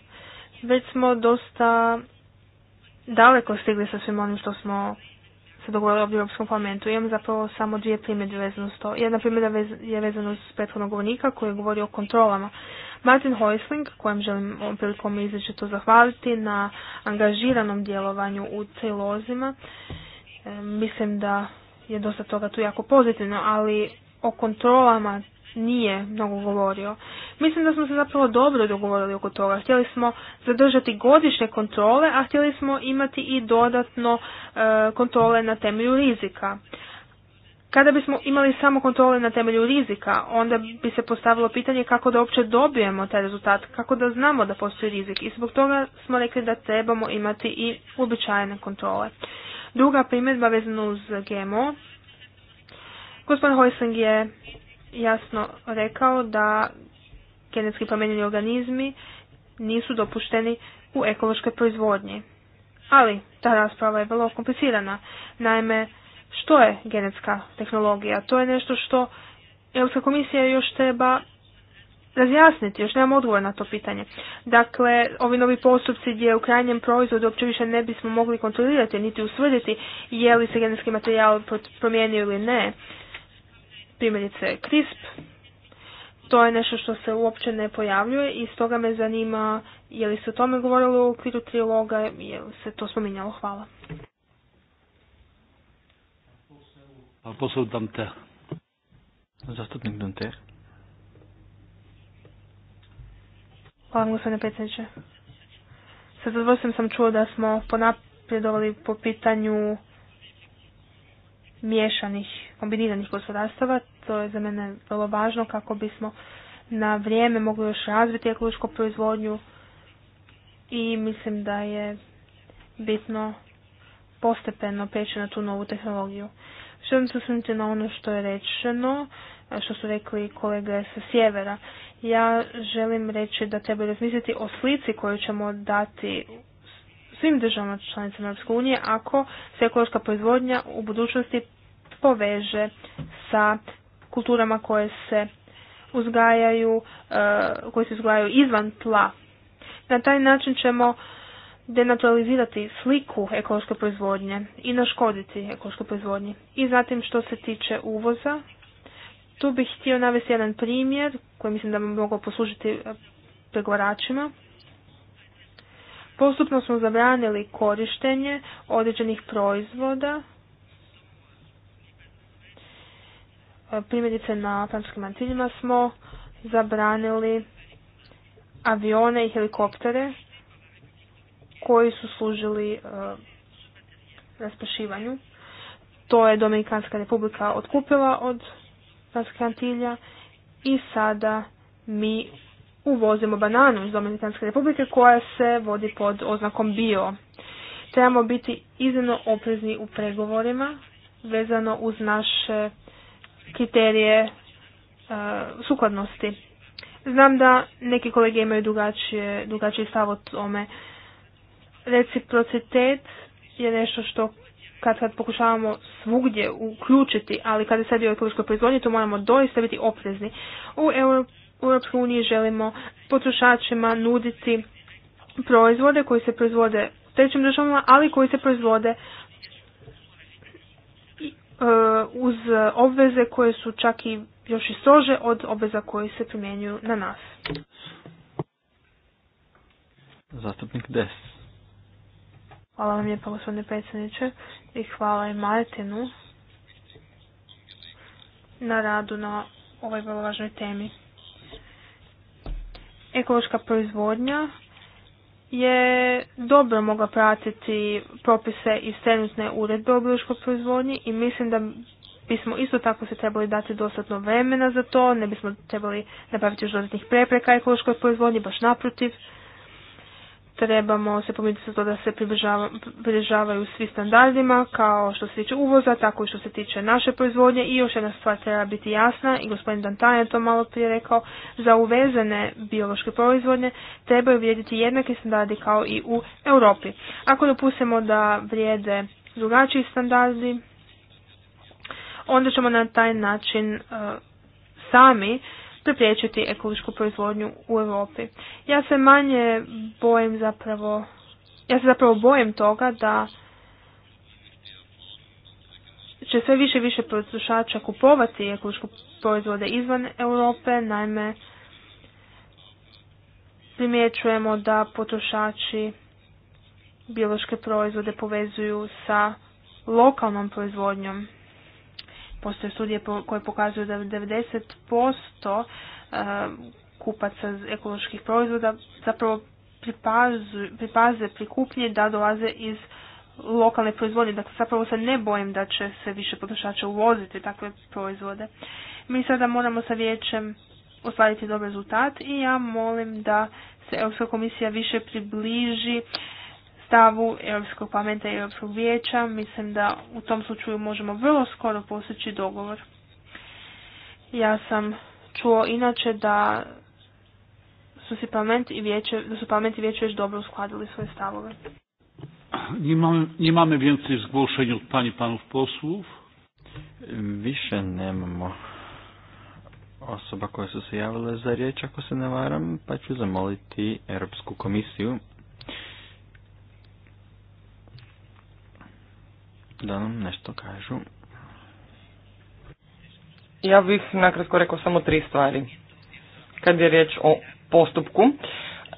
Već smo dosta daleko stigli sa svim onim što smo se dogovorili ovdje u Europskom parlamentu. Imam zapravo samo dvije primjedbe vezano s to. Jedna primjedba je vezana uz prethodnog govornika koji govori o kontrolama. Martin Heusling, kojem želim ovom prilikom to zahvaliti na angažiranom djelovanju u celozima, e, mislim da je dosta toga tu jako pozitivno, ali o kontrolama nije mnogo govorio. Mislim da smo se zapravo dobro dogovorili oko toga. Htjeli smo zadržati godišnje kontrole, a htjeli smo imati i dodatno e, kontrole na temelju rizika. Kada bismo imali samo kontrole na temelju rizika, onda bi se postavilo pitanje kako da uopće dobijemo taj rezultat, kako da znamo da postoji rizik i zbog toga smo rekli da trebamo imati i uobičajene kontrole. Druga primjedba vezana uz GMO. Gospodin Hojsling je jasno rekao da genetski promijenjeni organizmi nisu dopušteni u ekološkoj proizvodnji. Ali ta rasprava je vrlo komplicirana. Naime, što je genetska tehnologija? To je nešto što Europska komisija još treba razjasniti, još nemam odgovor na to pitanje. Dakle, ovi novi postupci gdje u krajnjem proizvodu uopće više ne bismo mogli kontrolirati niti usvrditi je li se genetski materijal promijenio ili ne. Primjerice CRISP, to je nešto što se uopće ne pojavljuje i stoga me zanima je li se o tome govorilo u okviru triloga, je li se to spominjalo. Hvala. Pa Damter. Zastupnik Damter. Hvala gospodine predsjedniče. Sa zadovoljstvom sam čuo da smo ponapredovali po pitanju miješanih, kombiniranih gospodarstava. To je za mene vrlo važno kako bismo na vrijeme mogli još razviti ekološku proizvodnju i mislim da je bitno postepeno prijeći na tu novu tehnologiju. Želim se osvrnuti na ono što je rečeno, što su rekli kolege sa sjevera. Ja želim reći da treba razmisliti o slici koju ćemo dati svim državama članicama Europske unije ako se ekološka proizvodnja u budućnosti poveže sa kulturama koje se uzgajaju, e, koje se uzgajaju izvan tla. Na taj način ćemo denaturalizirati sliku ekološke proizvodnje i naškoditi ekološke proizvodnji. I zatim što se tiče uvoza, tu bih htio navesti jedan primjer koji mislim da bi mogao poslužiti e, pregovaračima. Postupno smo zabranili korištenje određenih proizvoda, e, primjerice na francuskim Antiljima smo zabranili avione i helikoptere koji su služili e, raspašivanju. To je Dominikanska republika otkupila od Raskrantilja i sada mi uvozimo bananu iz Dominikanske republike koja se vodi pod oznakom bio. Trebamo biti iznimno oprezni u pregovorima vezano uz naše kriterije uh, sukladnosti. Znam da neki kolege imaju drugačije, drugačiji stav o tome Reciprocitet je nešto što kad kad pokušavamo svugdje uključiti, ali kada se je o ekološkoj proizvodnji, to moramo doista biti oprezni. U Europskoj uniji želimo potrošačima nuditi proizvode koji se proizvode u trećim državama, ali koji se proizvode e, uz obveze koje su čak i još i strože od obveza koji se primjenjuju na nas. Zastupnik Des. Hvala vam lijepa gospodine predsjedniče i hvala i Martinu na radu na ovoj vrlo važnoj temi. Ekološka proizvodnja je dobro mogla pratiti propise iz trenutne uredbe o biološkoj proizvodnji i mislim da bismo isto tako se trebali dati dostatno vremena za to, ne bismo trebali napraviti još dodatnih prepreka ekološkoj proizvodnji, baš naprotiv trebamo se pomiriti za to da se približavaju svi standardima, kao što se tiče uvoza, tako i što se tiče naše proizvodnje. I još jedna stvar treba biti jasna, i gospodin Dantan je to malo prije rekao, za uvezene biološke proizvodnje trebaju vrijediti jednake standardi kao i u Europi. Ako dopustimo da vrijede drugačiji standardi, onda ćemo na taj način e, sami pripriječiti ekološku proizvodnju u Europi. Ja se manje bojim zapravo, ja se zapravo bojim toga da će sve više i više potrošača kupovati ekološke proizvode izvan Europe, naime primjećujemo da potrošači biološke proizvode povezuju sa lokalnom proizvodnjom Postoje studije koje pokazuju da 90% e, kupaca ekoloških proizvoda zapravo pripaze pri prikupnje da dolaze iz lokalne proizvodnje. Dakle, zapravo se ne bojim da će se više potrošača uvoziti takve proizvode. Mi sada moramo sa vijećem ostvariti dobar rezultat i ja molim da se Europska komisija više približi stavu Europskog parlamenta i Europskog vijeća. Mislim da u tom slučaju možemo vrlo skoro postići dogovor. Ja sam čuo inače da su si parlament i vijeće, da su parlament i vijeće još dobro uskladili svoje stavove. Nie mamy, od pani panów posłów. Više nemamo osoba koje su se javile za riječ, ako se ne varam, pa ću zamoliti Europsku komisiju da nam nešto kažu. Ja bih nakratko rekao samo tri stvari. Kad je riječ o postupku,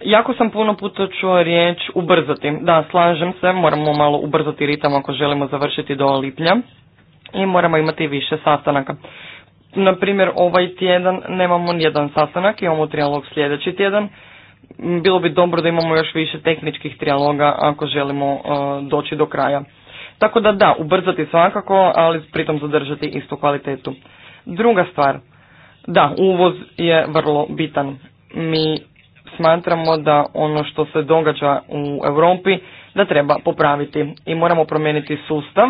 jako sam puno puta čuo riječ ubrzati. Da, slažem se, moramo malo ubrzati ritam ako želimo završiti do lipnja i moramo imati više sastanaka. Na primjer, ovaj tjedan nemamo nijedan sastanak, imamo trijalog sljedeći tjedan. Bilo bi dobro da imamo još više tehničkih trijaloga ako želimo e, doći do kraja. Tako da da, ubrzati svakako, ali pritom zadržati istu kvalitetu. Druga stvar, da, uvoz je vrlo bitan. Mi smatramo da ono što se događa u Europi da treba popraviti i moramo promijeniti sustav.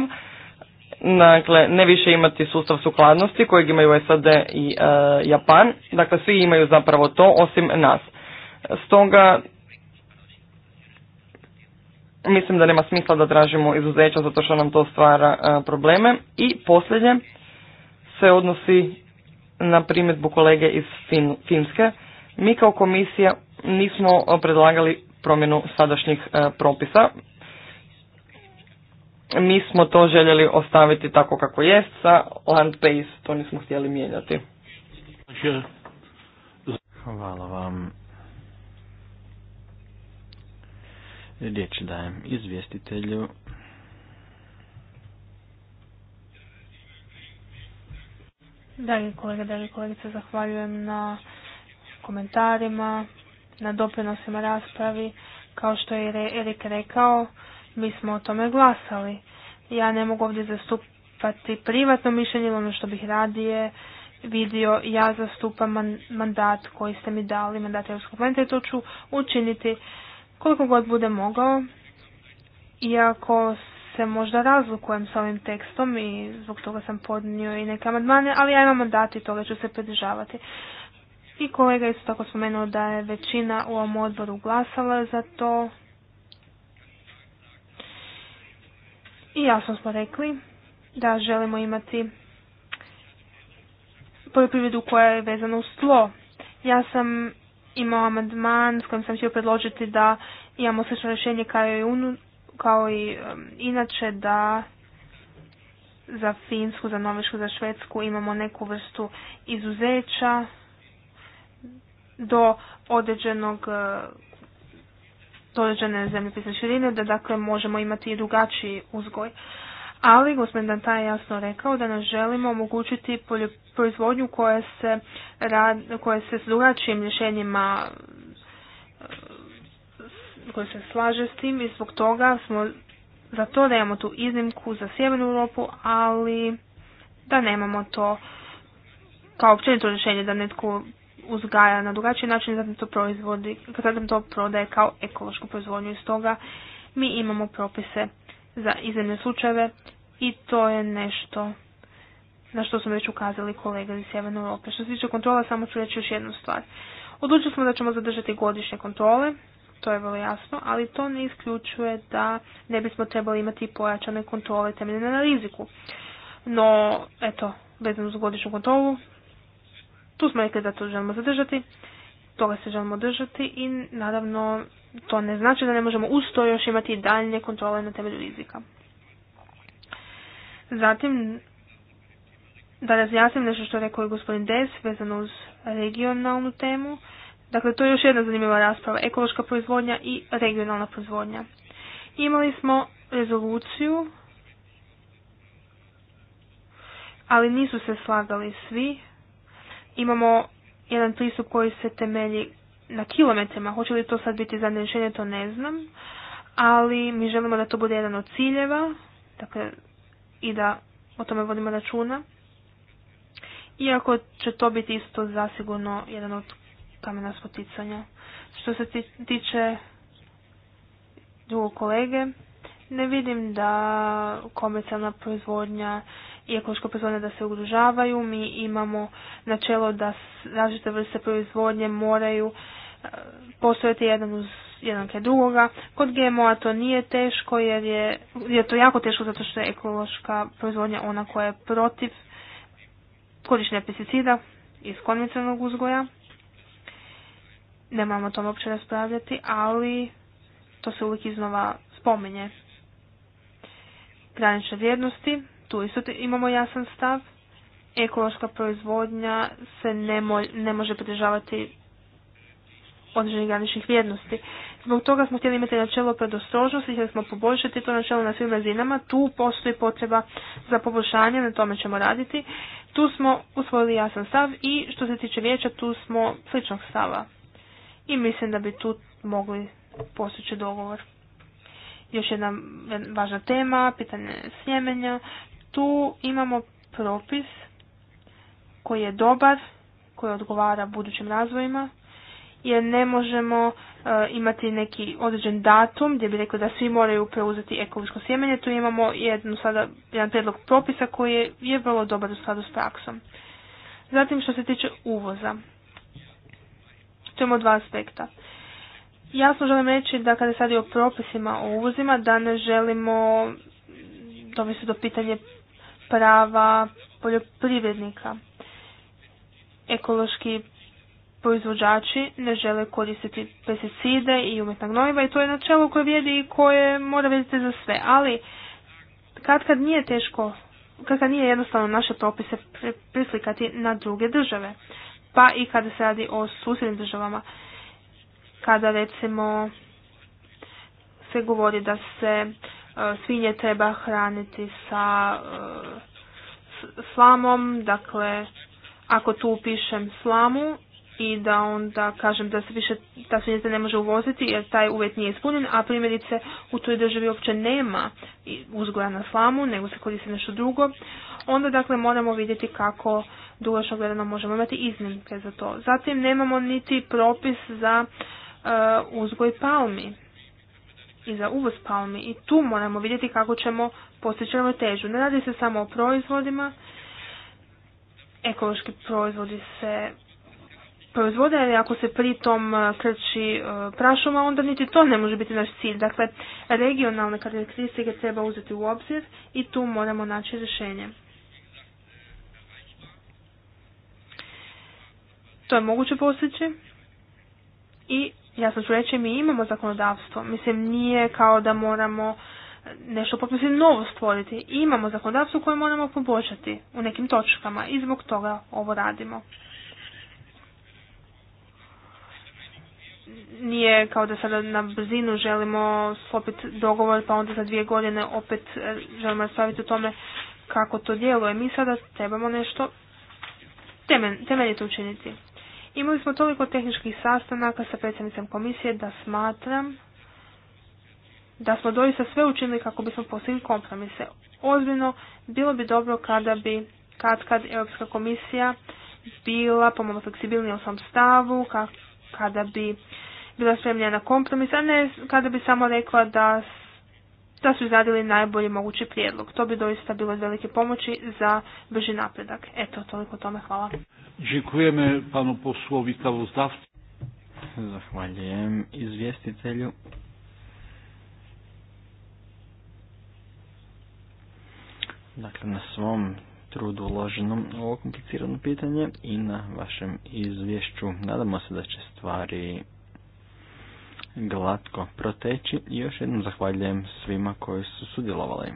Dakle, ne više imati sustav sukladnosti kojeg imaju SAD i e, Japan. Dakle, svi imaju zapravo to osim nas. Stoga Mislim da nema smisla da tražimo izuzeća zato što nam to stvara e, probleme. I posljednje se odnosi na primjedbu kolege iz fin, Finske. Mi kao komisija nismo predlagali promjenu sadašnjih e, propisa. Mi smo to željeli ostaviti tako kako jest sa land base, to nismo htjeli mijenjati. Hvala vam. Riječ dajem izvjestitelju. Dragi kolega, dragi kolegice, zahvaljujem na komentarima, na doprinosima raspravi. Kao što je Erik rekao, mi smo o tome glasali. Ja ne mogu ovdje zastupati privatno mišljenje, ono što bih radije vidio, ja zastupam mandat koji ste mi dali, mandat Europskog parlamenta i to ću učiniti koliko god bude mogao, iako se možda razlikujem s ovim tekstom i zbog toga sam podnio i neke amandmane, ali ja imam mandat i toga ću se pridržavati. I kolega isto tako spomenuo da je većina u ovom odboru glasala za to. I jasno smo rekli da želimo imati poljoprivredu koja je vezana uz tlo. Ja sam imao amandman s kojim sam htio predložiti da imamo slično rješenje kao i, unu, kao i inače da za Finsku, za Norvešku, za Švedsku imamo neku vrstu izuzeća do određenog e, do određene zemljopisne širine, da dakle možemo imati i drugačiji uzgoj. Ali gospodin Danta je jasno rekao da nas želimo omogućiti proizvodnju koja se, se s drugačijim rješenjima eh, koje se slaže s tim i zbog toga smo za to da imamo tu iznimku za Sjevernu Europu, ali da nemamo to kao općenito rješenje da netko uzgaja na drugačiji način, zatim to proizvodi, zatim to prodaje kao ekološku proizvodnju. I stoga mi imamo propise za iznimne slučajeve i to je nešto na što smo već ukazali kolega iz Sjeverne Europe. Što se tiče kontrola, samo ću reći još jednu stvar. Odlučili smo da ćemo zadržati godišnje kontrole, to je vrlo jasno, ali to ne isključuje da ne bismo trebali imati pojačane kontrole temeljene na riziku. No, eto, vezano za godišnju kontrolu, tu smo rekli da to želimo zadržati, toga se želimo držati i naravno to ne znači da ne možemo uz to još imati daljnje kontrole na temelju rizika. Zatim, da razjasnim nešto što rekao i gospodin Des vezano uz regionalnu temu. Dakle, to je još jedna zanimljiva rasprava, ekološka proizvodnja i regionalna proizvodnja. Imali smo rezoluciju, ali nisu se slagali svi. Imamo jedan pristup koji se temelji na kilometrima. Hoće li to sad biti zadnje to ne znam. Ali mi želimo da to bude jedan od ciljeva, dakle i da o tome vodimo računa. Iako će to biti isto zasigurno jedan od kamena spoticanja. Što se tiče drugog kolege, ne vidim da komercijalna proizvodnja i ekološka proizvodnja da se ugrožavaju. Mi imamo načelo da različite vrste proizvodnje moraju eh, postojati jedan uz jedan je drugoga. Kod GMO-a to nije teško jer je, je to jako teško zato što je ekološka proizvodnja ona koja je protiv korištenja pesticida iz konvencionalnog uzgoja. Nemamo o tome uopće raspravljati, ali to se uvijek iznova spominje. Granične vrijednosti, tu isto imamo jasan stav. Ekološka proizvodnja se ne, mo ne može pridržavati određenih graničnih vrijednosti. Zbog toga smo htjeli imati načelo predostrožnosti, htjeli smo poboljšati to načelo na svim razinama. Tu postoji potreba za poboljšanje, na tome ćemo raditi. Tu smo usvojili jasan stav i što se tiče vijeća, tu smo sličnog stava. I mislim da bi tu mogli postići dogovor. Još jedna važna tema, pitanje sjemenja. Tu imamo propis koji je dobar, koji odgovara budućim razvojima jer ne možemo e, imati neki određen datum gdje bi rekli da svi moraju preuzeti ekološko sjemenje. Tu imamo jednu sada, jedan predlog propisa koji je, je vrlo dobar u skladu s praksom. Zatim što se tiče uvoza. Tu imamo dva aspekta. Jasno želim reći da kada se radi o propisima o uvozima, da ne želimo dovesti do pitanja prava poljoprivrednika. Ekološki proizvođači ne žele koristiti pesticide i umjetna gnojiva i to je načelo koje vrijedi i koje mora vidjeti za sve. Ali kad kad nije teško, kad kad nije jednostavno naše propise prislikati na druge države, pa i kada se radi o susjednim državama, kada recimo se govori da se e, svinje treba hraniti sa e, slamom, dakle ako tu upišem slamu, i da onda kažem da se više ta svinjica ne može uvoziti jer taj uvjet nije ispunjen, a primjerice u toj državi uopće nema uzgoja na slamu, nego se koristi nešto drugo, onda dakle moramo vidjeti kako dugoročno gledano možemo imati iznimke za to. Zatim nemamo niti propis za uh, uzgoj palmi i za uvoz palmi i tu moramo vidjeti kako ćemo postići težu. Ne radi se samo o proizvodima, ekološki proizvodi se Proizvode ali ako se pritom e, krči e, prašuma, onda niti to ne može biti naš cilj. Dakle, regionalne karakteristike treba uzeti u obzir i tu moramo naći rješenje. To je moguće postići i sam ću reći mi imamo zakonodavstvo. Mislim, nije kao da moramo nešto potpuno novo stvoriti. Imamo zakonodavstvo koje moramo poboljšati u nekim točkama i zbog toga ovo radimo. nije kao da sada na brzinu želimo sklopiti dogovor pa onda za dvije godine opet e, želimo staviti u tome kako to djeluje. Mi sada trebamo nešto temeljito učiniti. Imali smo toliko tehničkih sastanaka sa predsjednicom komisije da smatram da smo doista sve učinili kako bismo postigli kompromise. Ozbiljno, bilo bi dobro kada bi kad kad Europska komisija bila pomalo fleksibilnija u svom stavu, kako kada bi bila spremljena na kompromis, a ne kada bi samo rekla da, da su izradili najbolji mogući prijedlog. To bi doista bilo iz velike pomoći za brži napredak. Eto, toliko tome. Hvala. Žekujeme panu kao sprawozdawcy. Zahvaljujem izvjestitelju. Dakle, na svom trudu uloženom u ovo komplicirano pitanje i na vašem izvješću. Nadamo se da će stvari glatko proteći i još jednom zahvaljujem svima koji su sudjelovali.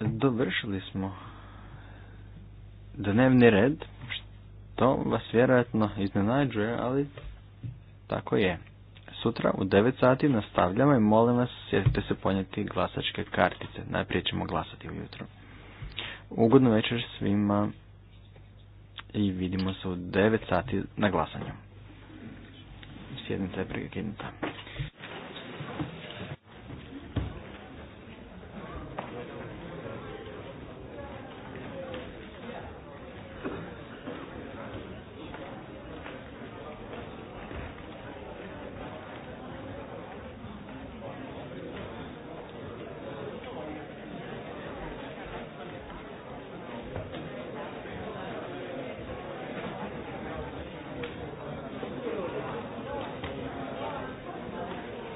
Dovršili smo dnevni red, što vas vjerojatno iznenađuje, ali tako je. Sutra u 9 sati nastavljamo i molim vas sjetite se ponijeti glasačke kartice. Najprije ćemo glasati ujutro. Ugodno večer svima i vidimo se u 9 sati na glasanju. Sjednica je prekinuta.